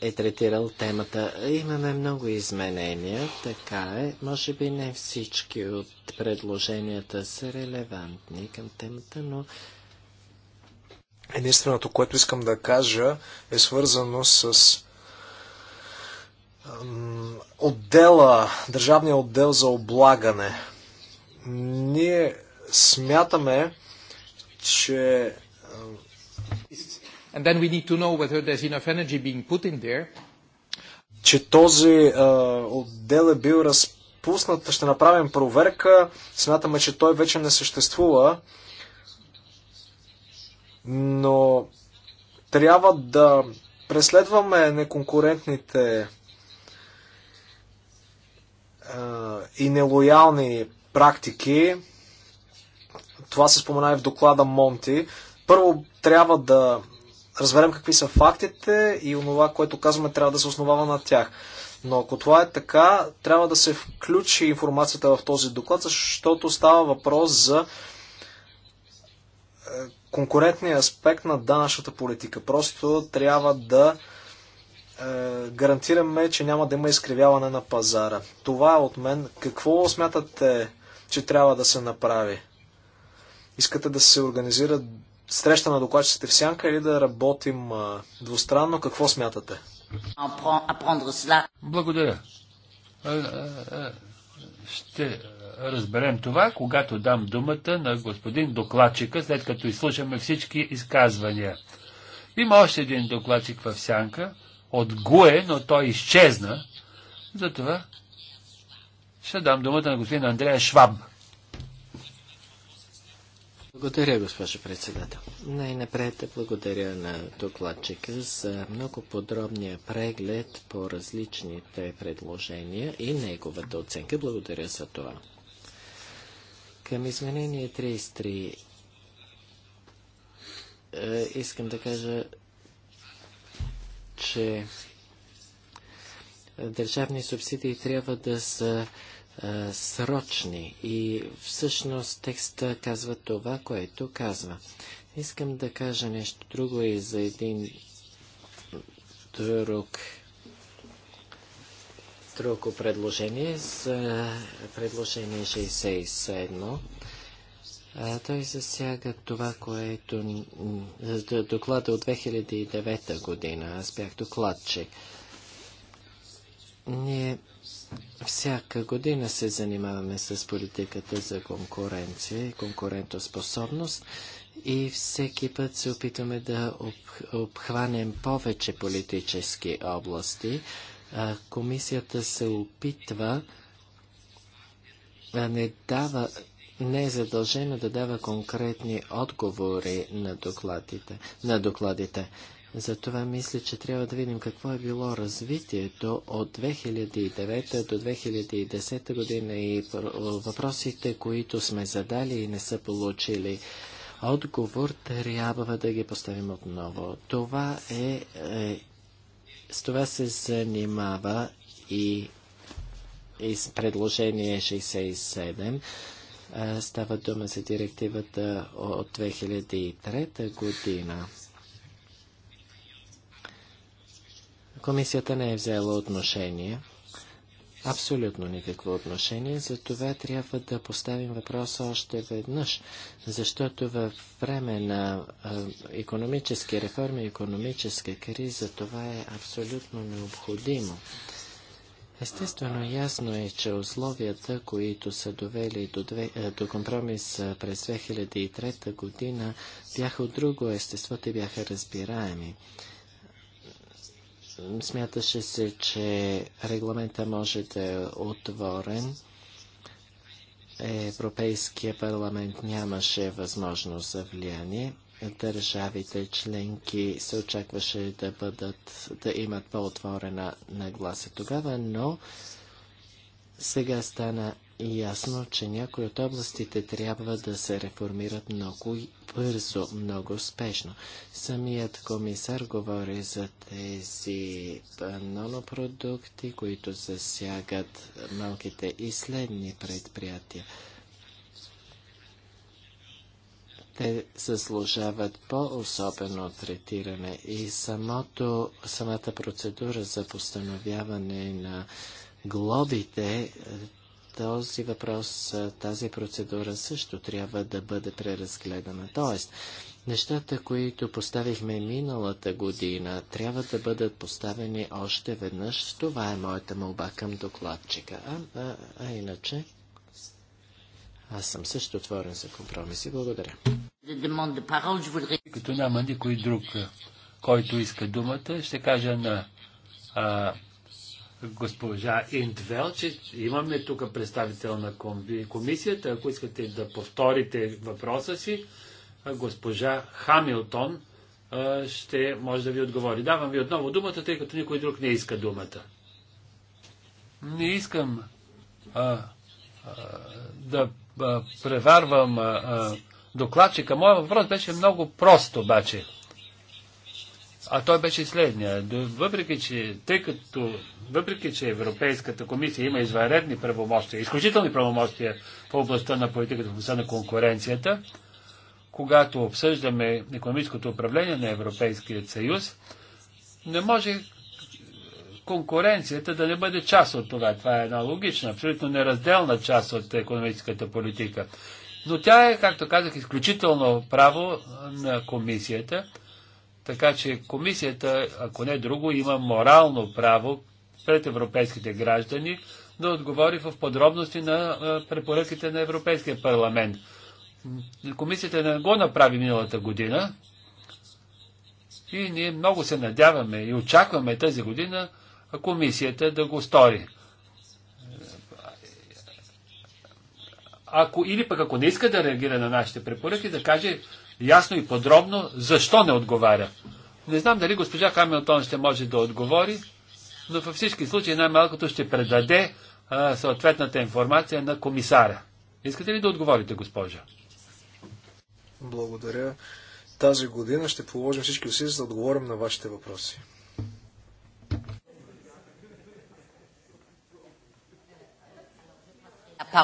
е третирал темата. Имаме много изменения, така е. Може би не всички от предложенията са релевантни към темата, но... Единственото, което искам да кажа, е свързано с отдела, държавния отдел за облагане. Ние смятаме, че And then we need to know whether there's enough energy being put in there. Че този а, отдел е бил разпуснат, ще направим проверка. Смятаме, че той вече не съществува. Но трябва да преследваме неконкурентните и нелоялни практики. Това се спомена и в доклада Монти. Първо трябва да разберем какви са фактите и онова, което казваме, трябва да се основава на тях. Но ако това е така, трябва да се включи информацията в този доклад, защото става въпрос за е, конкурентния аспект на данъчната политика. Просто трябва да е, гарантираме, че няма да има изкривяване на пазара. Това е от мен. Какво смятате, че трябва да се направи? Искате да се организират среща на докладчиците в сянка или да работим двустранно? Какво смятате? Благодаря. Ще разберем това, когато дам думата на господин докладчика, след като изслушаме всички изказвания. Има още един докладчик в сянка от Гуе, но той изчезна. Затова ще дам думата на господин Андрея Шваб. Благодаря, госпожо председател. Най-напред благодаря на докладчика за много подробния преглед по различните предложения и неговата оценка. Благодаря за това. Към изменение 33 е, искам да кажа, че държавни субсидии трябва да са срочни и всъщност текста казва това, което казва. Искам да кажа нещо друго и за един друг друго предложение за предложение 67. А, той засяга това, което доклада от 2009 година. Аз бях докладчик. Ние всяка година се занимаваме с политиката за конкуренция и конкурентоспособност и всеки път се опитваме да обхванем повече политически области. комисията се опитва да не дава не е задължена да дава конкретни отговори на докладите. На докладите. Затова мисля, че трябва да видим какво е било развитието от 2009 до 2010 година и въпросите, които сме задали и не са получили отговор, трябва да ги поставим отново. Това е, е с това се занимава и с предложение 67 става дума за директивата от 2003 година. Комисията не е взела отношение, абсолютно никакво отношение, за това трябва да поставим въпроса още веднъж, защото във време на економически реформи, економическа криза, това е абсолютно необходимо. Естествено, ясно е, че условията, които са довели до, две, до компромис през 2003 година, бяха от друго естество, те бяха разбираеми. Смяташе се, че регламента може да е отворен. Европейския парламент нямаше възможност за влияние. Държавите членки се очакваше да, бъдат, да имат по-отворена нагласа тогава, но сега стана и ясно, че някои от областите трябва да се реформират много бързо, много спешно. Самият комисар говори за тези нонопродукти, които засягат малките и следни предприятия. Те заслужават по-особено третиране и самото, самата процедура за постановяване на глобите този въпрос, тази процедура също трябва да бъде преразгледана. Тоест, нещата, които поставихме миналата година, трябва да бъдат поставени още веднъж. Това е моята молба към докладчика. А, а, а иначе, аз съм също отворен за компромиси. Благодаря. Като няма никой друг, който иска думата, ще кажа на а, госпожа Интвел, че имаме тук представител на комисията. Ако искате да повторите въпроса си, госпожа Хамилтон ще може да ви отговори. Давам ви отново думата, тъй като никой друг не иска думата. Не искам а, а, да а, преварвам а, а, докладчика. Моя въпрос беше много прост обаче. А той беше следния. Въпреки, че, тъй като, въпреки, че Европейската комисия има извънредни правомощия, изключителни правомощия в областта на политиката, в областта на конкуренцията, когато обсъждаме економическото управление на Европейския съюз, не може конкуренцията да не бъде част от това. Това е една логична, абсолютно неразделна част от економическата политика. Но тя е, както казах, изключително право на комисията – така че комисията, ако не друго, има морално право пред европейските граждани да отговори в подробности на препоръките на Европейския парламент. Комисията не го направи миналата година и ние много се надяваме и очакваме тази година комисията да го стори. Ако, или пък ако не иска да реагира на нашите препоръки, да каже ясно и подробно защо не отговаря. Не знам дали госпожа Хамилтон ще може да отговори, но във всички случаи най-малкото ще предаде а, съответната информация на комисаря. Искате ли да отговорите, госпожа? Благодаря. Тази година ще положим всички усилия, за да отговорим на вашите въпроси.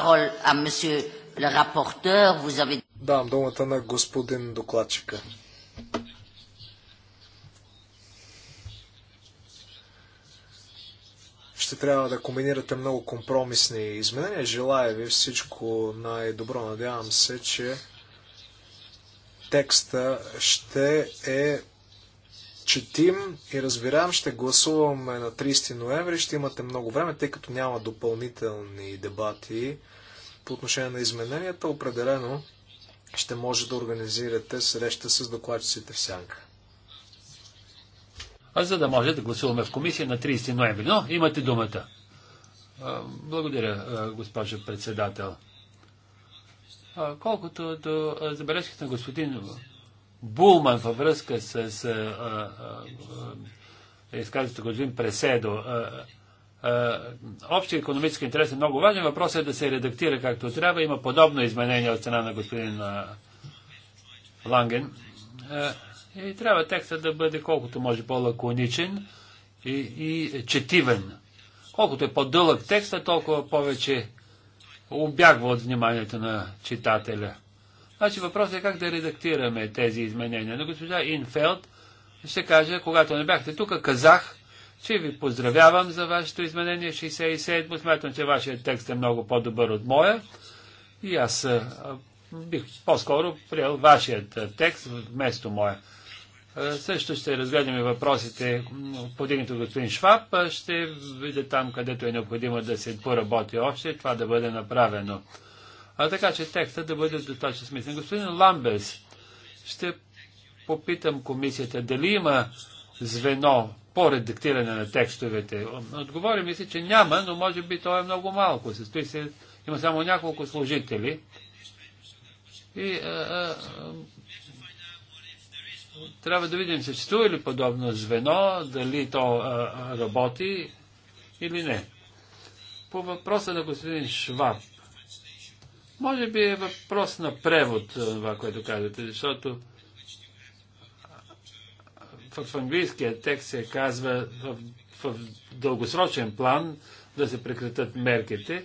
parole à monsieur le rapporteur. Vous avez... Давам думата на господин докладчика. Ще трябва да комбинирате много компромисни изменения. Желая ви всичко най-добро. Надявам се, че текста ще е четим и разбираем. Ще гласуваме на 30 ноември. Ще имате много време, тъй като няма допълнителни дебати по отношение на измененията. Определено ще може да организирате среща с докладчиците в Сянка. А за да може да гласуваме в комисия на 30 ноември. Но имате думата. Благодаря, госпожо председател. Колкото до забележките на господин Булман във връзка с изказването господин Преседо, а, е, общи економически интерес е много важен. Въпросът е да се редактира както трябва. Има подобно изменение от страна на господин е, Ланген. Е, и трябва текста да бъде колкото може по-лаконичен и, и четивен. Колкото е по-дълъг текста, толкова повече обягва от вниманието на читателя. Значи въпросът е как да редактираме тези изменения. На госпожа Инфелд ще каже, когато не бяхте тук, казах, че ви поздравявам за вашето изменение 67. Смятам, че вашия текст е много по-добър от моя. И аз а, бих по-скоро приел вашият текст вместо моя. А, също ще разгледаме въпросите, подигнато от господин Шваб. Ще видя там, където е необходимо да се поработи още, това да бъде направено. А така че текста да бъде достатъчно смислен. Господин Ламбес, ще попитам комисията дали има звено по-редактиране на текстовете. Отговори ми се, че няма, но може би то е много малко. Състои се, има само няколко служители. И а, а, а, трябва да видим, съществува ли подобно звено, дали то а, е, е, работи или не. По въпроса на господин Шваб. Може би е въпрос на превод, е, това, което казвате, защото в английския текст се казва в, в дългосрочен план да се прекратат мерките.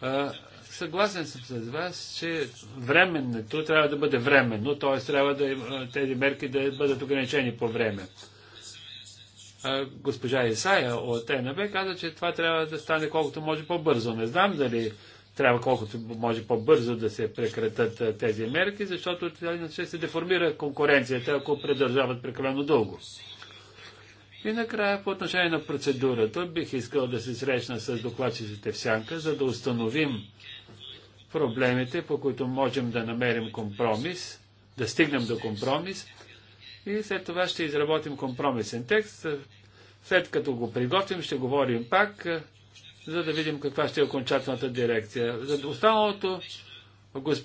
А, съгласен съм с вас, че временното трябва да бъде временно, т.е. трябва да, тези мерки да бъдат ограничени по време. А, госпожа Исая от ЕНБ каза, че това трябва да стане колкото може по-бързо. Не знам дали трябва колкото може по-бързо да се прекратат тези мерки, защото иначе се деформира конкуренцията, ако предържават прекалено дълго. И накрая по отношение на процедурата бих искал да се срещна с докладчиците в сянка, за да установим проблемите, по които можем да намерим компромис, да стигнем до компромис и след това ще изработим компромисен текст. След като го приготвим, ще говорим пак за да видим каква ще е окончателната дирекция. За останалото,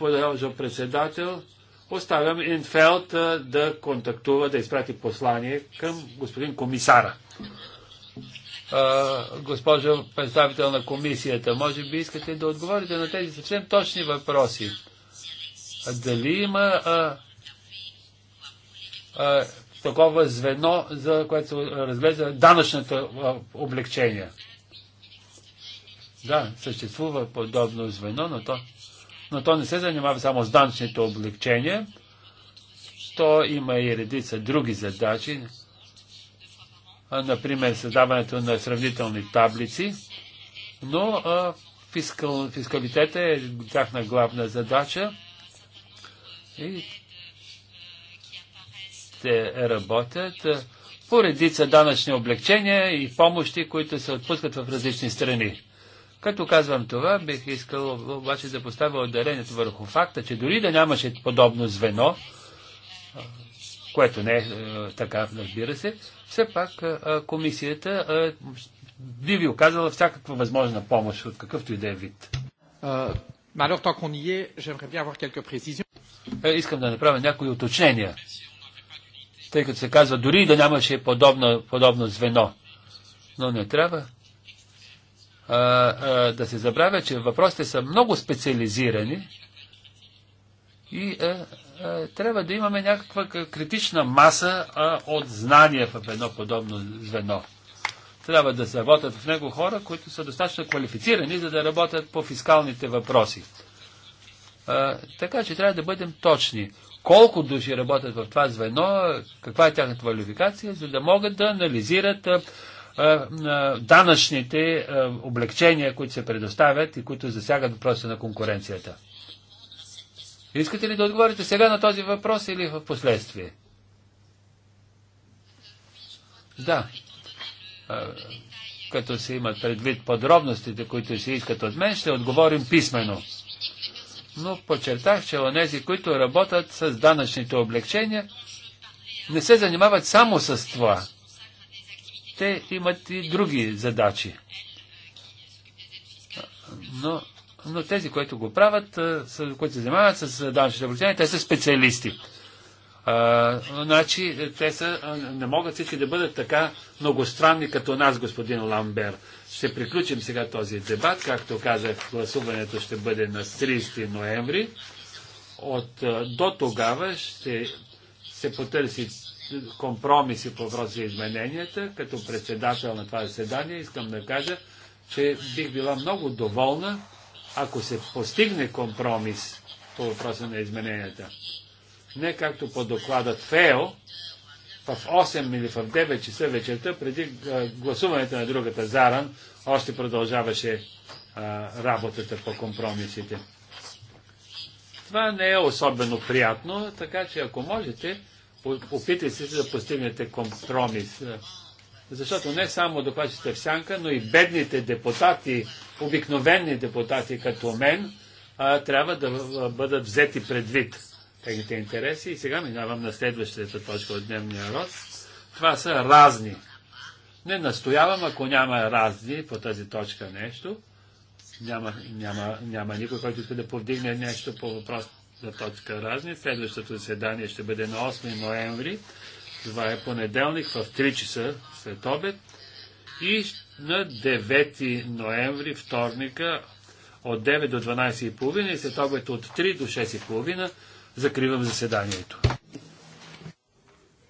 Елжо председател, оставям Инфелд да контактува, да изпрати послание към господин комисара. А, госпожо представител на комисията, може би искате да отговорите на тези съвсем точни въпроси. А дали има а, а, такова звено, за което се разглежда данъчната облегчение? Да, съществува подобно звено, но то, но то не се занимава само с данчните облегчения. То има и редица други задачи. Например, създаването на сравнителни таблици. Но а, фискал, фискалитета е тяхна главна задача. И те работят по редица данъчни облегчения и помощи, които се отпускат в различни страни. Като казвам това, бих искал обаче да поставя отделението върху факта, че дори да нямаше подобно звено, което не е, е така, разбира се, все пак е, е, комисията би ви оказала всякаква възможна помощ от какъвто и да е вид. Искам да направя някои уточнения, тъй като се казва дори да нямаше подобно, подобно звено. Но не трябва да се забравя, че въпросите са много специализирани и трябва да имаме някаква критична маса от знания в едно подобно звено. Трябва да се работят в него хора, които са достатъчно квалифицирани, за да работят по фискалните въпроси. Така че трябва да бъдем точни колко души работят в това звено, каква е тяхната квалификация, за да могат да анализират данъчните облегчения, които се предоставят и които засягат въпроса на конкуренцията. Искате ли да отговорите сега на този въпрос или в последствие? Да. Като се имат предвид подробностите, които се искат от мен, ще отговорим писменно. Но подчертах, че онези, които работят с данъчните облегчения, не се занимават само с това те имат и други задачи. Но, но тези, които го правят, които се занимават с данъчните облегчения, те са специалисти. А, значи, е, те са, не могат всички да бъдат така многостранни като нас, господин Ламбер. Ще приключим сега този дебат. Както казах, гласуването ще бъде на 30 ноември. От, до тогава ще се потърси компромиси по въпроса измененията. Като председател на това заседание искам да кажа, че бих била много доволна, ако се постигне компромис по въпроса на измененията. Не както по докладът ФЕО, в 8 или в 9 часа вечерта, преди гласуването на другата заран, още продължаваше а, работата по компромисите. Това не е особено приятно, така че ако можете, Опитай се да постигнете компромис. Защото не само докладчите в сянка, но и бедните депутати, обикновени депутати като мен, трябва да бъдат взети предвид техните интереси. И сега минавам на следващата точка от дневния род. Това са разни. Не настоявам, ако няма разни по тази точка нещо. Няма, няма, няма никой, който иска да повдигне нещо по въпрос за точка разни. Следващото заседание ще бъде на 8 ноември. Това е понеделник в 3 часа след обед. И на 9 ноември, вторника, от 9 до 12.30 и след обед от 3 до 6.30 закривам заседанието.